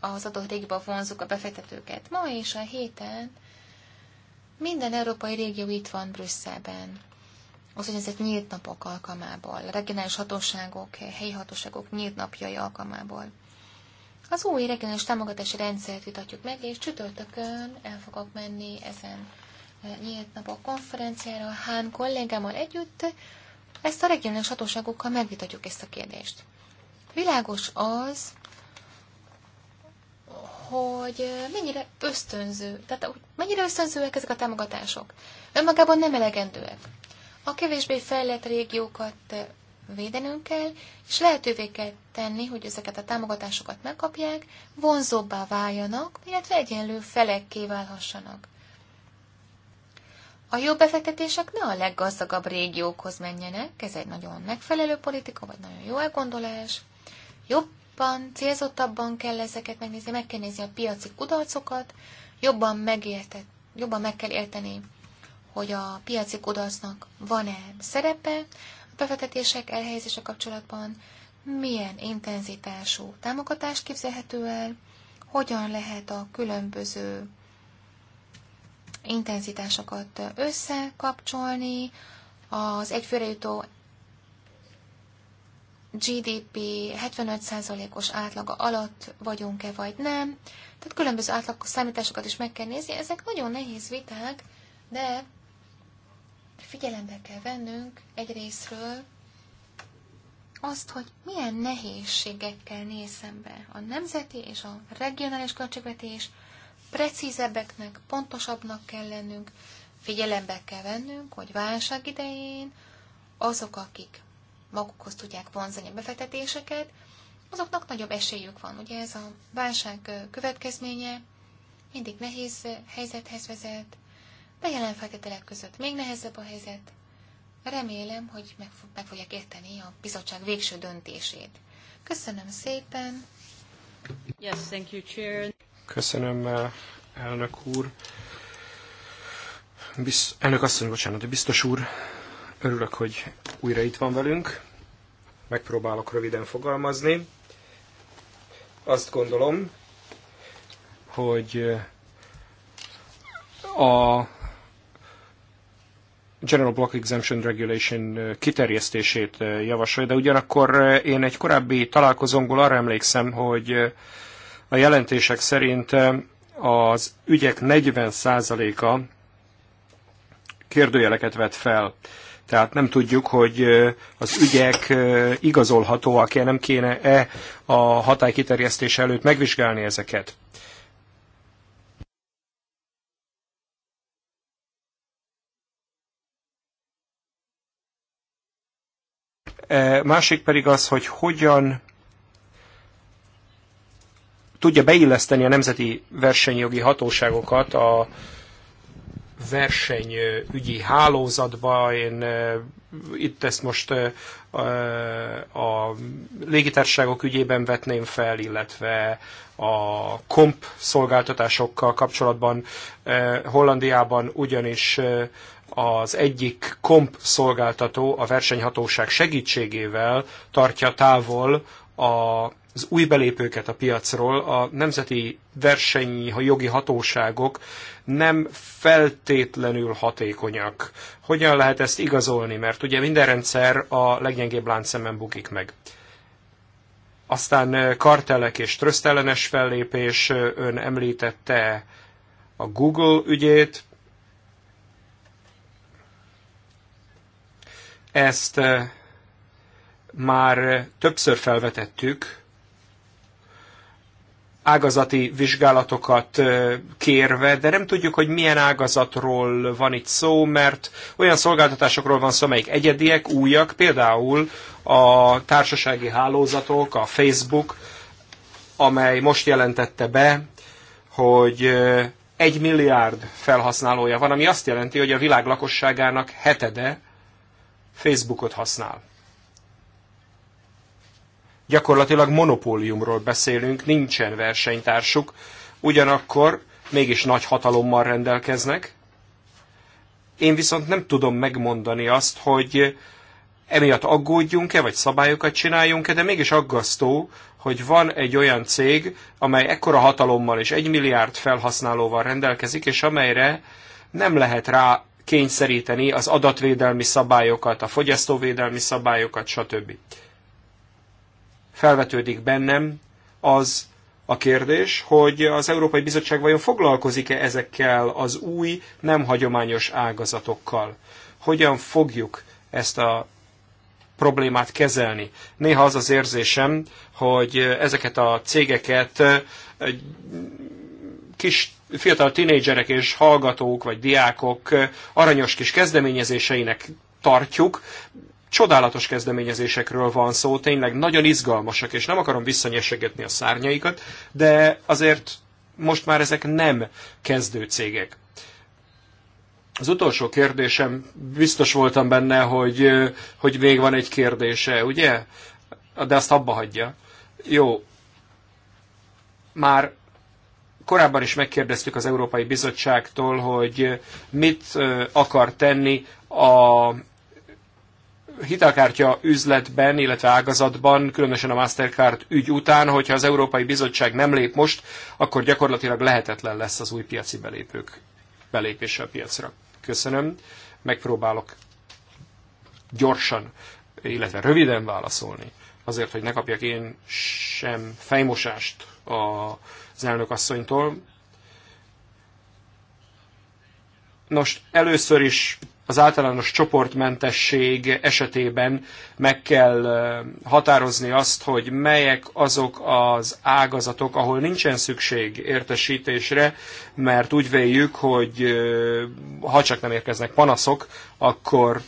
az adott régiba vonzuk a befektetőket. Ma és a héten minden európai régió itt van Brüsszelben. Az, hogy ezek nyílt napok alkalmából, regionális hatóságok, helyi hatóságok nyílt napjai alkalmából. Az új regionális támogatási rendszert vitatjuk meg, és csütörtökön el fogok menni ezen e, nyílt napok konferenciára a Hán kollégámmal együtt. Ezt a regionális hatóságokkal megvitatjuk ezt a kérdést. Világos az, hogy mennyire ösztönző, tehát mennyire ösztönzőek ezek a támogatások. Önmagában nem elegendőek. A kevésbé fejlett régiókat védenünk kell, és lehetővé kell tenni, hogy ezeket a támogatásokat megkapják, vonzóbbá váljanak, illetve egyenlő felekké válhassanak. A jó befektetések ne a leggazdagabb régiókhoz menjenek, ez egy nagyon megfelelő politika, vagy nagyon jó elgondolás. Jobb jobban, célzottabban kell ezeket megnézni, meg kell nézni a piaci kudarcokat, jobban, megértet, jobban meg kell érteni, hogy a piaci kudarcnak van-e szerepe a befektetések elhelyezése kapcsolatban, milyen intenzitású támogatás képzelhető el, hogyan lehet a különböző intenzitásokat összekapcsolni, az egyfőre jutó GDP 75%-os átlaga alatt vagyunk-e vagy nem. Tehát különböző átlagos számításokat is meg kell nézni. Ezek nagyon nehéz viták, de figyelembe kell vennünk egyrésztről azt, hogy milyen nehézségekkel néz szembe a nemzeti és a regionális költségvetés, precízebbeknek, pontosabbnak kell lennünk, figyelembe kell vennünk, hogy válság idején azok, akik magukhoz tudják vonzani a befektetéseket, azoknak nagyobb esélyük van. Ugye ez a válság következménye mindig nehéz helyzethez vezet, de jelen feltételek között még nehezebb a helyzet. Remélem, hogy meg, meg fogják érteni a bizottság végső döntését. Köszönöm szépen! Yes, thank you, Chair. Köszönöm, elnök úr. Bizt, elnök asszony, bocsánat, biztos úr. Örülök, hogy újra itt van velünk. Megpróbálok röviden fogalmazni. Azt gondolom, hogy eh, a General Block Exemption Regulation eh, kiterjesztését eh, javasolja, de ugyanakkor én egy korábbi találkozónkból arra emlékszem, hogy a jelentések szerint az ügyek 40%-a kérdőjeleket vet fel. Tehát nem tudjuk, hogy az ügyek igazolhatóak-e, nem kéne-e a hatály előtt megvizsgálni ezeket. Másik pedig az, hogy hogyan tudja beilleszteni a nemzeti versenyjogi hatóságokat a versenyügyi hálózatba. Én itt ezt most a légitársaságok ügyében vetném fel, illetve a komp szolgáltatásokkal kapcsolatban Hollandiában ugyanis az egyik komp szolgáltató a versenyhatóság segítségével tartja távol a az új belépőket a piacról a nemzeti versenyi jogi hatóságok nem feltétlenül hatékonyak. Hogyan lehet ezt igazolni? Mert ugye minden rendszer a leggyengébb láncszemben bukik meg. Aztán kartelek és trösztellenes fellépés, ön említette a Google ügyét. Ezt már többször felvetettük, ágazati vizsgálatokat kérve, de nem tudjuk, hogy milyen ágazatról van itt szó, mert olyan szolgáltatásokról van szó, amelyik egyediek, újak, például a társasági hálózatok, a Facebook, amely most jelentette be, hogy egy milliárd felhasználója van, ami azt jelenti, hogy a világ lakosságának hetede Facebookot használ. Gyakorlatilag monopóliumról beszélünk, nincsen versenytársuk, ugyanakkor mégis nagy hatalommal rendelkeznek. Én viszont nem tudom megmondani azt, hogy emiatt aggódjunk-e, vagy szabályokat csináljunk-e, de mégis aggasztó, hogy van egy olyan cég, amely ekkora hatalommal és egy milliárd felhasználóval rendelkezik, és amelyre nem lehet rá kényszeríteni az adatvédelmi szabályokat, a fogyasztóvédelmi szabályokat, stb felvetődik bennem az a kérdés, hogy az Európai Bizottság vajon foglalkozik-e ezekkel az új, nem hagyományos ágazatokkal. Hogyan fogjuk ezt a problémát kezelni. Néha az az érzésem, hogy ezeket a cégeket kis fiatal tinédzserek és hallgatók vagy diákok aranyos kis kezdeményezéseinek tartjuk, csodálatos kezdeményezésekről van szó, tényleg nagyon izgalmasak, és nem akarom visszanyesegetni a szárnyaikat, de azért most már ezek nem kezdő cégek. Az utolsó kérdésem, biztos voltam benne, hogy, hogy még van egy kérdése, ugye? De azt abba hagyja. Jó. Már korábban is megkérdeztük az Európai Bizottságtól, hogy mit akar tenni a hitelkártya üzletben, illetve ágazatban, különösen a Mastercard ügy után, hogyha az Európai Bizottság nem lép most, akkor gyakorlatilag lehetetlen lesz az új piaci belépők belépése a piacra. Köszönöm, megpróbálok gyorsan, illetve röviden válaszolni, azért, hogy ne kapjak én sem fejmosást az elnök asszonytól. Nos, először is az általános csoportmentesség esetében meg kell határozni azt, hogy melyek azok az ágazatok, ahol nincsen szükség értesítésre, mert úgy véljük, hogy ha csak nem érkeznek panaszok, akkor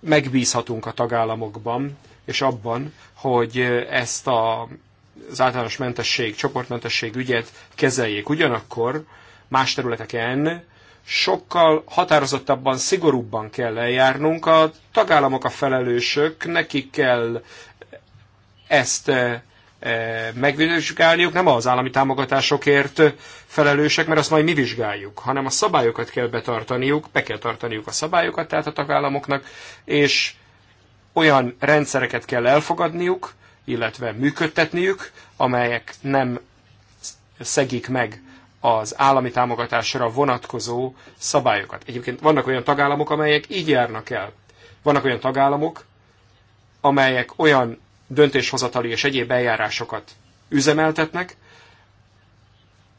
megbízhatunk a tagállamokban, és abban, hogy ezt a, az általános mentesség, csoportmentesség ügyet kezeljék. Ugyanakkor más területeken sokkal határozottabban, szigorúbban kell eljárnunk. A tagállamok a felelősök, nekik kell ezt e, e, megvizsgálniuk, nem az állami támogatásokért felelősek, mert azt majd mi vizsgáljuk, hanem a szabályokat kell betartaniuk, be kell tartaniuk a szabályokat, tehát a tagállamoknak, és olyan rendszereket kell elfogadniuk, illetve működtetniük, amelyek nem szegik meg az állami támogatásra vonatkozó szabályokat. Egyébként vannak olyan tagállamok, amelyek így járnak el. Vannak olyan tagállamok, amelyek olyan döntéshozatali és egyéb eljárásokat üzemeltetnek,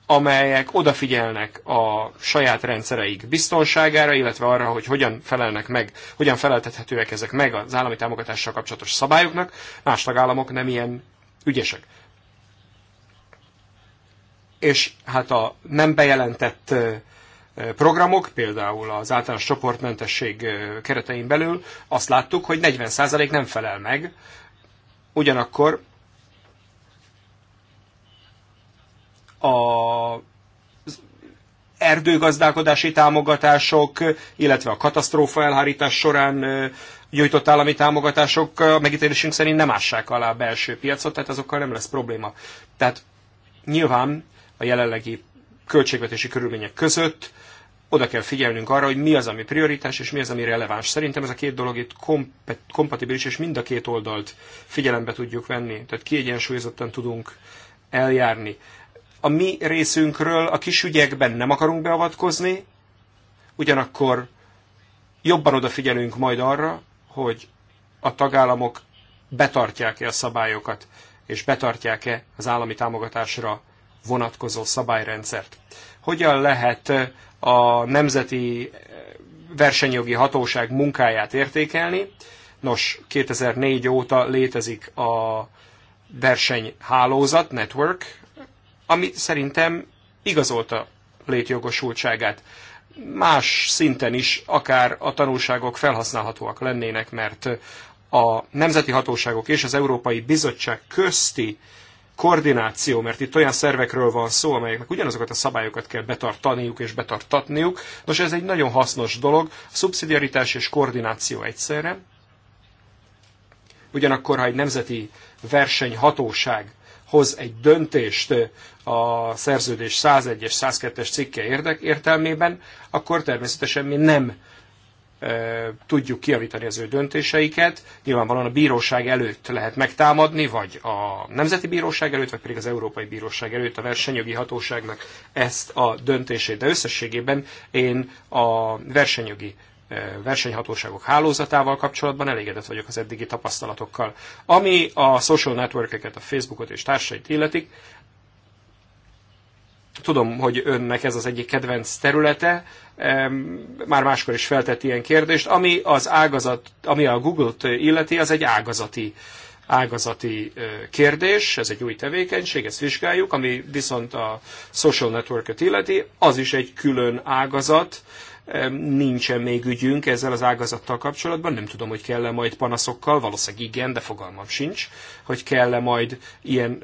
amelyek odafigyelnek a saját rendszereik biztonságára, illetve arra, hogy hogyan felelnek meg, hogyan feleltethetőek ezek meg az állami támogatással kapcsolatos szabályoknak, más tagállamok nem ilyen ügyesek és hát a nem bejelentett programok, például az általános csoportmentesség keretein belül azt láttuk, hogy 40% nem felel meg, ugyanakkor a erdőgazdálkodási támogatások, illetve a katasztrófa elhárítás során gyújtott állami támogatások a megítélésünk szerint nem ássák alá a belső piacot, tehát azokkal nem lesz probléma. Tehát nyilván a jelenlegi költségvetési körülmények között, oda kell figyelnünk arra, hogy mi az, ami prioritás, és mi az, ami releváns. Szerintem ez a két dolog itt kompatibilis, és mind a két oldalt figyelembe tudjuk venni, tehát kiegyensúlyozottan tudunk eljárni. A mi részünkről a kis ügyekben nem akarunk beavatkozni, ugyanakkor jobban odafigyelünk majd arra, hogy a tagállamok betartják-e a szabályokat, és betartják-e az állami támogatásra vonatkozó szabályrendszert. Hogyan lehet a Nemzeti Versenyjogi Hatóság munkáját értékelni? Nos, 2004 óta létezik a versenyhálózat, network, ami szerintem igazolta létjogosultságát. Más szinten is akár a tanulságok felhasználhatóak lennének, mert a nemzeti hatóságok és az Európai Bizottság közti koordináció, mert itt olyan szervekről van szó, amelyeknek ugyanazokat a szabályokat kell betartaniuk és betartatniuk. Nos, ez egy nagyon hasznos dolog, a szubszidiaritás és koordináció egyszerre. Ugyanakkor, ha egy nemzeti versenyhatóság hoz egy döntést a szerződés 101-es, 102-es cikke érdek értelmében, akkor természetesen mi nem tudjuk kiavítani az ő döntéseiket. Nyilvánvalóan a bíróság előtt lehet megtámadni, vagy a Nemzeti Bíróság előtt, vagy pedig az Európai Bíróság előtt a versenyjogi hatóságnak ezt a döntését. De összességében én a versenyjogi versenyhatóságok hálózatával kapcsolatban elégedett vagyok az eddigi tapasztalatokkal. Ami a social networkeket, a Facebookot és társait illetik, Tudom, hogy önnek ez az egyik kedvenc területe, már máskor is feltett ilyen kérdést, ami az ágazat, ami a Google-t illeti, az egy ágazati ágazati kérdés, ez egy új tevékenység, ezt vizsgáljuk, ami viszont a social network illeti, az is egy külön ágazat, nincsen még ügyünk ezzel az ágazattal kapcsolatban, nem tudom, hogy kell-e majd panaszokkal, valószínűleg igen, de fogalmam sincs, hogy kell-e majd ilyen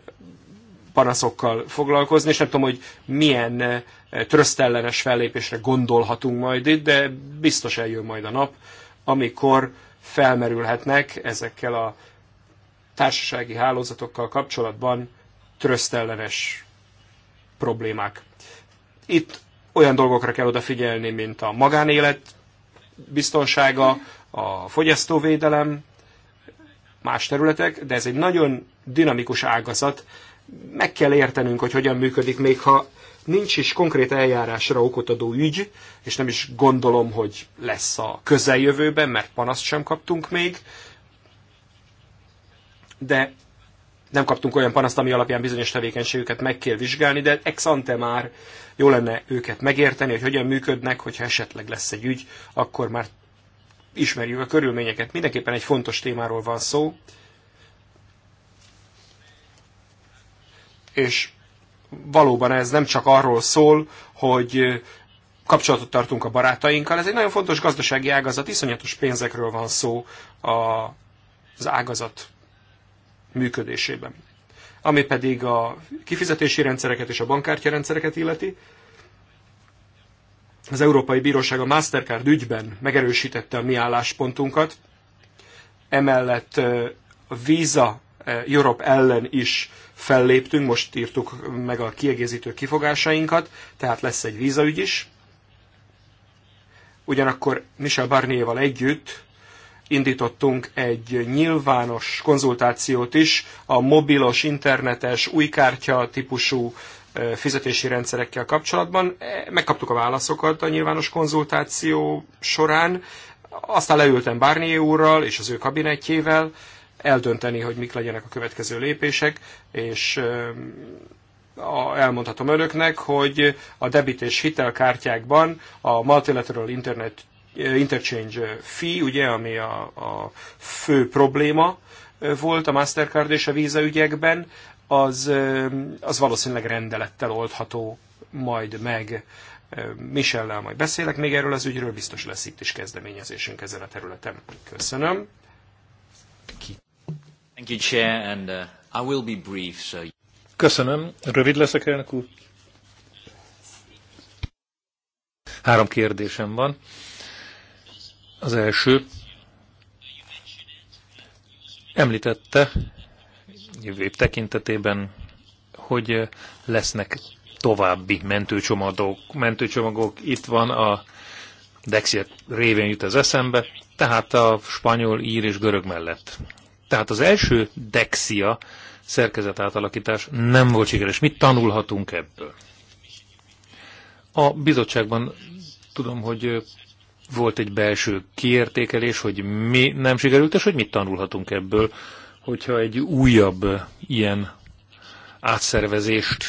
panaszokkal foglalkozni, és nem tudom, hogy milyen eh, trösztellenes fellépésre gondolhatunk majd itt, de biztos eljön majd a nap, amikor felmerülhetnek ezekkel a társasági hálózatokkal kapcsolatban trösztellenes problémák. Itt olyan dolgokra kell odafigyelni, mint a magánélet biztonsága, a fogyasztóvédelem, más területek, de ez egy nagyon dinamikus ágazat, meg kell értenünk, hogy hogyan működik, még ha nincs is konkrét eljárásra okot adó ügy, és nem is gondolom, hogy lesz a közeljövőben, mert panaszt sem kaptunk még, de nem kaptunk olyan panaszt, ami alapján bizonyos tevékenységüket meg kell vizsgálni, de ex ante már jó lenne őket megérteni, hogy hogyan működnek, hogyha esetleg lesz egy ügy, akkor már ismerjük a körülményeket. Mindenképpen egy fontos témáról van szó, és valóban ez nem csak arról szól, hogy kapcsolatot tartunk a barátainkkal, ez egy nagyon fontos gazdasági ágazat, iszonyatos pénzekről van szó a, az ágazat működésében. Ami pedig a kifizetési rendszereket és a bankkártya rendszereket illeti, az Európai Bíróság a Mastercard ügyben megerősítette a mi álláspontunkat, emellett a Visa Europe ellen is felléptünk, most írtuk meg a kiegészítő kifogásainkat, tehát lesz egy vízaügy is. Ugyanakkor Michel Barnierval együtt indítottunk egy nyilvános konzultációt is a mobilos, internetes, új kártya típusú fizetési rendszerekkel kapcsolatban. E, megkaptuk a válaszokat a nyilvános konzultáció során, aztán leültem Barnier úrral és az ő kabinetjével, eldönteni, hogy mik legyenek a következő lépések, és elmondhatom önöknek, hogy a debit és hitelkártyákban a multilateral internet interchange fee, ugye, ami a, a fő probléma volt a Mastercard és a Visa ügyekben, az, az valószínűleg rendelettel oldható majd meg. Michellel majd beszélek még erről az ügyről, biztos lesz itt is kezdeményezésünk ezen a területen. Köszönöm. Thank you, Chair, and uh, I will be brief, so... Köszönöm. Rövid leszek, elnök úr. Három kérdésem van. Az első, említette jövő év tekintetében, hogy lesznek további mentőcsomagok. mentőcsomagok. Itt van a Dexia révén jut az eszembe, tehát a spanyol, ír és görög mellett. Tehát az első Dexia szerkezet átalakítás nem volt sikeres. Mit tanulhatunk ebből? A bizottságban tudom, hogy volt egy belső kiértékelés, hogy mi nem sikerült, és hogy mit tanulhatunk ebből, hogyha egy újabb ilyen átszervezést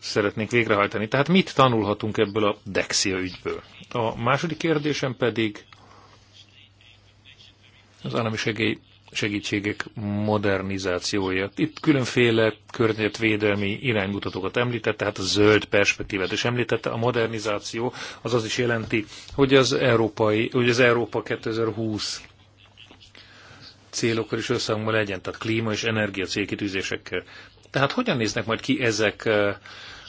szeretnénk végrehajtani. Tehát mit tanulhatunk ebből a Dexia ügyből? A második kérdésem pedig az állami segély segítségek modernizációja. Itt különféle környezetvédelmi iránymutatókat említette, tehát a zöld perspektívát is említette. A modernizáció az az is jelenti, hogy az, európai, hogy az Európa 2020 célokkal is összehangban legyen, tehát klíma és energia célkitűzésekkel. Tehát hogyan néznek majd ki ezek eh,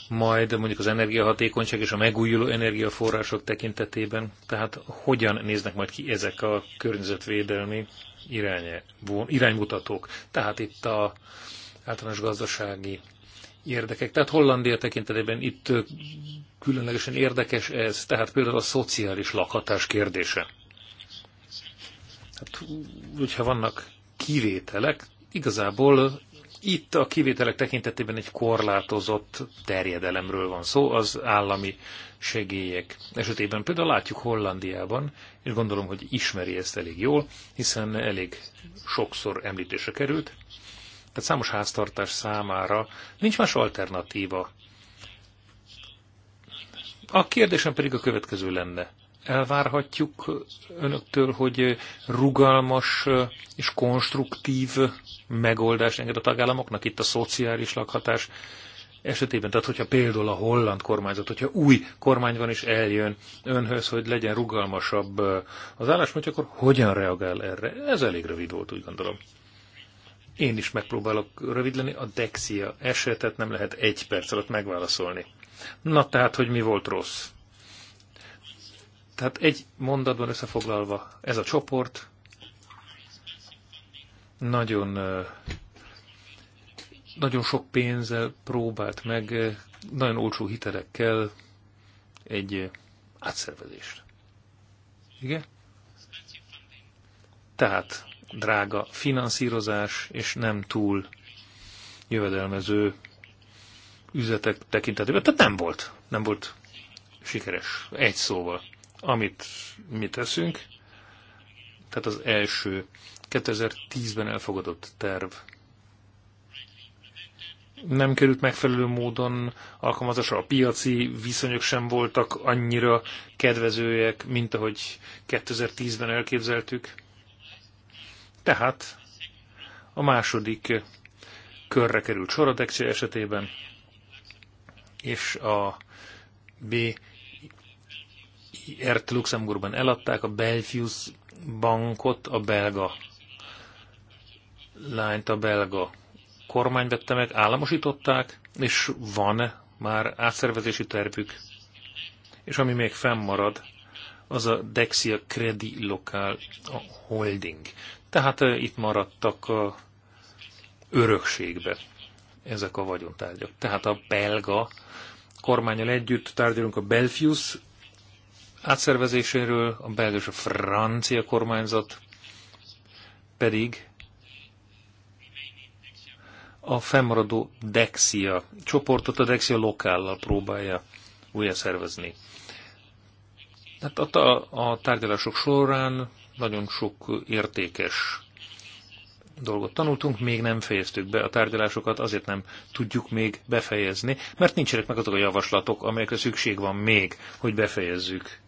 majd mondjuk az energiahatékonyság és a megújuló energiaforrások tekintetében? Tehát hogyan néznek majd ki ezek a környezetvédelmi irány, iránymutatók. Tehát itt a általános gazdasági érdekek. Tehát Hollandia tekintetében itt különlegesen érdekes ez, tehát például a szociális lakhatás kérdése. Hát, hogyha vannak kivételek, igazából itt a kivételek tekintetében egy korlátozott terjedelemről van szó, az állami segélyek esetében. Például látjuk Hollandiában, és gondolom, hogy ismeri ezt elég jól, hiszen elég sokszor említése került. Tehát számos háztartás számára nincs más alternatíva. A kérdésem pedig a következő lenne elvárhatjuk önöktől, hogy rugalmas és konstruktív megoldást enged a tagállamoknak, itt a szociális lakhatás esetében, tehát hogyha például a holland kormányzat, hogyha új kormány van és eljön önhöz, hogy legyen rugalmasabb az álláspontja, akkor hogyan reagál erre? Ez elég rövid volt, úgy gondolom. Én is megpróbálok rövid lenni, a Dexia esetet nem lehet egy perc alatt megválaszolni. Na tehát, hogy mi volt rossz? Tehát egy mondatban összefoglalva, ez a csoport nagyon, nagyon sok pénzzel próbált meg, nagyon olcsó hitelekkel egy átszervezést. Igen? Tehát drága finanszírozás, és nem túl jövedelmező üzletek tekintetében. Tehát nem volt, nem volt sikeres. Egy szóval. Amit mi teszünk, tehát az első 2010-ben elfogadott terv nem került megfelelő módon alkalmazásra, a piaci viszonyok sem voltak annyira kedvezőek, mint ahogy 2010-ben elképzeltük. Tehát a második körre került sor a Dexia esetében, és a B Ert Luxemburgban eladták, a Belfius bankot a belga lányt a belga kormány vette meg, államosították, és van már átszervezési tervük. És ami még fennmarad, az a Dexia Credit Local a holding. Tehát itt maradtak a örökségbe ezek a vagyontárgyak. Tehát a belga kormányal együtt tárgyalunk a Belfius átszervezéséről, a belga és a francia kormányzat pedig a fennmaradó Dexia csoportot a Dexia lokállal próbálja újra szervezni. Hát a, a tárgyalások során nagyon sok értékes dolgot tanultunk, még nem fejeztük be a tárgyalásokat, azért nem tudjuk még befejezni, mert nincsenek meg azok a javaslatok, amelyekre szükség van még, hogy befejezzük.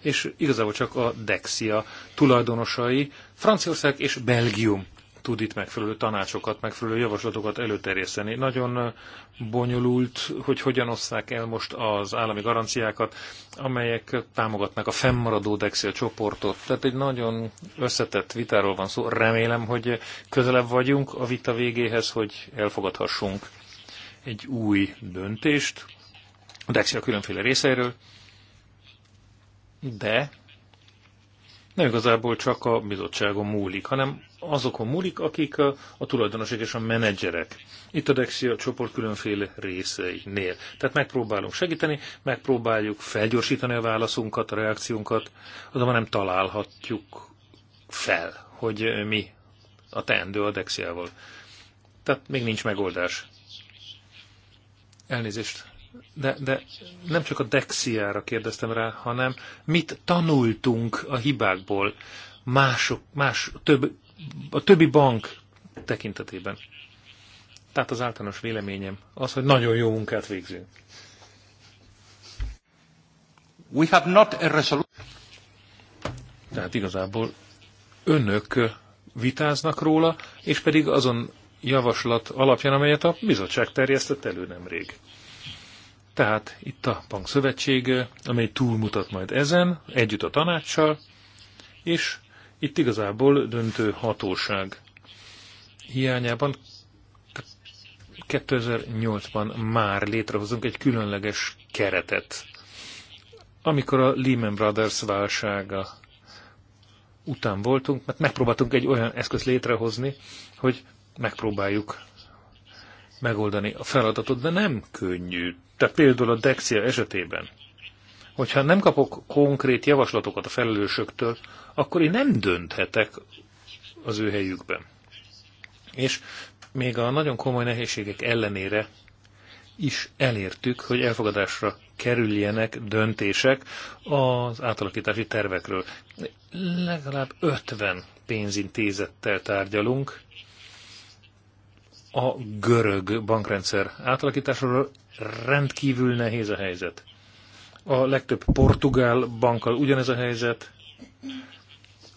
És igazából csak a Dexia tulajdonosai, Franciaország és Belgium tud itt megfelelő tanácsokat, megfelelő javaslatokat előterjeszteni. Nagyon bonyolult, hogy hogyan osszák el most az állami garanciákat, amelyek támogatnak a fennmaradó Dexia csoportot. Tehát egy nagyon összetett vitáról van szó. Remélem, hogy közelebb vagyunk a vita végéhez, hogy elfogadhassunk egy új döntést a Dexia különféle részeiről, de nem igazából csak a bizottságon múlik, hanem azokon múlik, akik a, a tulajdonosok és a menedzserek. Itt a Dexia csoport különféle részeinél. Tehát megpróbálunk segíteni, megpróbáljuk felgyorsítani a válaszunkat, a reakciónkat, azonban nem találhatjuk fel, hogy mi a teendő a Dexiával. Tehát még nincs megoldás. Elnézést. De, de nem csak a Dexiára kérdeztem rá, hanem mit tanultunk a hibákból, mások, más, több a többi bank tekintetében. Tehát az általános véleményem az, hogy nagyon jó munkát végzünk. We have not a Tehát igazából önök vitáznak róla, és pedig azon javaslat alapján, amelyet a bizottság terjesztett elő nemrég. Tehát itt a bankszövetség, amely túlmutat majd ezen, együtt a tanácssal, és itt igazából döntő hatóság hiányában 2008-ban már létrehozunk egy különleges keretet. Amikor a Lehman Brothers válsága után voltunk, mert megpróbáltunk egy olyan eszköz létrehozni, hogy megpróbáljuk megoldani a feladatot, de nem könnyű. Tehát például a Dexia esetében hogyha nem kapok konkrét javaslatokat a felelősöktől, akkor én nem dönthetek az ő helyükben. És még a nagyon komoly nehézségek ellenére is elértük, hogy elfogadásra kerüljenek döntések az átalakítási tervekről. Legalább 50 pénzintézettel tárgyalunk a görög bankrendszer átalakításról. Rendkívül nehéz a helyzet. A legtöbb portugál bankkal ugyanez a helyzet,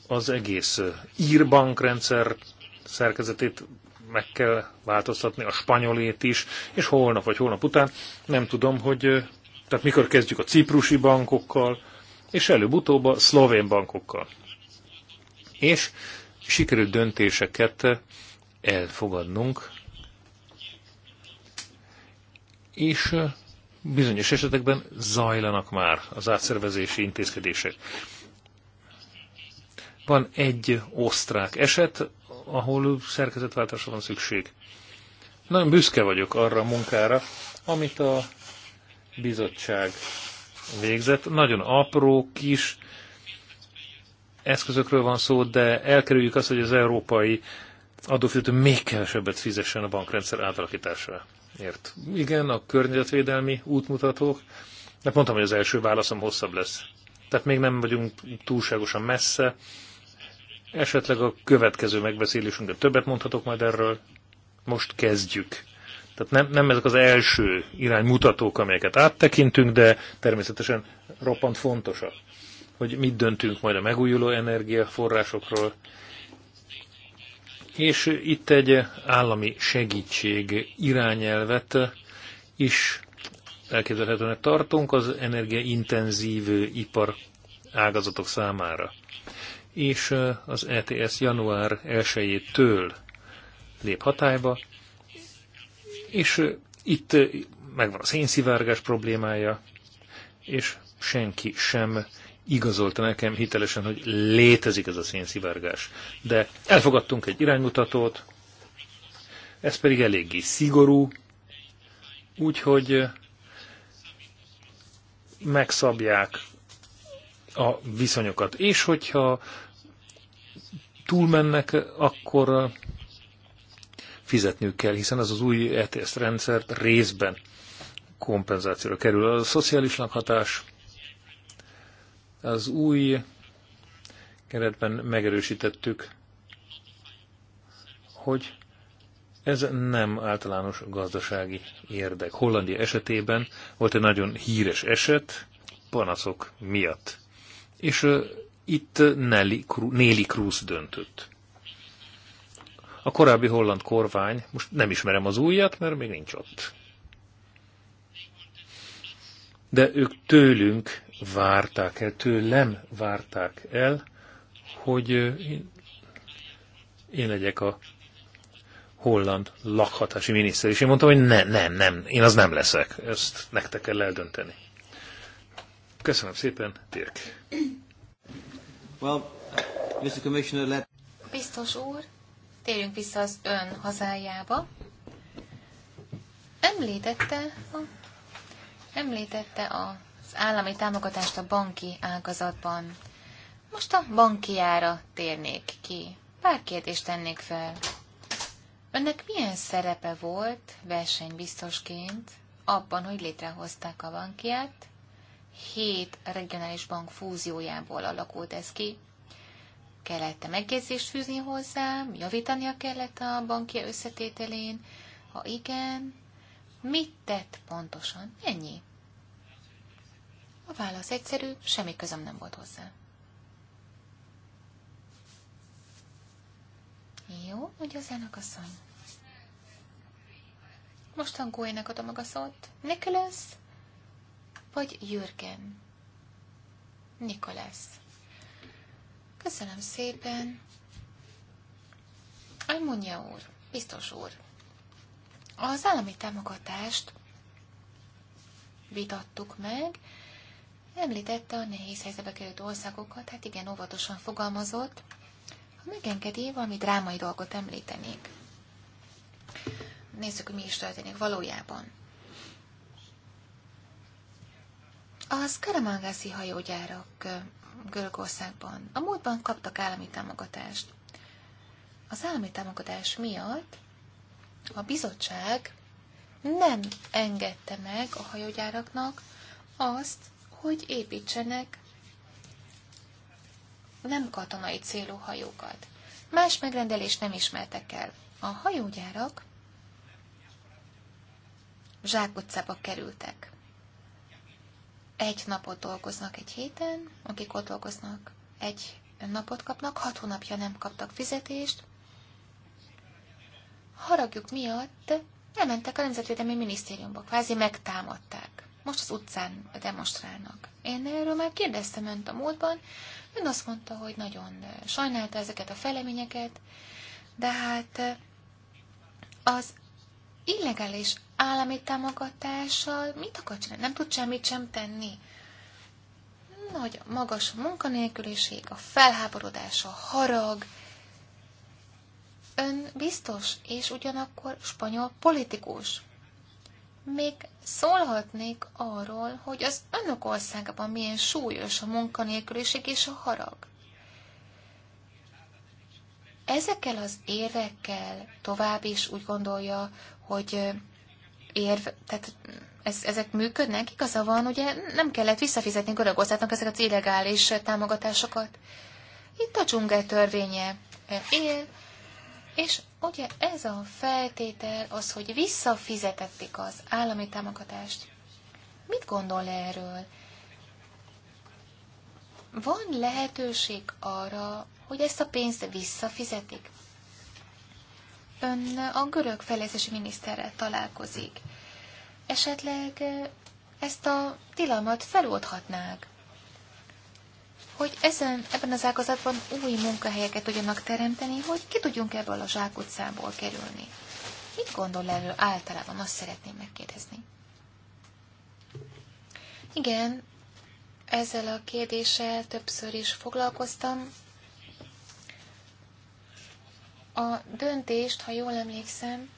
az egész ír bankrendszer szerkezetét meg kell változtatni, a spanyolét is, és holnap vagy holnap után, nem tudom, hogy tehát mikor kezdjük a ciprusi bankokkal, és előbb-utóbb a szlovén bankokkal. És sikerült döntéseket elfogadnunk, és bizonyos esetekben zajlanak már az átszervezési intézkedések. Van egy osztrák eset, ahol szerkezetváltásra van szükség. Nagyon büszke vagyok arra a munkára, amit a bizottság végzett. Nagyon apró, kis eszközökről van szó, de elkerüljük azt, hogy az európai adófizető még kevesebbet fizessen a bankrendszer átalakítására ért. Igen, a környezetvédelmi útmutatók. De mondtam, hogy az első válaszom hosszabb lesz. Tehát még nem vagyunk túlságosan messze. Esetleg a következő megbeszélésünkre többet mondhatok majd erről. Most kezdjük. Tehát nem, nem ezek az első iránymutatók, amelyeket áttekintünk, de természetesen roppant fontosak, hogy mit döntünk majd a megújuló energiaforrásokról, és itt egy állami segítség irányelvet is elképzelhetőnek tartunk az energiaintenzív ipar ágazatok számára. És az ETS január 1-től lép hatályba, és itt megvan a szénszivárgás problémája, és senki sem igazolta nekem hitelesen, hogy létezik ez a szénszivárgás. De elfogadtunk egy iránymutatót, ez pedig eléggé szigorú, úgyhogy megszabják a viszonyokat. És hogyha túlmennek, akkor fizetniük kell, hiszen az az új ETS rendszert részben kompenzációra kerül. A szociális lakhatás az új keretben megerősítettük, hogy ez nem általános gazdasági érdek. Hollandia esetében volt egy nagyon híres eset panaszok miatt. És uh, itt Néli Krúz döntött. A korábbi holland kormány, most nem ismerem az újat, mert még nincs ott. De ők tőlünk várták el, tőlem várták el, hogy én, én legyek a holland lakhatási miniszter, és én mondtam, hogy ne, nem, nem, én az nem leszek, ezt nektek kell eldönteni. Köszönöm szépen, Dirk. Well, Mr. Commissioner, let... Biztos úr, térjünk vissza az ön hazájába. Említette a, említette a állami támogatást a banki ágazatban. Most a bankiára térnék ki. Pár kérdést tennék fel. Önnek milyen szerepe volt versenybiztosként abban, hogy létrehozták a bankiát? Hét regionális bank fúziójából alakult ez ki. Kellett-e megjegyzést fűzni hozzám? Javítania kellett a bankja összetételén? Ha igen, mit tett pontosan? Ennyi. A válasz egyszerű, semmi közöm nem volt hozzá. Jó, mondja az elnök asszony. Most a Gólynak adom a szót. Nikolas vagy Jürgen? Nikolas. Köszönöm szépen. mondja úr, biztos úr. Az állami támogatást vitattuk meg, Említette a nehéz helyzetbe került országokat, hát igen, óvatosan fogalmazott. Ha megengedi, valami drámai dolgot említenék. Nézzük, hogy mi is történik valójában. A Karamangászi hajógyárak Görögországban a múltban kaptak állami támogatást. Az állami támogatás miatt a bizottság nem engedte meg a hajógyáraknak azt, hogy építsenek nem katonai célú hajókat. Más megrendelést nem ismertek el. A hajógyárak zsákutcába kerültek. Egy napot dolgoznak egy héten, akik ott dolgoznak, egy napot kapnak, hat hónapja nem kaptak fizetést. Haragjuk miatt elmentek a Nemzetvédelmi Minisztériumba, kvázi megtámadták most az utcán demonstrálnak. Én erről már kérdeztem önt a múltban, ön azt mondta, hogy nagyon sajnálta ezeket a feleményeket, de hát az illegális állami támogatással mit akar csinálni? Nem tud semmit sem tenni. Nagy magas a munkanélküliség, a felháborodás, a harag. Ön biztos, és ugyanakkor spanyol politikus még szólhatnék arról, hogy az önök országában milyen súlyos a munkanélküliség és a harag. Ezekkel az érvekkel tovább is úgy gondolja, hogy érv, tehát ez, ezek működnek, igaza van, ugye nem kellett visszafizetni Görögországnak ezeket az illegális támogatásokat. Itt a dzsungel törvénye él, és Ugye ez a feltétel az, hogy visszafizetették az állami támogatást. Mit gondol erről? Van lehetőség arra, hogy ezt a pénzt visszafizetik? Ön a görög fejlesztési miniszterrel találkozik. Esetleg eh, ezt a tilalmat feloldhatnák hogy ezen, ebben az ágazatban új munkahelyeket tudjanak teremteni, hogy ki tudjunk ebből a zsákutcából kerülni. Mit gondol erről általában? Azt szeretném megkérdezni. Igen, ezzel a kérdéssel többször is foglalkoztam. A döntést, ha jól emlékszem,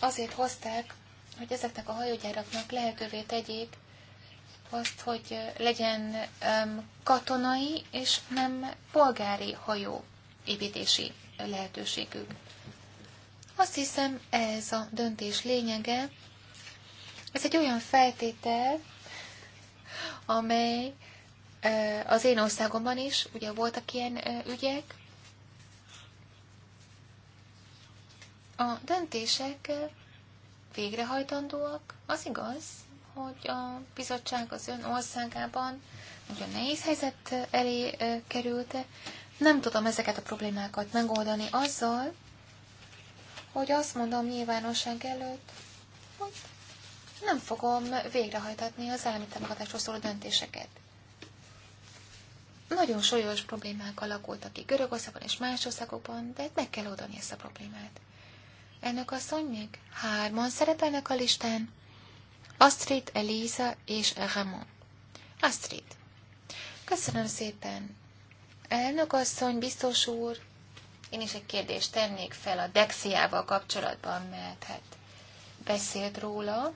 azért hozták, hogy ezeknek a hajógyáraknak lehetővé tegyék, azt, hogy legyen katonai és nem polgári hajó építési lehetőségük. Azt hiszem, ez a döntés lényege. Ez egy olyan feltétel, amely az én országomban is, ugye voltak ilyen ügyek, a döntések végrehajtandóak, az igaz, hogy a bizottság az ön országában nagyon nehéz helyzet elé került, nem tudom ezeket a problémákat megoldani azzal, hogy azt mondom nyilvánosság előtt, hogy nem fogom végrehajtatni az állami támogatásról szóló döntéseket. Nagyon súlyos problémák alakultak ki Görögországban és más országokban, de meg kell oldani ezt a problémát. Ennek asszony, még hárman szerepelnek a listán. Astrid, Elisa és Ramon. Astrid. Köszönöm szépen. Elnök asszony, biztos úr, én is egy kérdést tennék fel a Dexiával kapcsolatban, mert hát beszélt róla.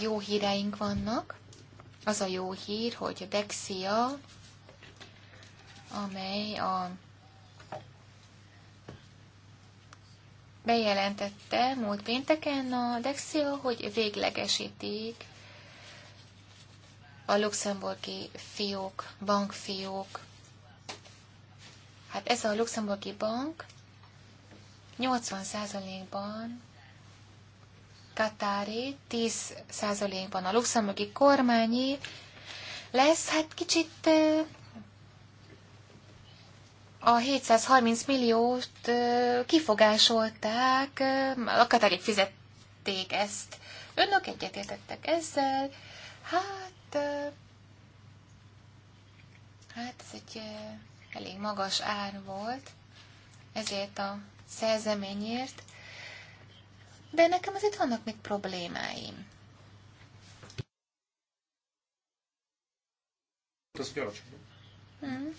Jó híreink vannak. Az a jó hír, hogy a Dexia, amely a bejelentette múlt pénteken a Dexia, hogy véglegesítik a luxemburgi fiók, bankfiók. Hát ez a luxemburgi bank 80%-ban Katári, 10%-ban a luxemburgi kormányi lesz, hát kicsit a 730 milliót kifogásolták, a katarik fizették ezt. Önök egyetértettek ezzel, hát, hát ez egy elég magas ár volt, ezért a szerzeményért, de nekem azért vannak még problémáim. Hmm.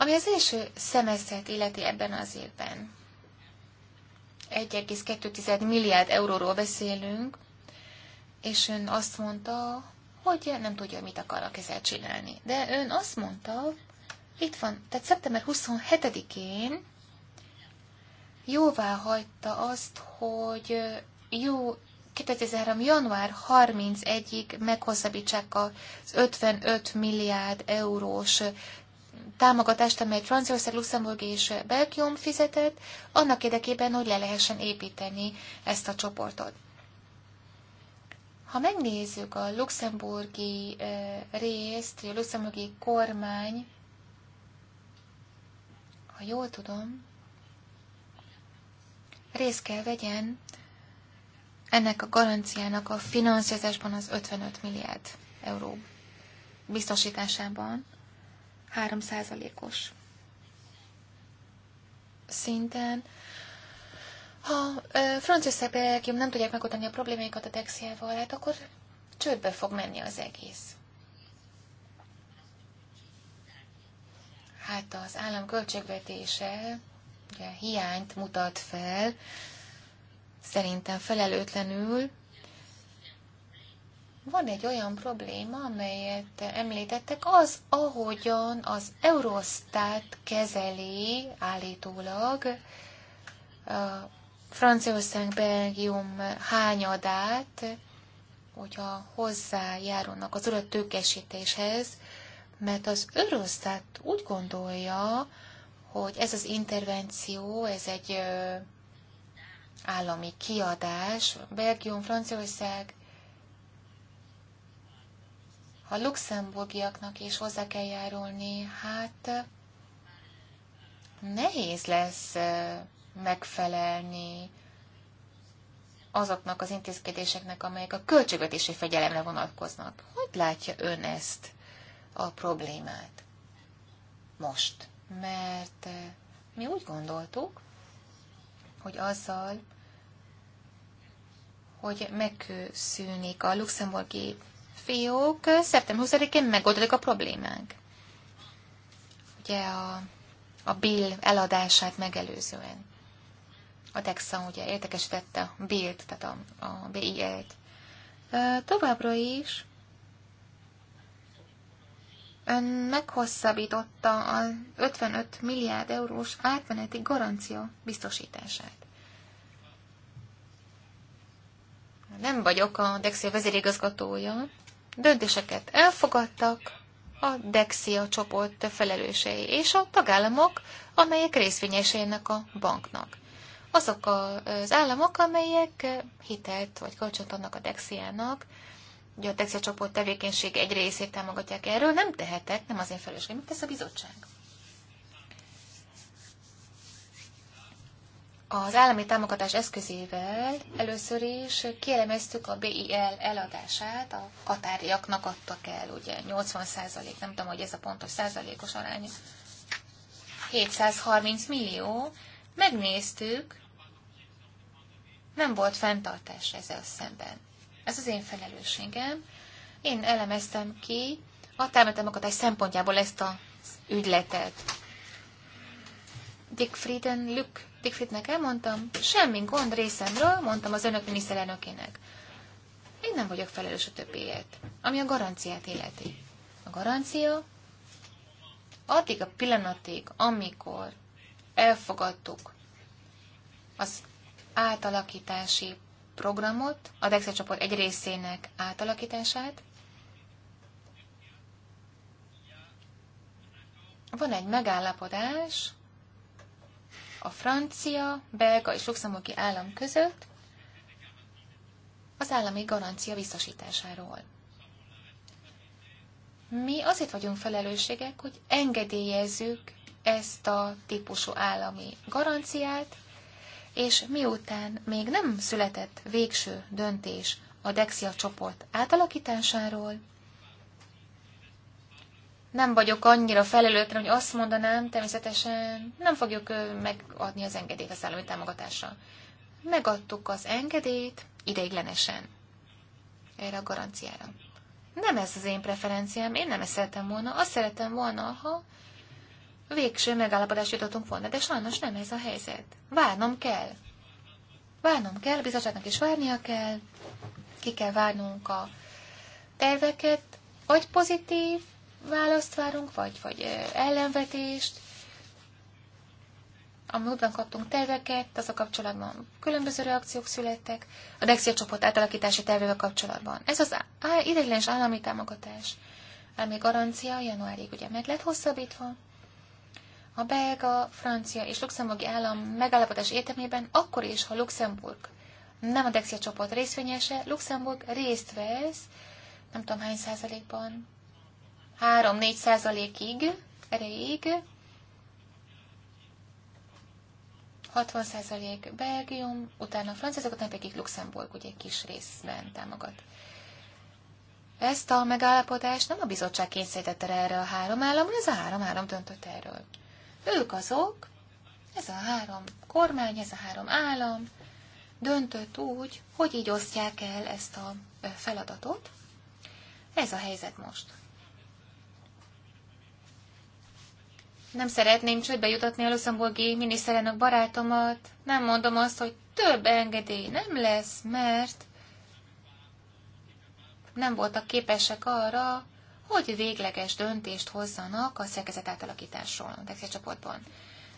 Ami az első szemesztert illeti ebben az évben, 1,2 milliárd euróról beszélünk, és ön azt mondta, hogy nem tudja, mit a kezel csinálni. De ön azt mondta, itt van, tehát szeptember 27-én jóvá hagyta azt, hogy jó 2003. január 31-ig meghosszabbítsák az 55 milliárd eurós támogatást, amelyet Franciaország, Luxemburg és Belgium fizetett, annak érdekében, hogy le lehessen építeni ezt a csoportot. Ha megnézzük a luxemburgi eh, részt, a luxemburgi kormány, ha jól tudom, részt kell vegyen ennek a garanciának a finanszírozásban az 55 milliárd euró biztosításában, 3%-os szinten. Ha Franciaország, Belgium nem tudják megoldani a problémáikat a Dexiával, hát akkor csődbe fog menni az egész. Hát az állam költségvetése ugye, hiányt mutat fel, szerintem felelőtlenül, van egy olyan probléma, amelyet említettek, az, ahogyan az Eurostat kezeli állítólag Franciaország-Belgium hányadát, hogyha hozzájárulnak az urat tőkesítéshez, mert az Eurostat úgy gondolja, hogy ez az intervenció, ez egy állami kiadás, Belgium, Franciaország, a luxemburgiaknak is hozzá kell járulni, hát nehéz lesz megfelelni azoknak az intézkedéseknek, amelyek a költségvetési fegyelemre vonatkoznak. Hogy látja ön ezt a problémát most? Mert mi úgy gondoltuk, hogy azzal, hogy megszűnik a luxemburgi fiók, szeptember 20-én megoldódik a problémánk. Ugye a, a bill eladását megelőzően. A Texan ugye értekesítette a bill-t, tehát a, a BIL-t. Továbbra is ön meghosszabbította a 55 milliárd eurós átmeneti garancia biztosítását. Nem vagyok a Dexia vezérigazgatója, döntéseket elfogadtak a Dexia csoport felelősei és a tagállamok, amelyek részvényesének a banknak. Azok az államok, amelyek hitelt vagy kölcsönt adnak a Dexiának, ugye a Dexia csoport tevékenység egy részét támogatják erről, nem tehetek, nem az én felelősségem, ez a bizottság. Az állami támogatás eszközével először is kielemeztük a BIL eladását, a katáriaknak adtak el, ugye 80 százalék, nem tudom, hogy ez a pontos százalékos arány, 730 millió, megnéztük, nem volt fenntartás ezzel szemben. Ez az én felelősségem. Én elemeztem ki a támogatás szempontjából ezt az ügyletet. Dick Frieden Luke. Dickfitnek elmondtam, semmi gond részemről, mondtam az önök miniszterelnökének. Én nem vagyok felelős a többiért, ami a garanciát illeti. A garancia addig a pillanatig, amikor elfogadtuk az átalakítási programot, a Dexter csoport egy részének átalakítását, van egy megállapodás, a francia, belga és luxemburgi állam között az állami garancia biztosításáról. Mi azért vagyunk felelősségek, hogy engedélyezzük ezt a típusú állami garanciát, és miután még nem született végső döntés a Dexia csoport átalakításáról, nem vagyok annyira felelőtlen, hogy azt mondanám, természetesen nem fogjuk megadni az engedélyt az állami támogatásra. Megadtuk az engedélyt ideiglenesen. Erre a garanciára. Nem ez az én preferenciám, én nem ezt szeretem volna. Azt szeretem volna, ha végső megállapodást jutottunk volna, de sajnos nem ez a helyzet. Várnom kell. Várnom kell, bizottságnak is várnia kell, ki kell várnunk a terveket, vagy pozitív, választ várunk, vagy, vagy ellenvetést. A múltban kaptunk terveket, az a kapcsolatban különböző reakciók születtek. A Dexia csoport átalakítási tervével kapcsolatban. Ez az ideiglenes állami támogatás, ami garancia januárig ugye meg lett hosszabbítva. A belga, francia és luxemburgi állam megállapodás értelmében akkor is, ha Luxemburg nem a Dexia csoport részvényese, Luxemburg részt vesz, nem tudom hány százalékban, 3-4 százalékig, erejéig, 60 százalék Belgium, utána Franciaország, utána pedig Luxemburg, ugye egy kis részben támogat. Ezt a megállapodást nem a bizottság kényszerítette erre a három állam, ez a három állam döntött erről. Ők azok, ez a három kormány, ez a három állam döntött úgy, hogy így osztják el ezt a feladatot. Ez a helyzet most. Nem szeretném csődbe jutatni a luxemburgi miniszterelnök barátomat. Nem mondom azt, hogy több engedély nem lesz, mert nem voltak képesek arra, hogy végleges döntést hozzanak a szerkezet átalakításról a Dexia csoportban.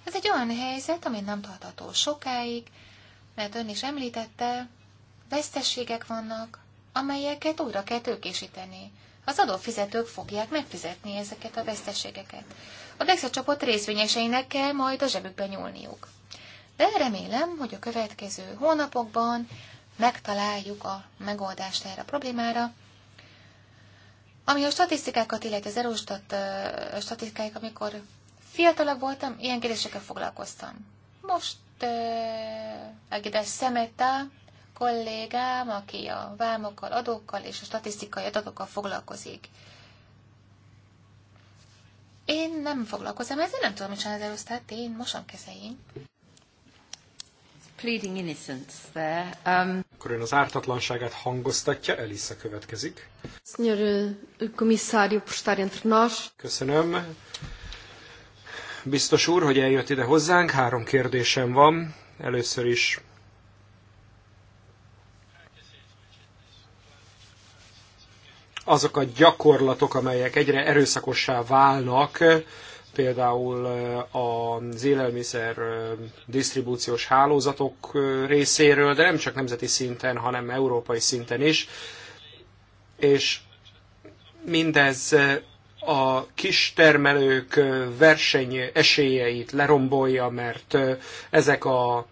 Ez egy olyan helyzet, amit nem tartható sokáig, mert ön is említette, vesztességek vannak, amelyeket újra kell tőkésíteni. Az adófizetők fogják megfizetni ezeket a veszteségeket. A DEXA csapat részvényeseinek kell majd a zsebükbe nyúlniuk. De remélem, hogy a következő hónapokban megtaláljuk a megoldást erre a problémára, ami a statisztikákat illetve az erőstat statisztikáik, amikor fiatalabb voltam, ilyen kérdésekkel foglalkoztam. Most Egides Szemeta kollégám, aki a vámokkal, adókkal és a statisztikai adatokkal foglalkozik. Én nem foglalkozom ezzel, nem tudom, hogy csinálni az Eurostat, én mosom kezeim. Pleading innocence there. Um... Akkor ön az ártatlanságát hangoztatja, Elisa következik. Senhor komisszárió, eh, por entre nós. Köszönöm. Biztos úr, hogy eljött ide hozzánk, három kérdésem van. Először is azok a gyakorlatok, amelyek egyre erőszakossá válnak, például az élelmiszer disztribúciós hálózatok részéről, de nem csak nemzeti szinten, hanem európai szinten is. És mindez a kis termelők verseny esélyeit lerombolja, mert ezek a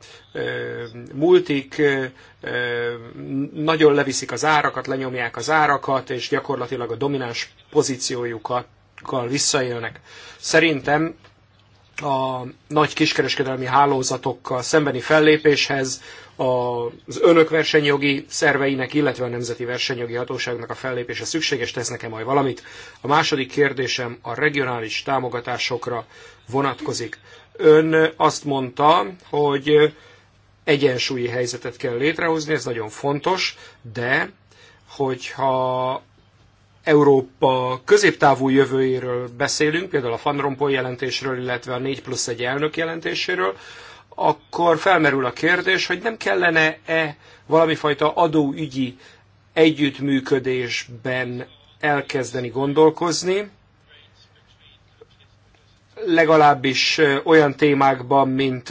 multik nagyon leviszik az árakat, lenyomják az árakat, és gyakorlatilag a domináns pozíciójukkal visszaélnek. Szerintem a nagy kiskereskedelmi hálózatokkal szembeni fellépéshez az önök versenyjogi szerveinek, illetve a Nemzeti Versenyjogi Hatóságnak a fellépése szükséges, tesznek-e majd valamit? A második kérdésem a regionális támogatásokra vonatkozik. Ön azt mondta, hogy egyensúlyi helyzetet kell létrehozni, ez nagyon fontos, de hogyha Európa középtávú jövőjéről beszélünk, például a Van Rompuy jelentésről, illetve a 4 plusz 1 elnök jelentéséről, akkor felmerül a kérdés, hogy nem kellene-e valamifajta adóügyi együttműködésben elkezdeni gondolkozni, legalábbis olyan témákban, mint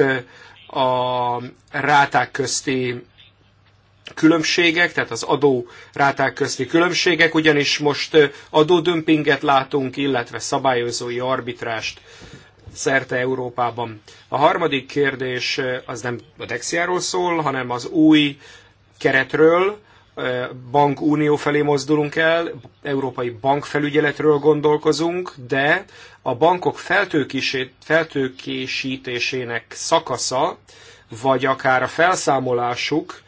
a ráták közti különbségek, tehát az adó ráták közti különbségek, ugyanis most adódömpinget látunk, illetve szabályozói arbitrást szerte Európában. A harmadik kérdés az nem a Dexiáról szól, hanem az új keretről, bankunió felé mozdulunk el, európai bankfelügyeletről gondolkozunk, de a bankok feltőkésítésének szakasza, vagy akár a felszámolásuk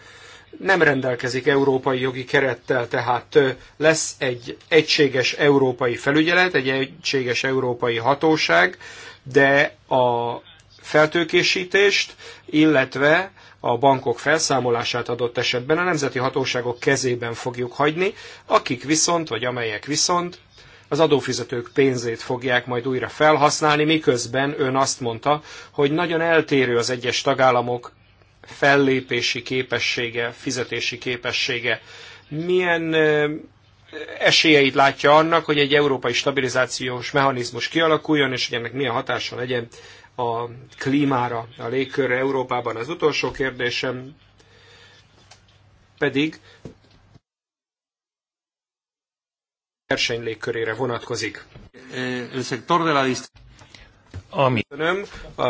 nem rendelkezik európai jogi kerettel, tehát lesz egy egységes európai felügyelet, egy egységes európai hatóság, de a feltőkésítést, illetve a bankok felszámolását adott esetben a nemzeti hatóságok kezében fogjuk hagyni, akik viszont, vagy amelyek viszont az adófizetők pénzét fogják majd újra felhasználni, miközben ön azt mondta, hogy nagyon eltérő az egyes tagállamok fellépési képessége, fizetési képessége. Milyen esélyeit látja annak, hogy egy európai stabilizációs mechanizmus kialakuljon, és hogy ennek milyen hatása legyen a klímára, a légkörre Európában. Az utolsó kérdésem pedig verseny légkörére vonatkozik. Ami önöm, a,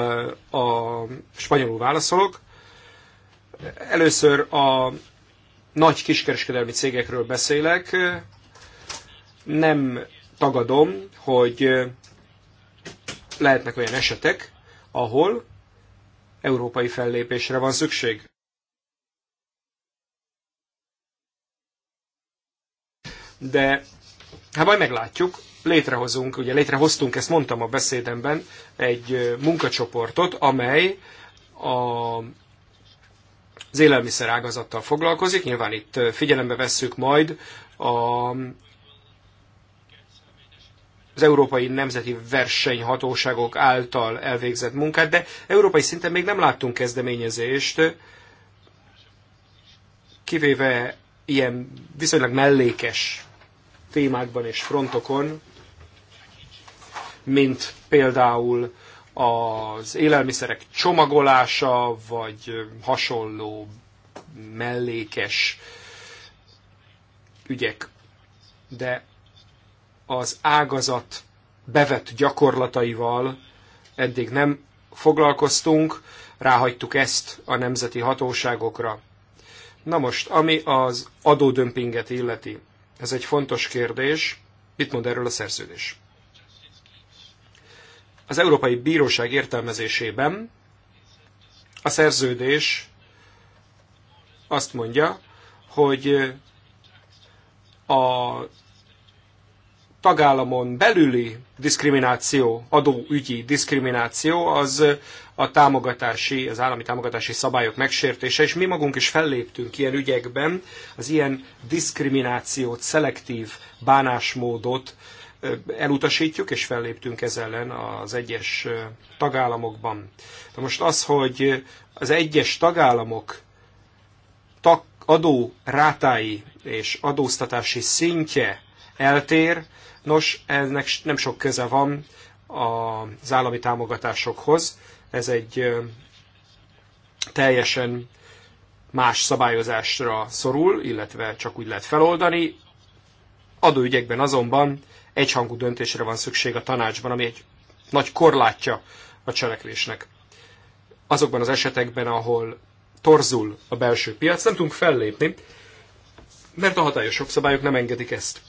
a spanyolul válaszolok. Először a nagy kiskereskedelmi cégekről beszélek, nem tagadom, hogy lehetnek olyan esetek, ahol európai fellépésre van szükség. De hát majd meglátjuk, létrehozunk, ugye létrehoztunk, ezt mondtam a beszédemben, egy munkacsoportot, amely a az élelmiszer ágazattal foglalkozik. Nyilván itt figyelembe vesszük majd a, az európai nemzeti versenyhatóságok által elvégzett munkát, de európai szinten még nem láttunk kezdeményezést, kivéve ilyen viszonylag mellékes témákban és frontokon, mint például az élelmiszerek csomagolása, vagy hasonló mellékes ügyek. De az ágazat bevett gyakorlataival eddig nem foglalkoztunk, ráhagytuk ezt a nemzeti hatóságokra. Na most, ami az adódömpinget illeti, ez egy fontos kérdés, mit mond erről a szerződés? Az Európai Bíróság értelmezésében a szerződés azt mondja, hogy a tagállamon belüli diszkrimináció, adóügyi diszkrimináció az a támogatási, az állami támogatási szabályok megsértése, és mi magunk is felléptünk ilyen ügyekben, az ilyen diszkriminációt, szelektív bánásmódot elutasítjuk, és felléptünk ez ellen az egyes tagállamokban. De most az, hogy az egyes tagállamok tak, adó rátái és adóztatási szintje eltér, nos, ennek nem sok köze van az állami támogatásokhoz. Ez egy teljesen más szabályozásra szorul, illetve csak úgy lehet feloldani. Adóügyekben azonban egyhangú döntésre van szükség a tanácsban, ami egy nagy korlátja a cselekvésnek. Azokban az esetekben, ahol torzul a belső piac, nem tudunk fellépni, mert a hatályos jogszabályok nem engedik ezt.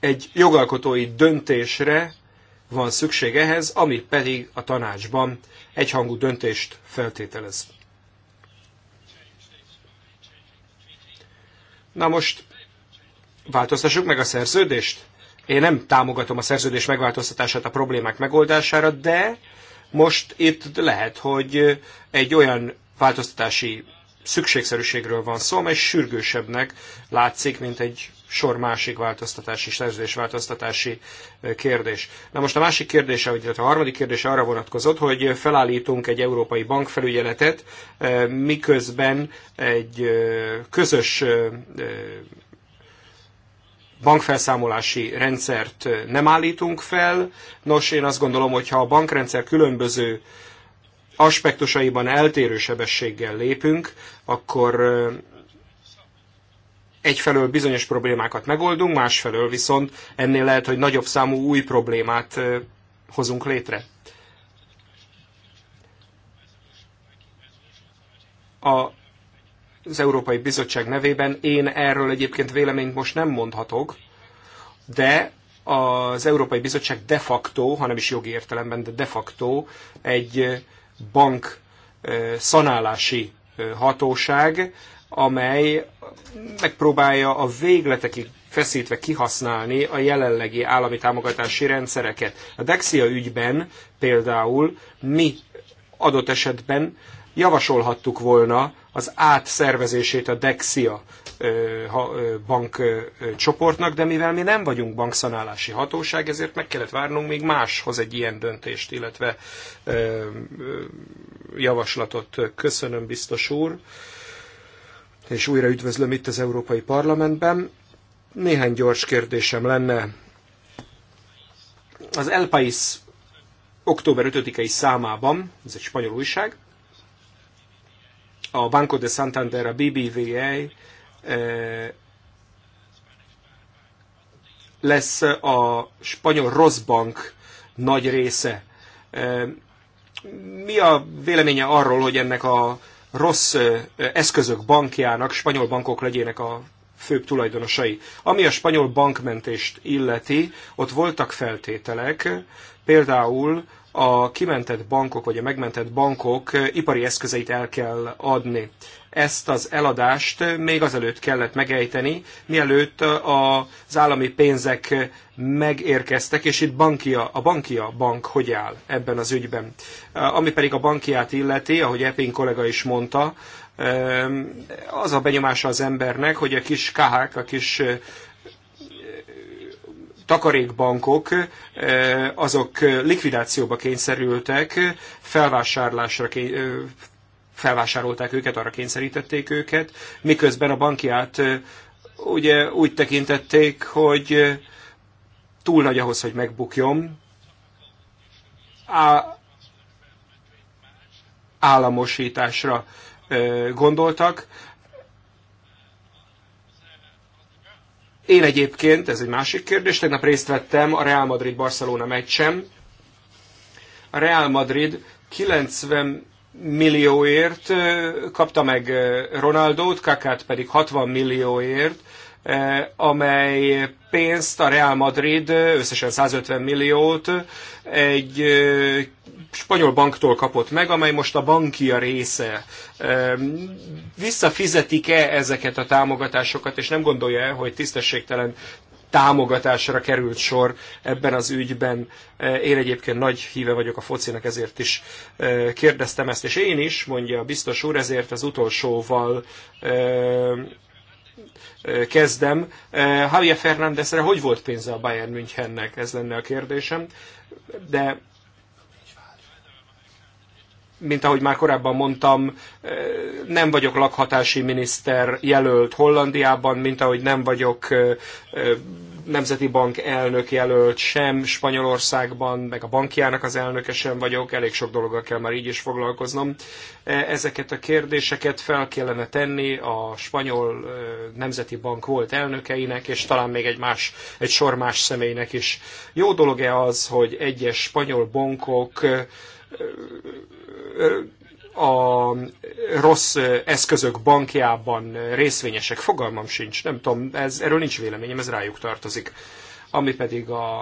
Egy jogalkotói döntésre van szükség ehhez, ami pedig a tanácsban egyhangú döntést feltételez. Na most változtassuk meg a szerződést. Én nem támogatom a szerződés megváltoztatását a problémák megoldására, de most itt lehet, hogy egy olyan változtatási szükségszerűségről van szó, amely sürgősebbnek látszik, mint egy sor másik változtatási, szerződés változtatási kérdés. Na most a másik kérdése, vagy a harmadik kérdése arra vonatkozott, hogy felállítunk egy európai bankfelügyeletet, miközben egy közös bankfelszámolási rendszert nem állítunk fel. Nos, én azt gondolom, hogy ha a bankrendszer különböző aspektusaiban eltérő sebességgel lépünk, akkor egyfelől bizonyos problémákat megoldunk, másfelől viszont ennél lehet, hogy nagyobb számú új problémát hozunk létre. A az Európai Bizottság nevében. Én erről egyébként véleményt most nem mondhatok, de az Európai Bizottság de facto, hanem is jogi értelemben, de de facto egy bank szanálási hatóság, amely megpróbálja a végletekig feszítve kihasználni a jelenlegi állami támogatási rendszereket. A Dexia ügyben például mi adott esetben javasolhattuk volna az átszervezését a Dexia bank csoportnak, de mivel mi nem vagyunk bankszanálási hatóság, ezért meg kellett várnunk még máshoz egy ilyen döntést, illetve javaslatot. Köszönöm, biztos úr, és újra üdvözlöm itt az Európai Parlamentben. Néhány gyors kérdésem lenne. Az El País október 5-i számában, ez egy spanyol újság, a Banco de Santander, a BBVA eh, lesz a spanyol rossz bank nagy része. Eh, mi a véleménye arról, hogy ennek a rossz eh, eszközök bankjának spanyol bankok legyenek a főbb tulajdonosai. Ami a spanyol bankmentést illeti, ott voltak feltételek, például a kimentett bankok, vagy a megmentett bankok eh, ipari eszközeit el kell adni. Ezt az eladást eh, még azelőtt kellett megejteni, mielőtt eh, az állami pénzek megérkeztek, és itt bankia, a bankia bank hogy áll ebben az ügyben. Ami pedig a bankiát illeti, ahogy Epin kollega is mondta, az a benyomása az embernek, hogy a kis kahák, a kis takarékbankok azok likvidációba kényszerültek, felvásárlásra felvásárolták őket, arra kényszerítették őket, miközben a bankiát ugye úgy tekintették, hogy túl nagy ahhoz, hogy megbukjon, á, államosításra gondoltak, Én egyébként, ez egy másik kérdés, tegnap részt vettem a Real Madrid-Barcelona meccsem. A Real Madrid 90 millióért kapta meg Ronaldo-t, Kakát pedig 60 millióért, amely pénzt a Real Madrid, összesen 150 milliót, egy spanyol banktól kapott meg, amely most a bankia része. Visszafizetik-e ezeket a támogatásokat, és nem gondolja -e, hogy tisztességtelen támogatásra került sor ebben az ügyben. Én egyébként nagy híve vagyok a focinak, ezért is kérdeztem ezt, és én is, mondja a biztos úr, ezért az utolsóval kezdem. Javier Fernándezre hogy volt pénze a Bayern Münchennek? Ez lenne a kérdésem. De mint ahogy már korábban mondtam, eh, nem vagyok lakhatási miniszter jelölt Hollandiában, mint ahogy nem vagyok eh, eh, Nemzeti Bank elnök jelölt sem Spanyolországban, meg a bankjának az elnöke sem vagyok, elég sok dologgal kell már így is foglalkoznom. Ezeket a kérdéseket fel kellene tenni a Spanyol Nemzeti Bank volt elnökeinek, és talán még egy, más, egy sor más személynek is. Jó dolog-e az, hogy egyes spanyol bankok a rossz eszközök bankjában részvényesek, fogalmam sincs, nem tudom, ez, erről nincs véleményem, ez rájuk tartozik. Ami pedig a,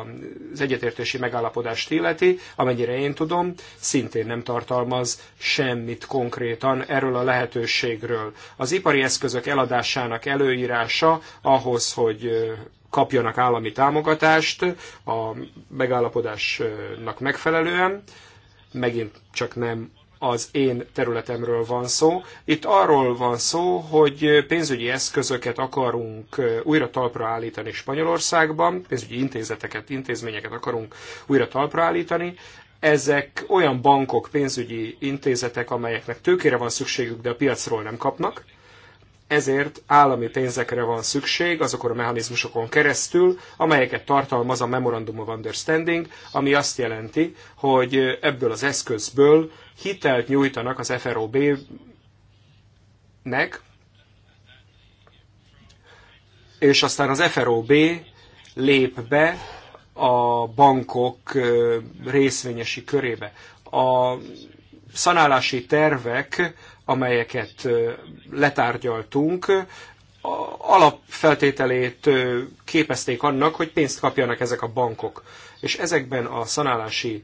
az egyetértési megállapodást illeti, amennyire én tudom, szintén nem tartalmaz semmit konkrétan erről a lehetőségről. Az ipari eszközök eladásának előírása ahhoz, hogy kapjanak állami támogatást a megállapodásnak megfelelően, megint csak nem az én területemről van szó. Itt arról van szó, hogy pénzügyi eszközöket akarunk újra talpra állítani Spanyolországban, pénzügyi intézeteket, intézményeket akarunk újra talpra állítani. Ezek olyan bankok, pénzügyi intézetek, amelyeknek tőkére van szükségük, de a piacról nem kapnak ezért állami pénzekre van szükség azokon a mechanizmusokon keresztül, amelyeket tartalmaz a Memorandum of Understanding, ami azt jelenti, hogy ebből az eszközből hitelt nyújtanak az FROB-nek, és aztán az FROB lép be a bankok részvényesi körébe. A szanálási tervek, amelyeket letárgyaltunk, alapfeltételét képezték annak, hogy pénzt kapjanak ezek a bankok. És ezekben a szanálási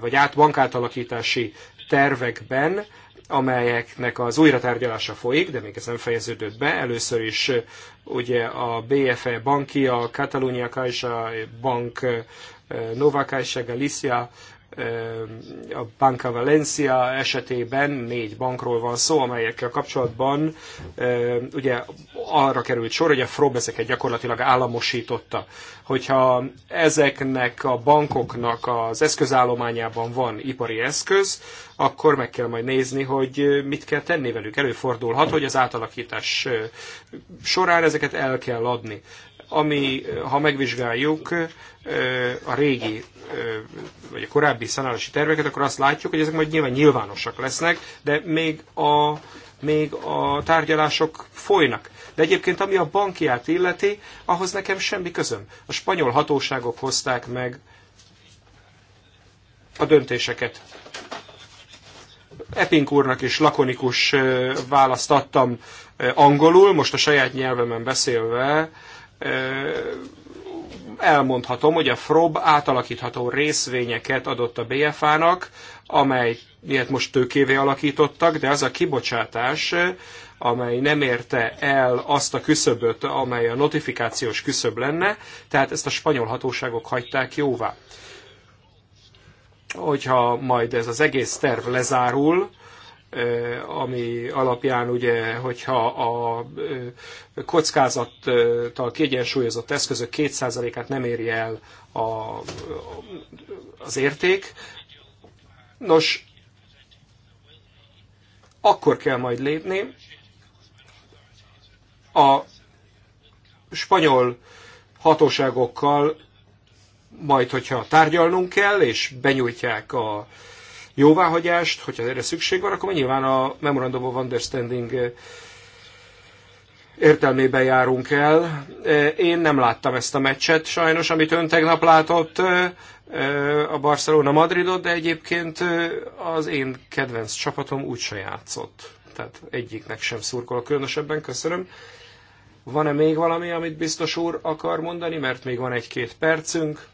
vagy átbankátalakítási tervekben, amelyeknek az újratárgyalása folyik, de még ez nem fejeződött be. Először is ugye a BFE banki, a Catalunya Caixa Bank, Nova Caixa Galicia a Banca Valencia esetében négy bankról van szó, amelyekkel kapcsolatban ugye arra került sor, hogy a FROB ezeket gyakorlatilag államosította. Hogyha ezeknek a bankoknak az eszközállományában van ipari eszköz, akkor meg kell majd nézni, hogy mit kell tenni velük. Előfordulhat, hogy az átalakítás során ezeket el kell adni ami, ha megvizsgáljuk, a régi vagy a korábbi szanálási terveket, akkor azt látjuk, hogy ezek majd nyilván nyilvánosak lesznek, de még a, még a tárgyalások folynak. De egyébként ami a bankiát illeti, ahhoz nekem semmi közöm. A spanyol hatóságok hozták meg a döntéseket. Epink úrnak is lakonikus választ adtam angolul, most a saját nyelvemen beszélve, elmondhatom, hogy a FROB átalakítható részvényeket adott a BFA-nak, amely most tőkévé alakítottak, de az a kibocsátás, amely nem érte el azt a küszöböt, amely a notifikációs küszöb lenne, tehát ezt a spanyol hatóságok hagyták jóvá. Hogyha majd ez az egész terv lezárul, ami alapján ugye, hogyha a kockázattal kiegyensúlyozott eszközök 2%-át nem éri el a, az érték, nos, akkor kell majd lépni. A spanyol hatóságokkal majd, hogyha tárgyalnunk kell, és benyújtják a jóváhagyást, hogyha erre szükség van, akkor nyilván a Memorandum of Understanding eh, értelmében járunk el. Eh, én nem láttam ezt a meccset sajnos, amit ön tegnap látott eh, a Barcelona-Madridot, de egyébként az én kedvenc csapatom se játszott. Tehát egyiknek sem szurkolok különösebben, köszönöm. Van-e még valami, amit biztos úr akar mondani, mert még van egy-két percünk?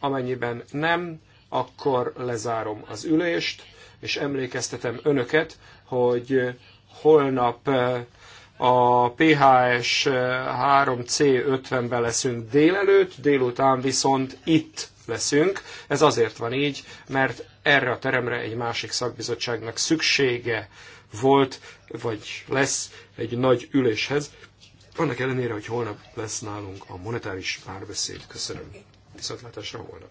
Amennyiben nem, akkor lezárom az ülést, és emlékeztetem önöket, hogy holnap eh, a PHS 3C50-ben eh, leszünk délelőtt, délután viszont itt leszünk. Ez azért van így, mert erre a teremre egy másik szakbizottságnak szüksége volt, vagy lesz egy nagy üléshez. Annak ellenére, hogy holnap lesz nálunk a monetáris párbeszéd. Köszönöm. Viszontlátásra holnap.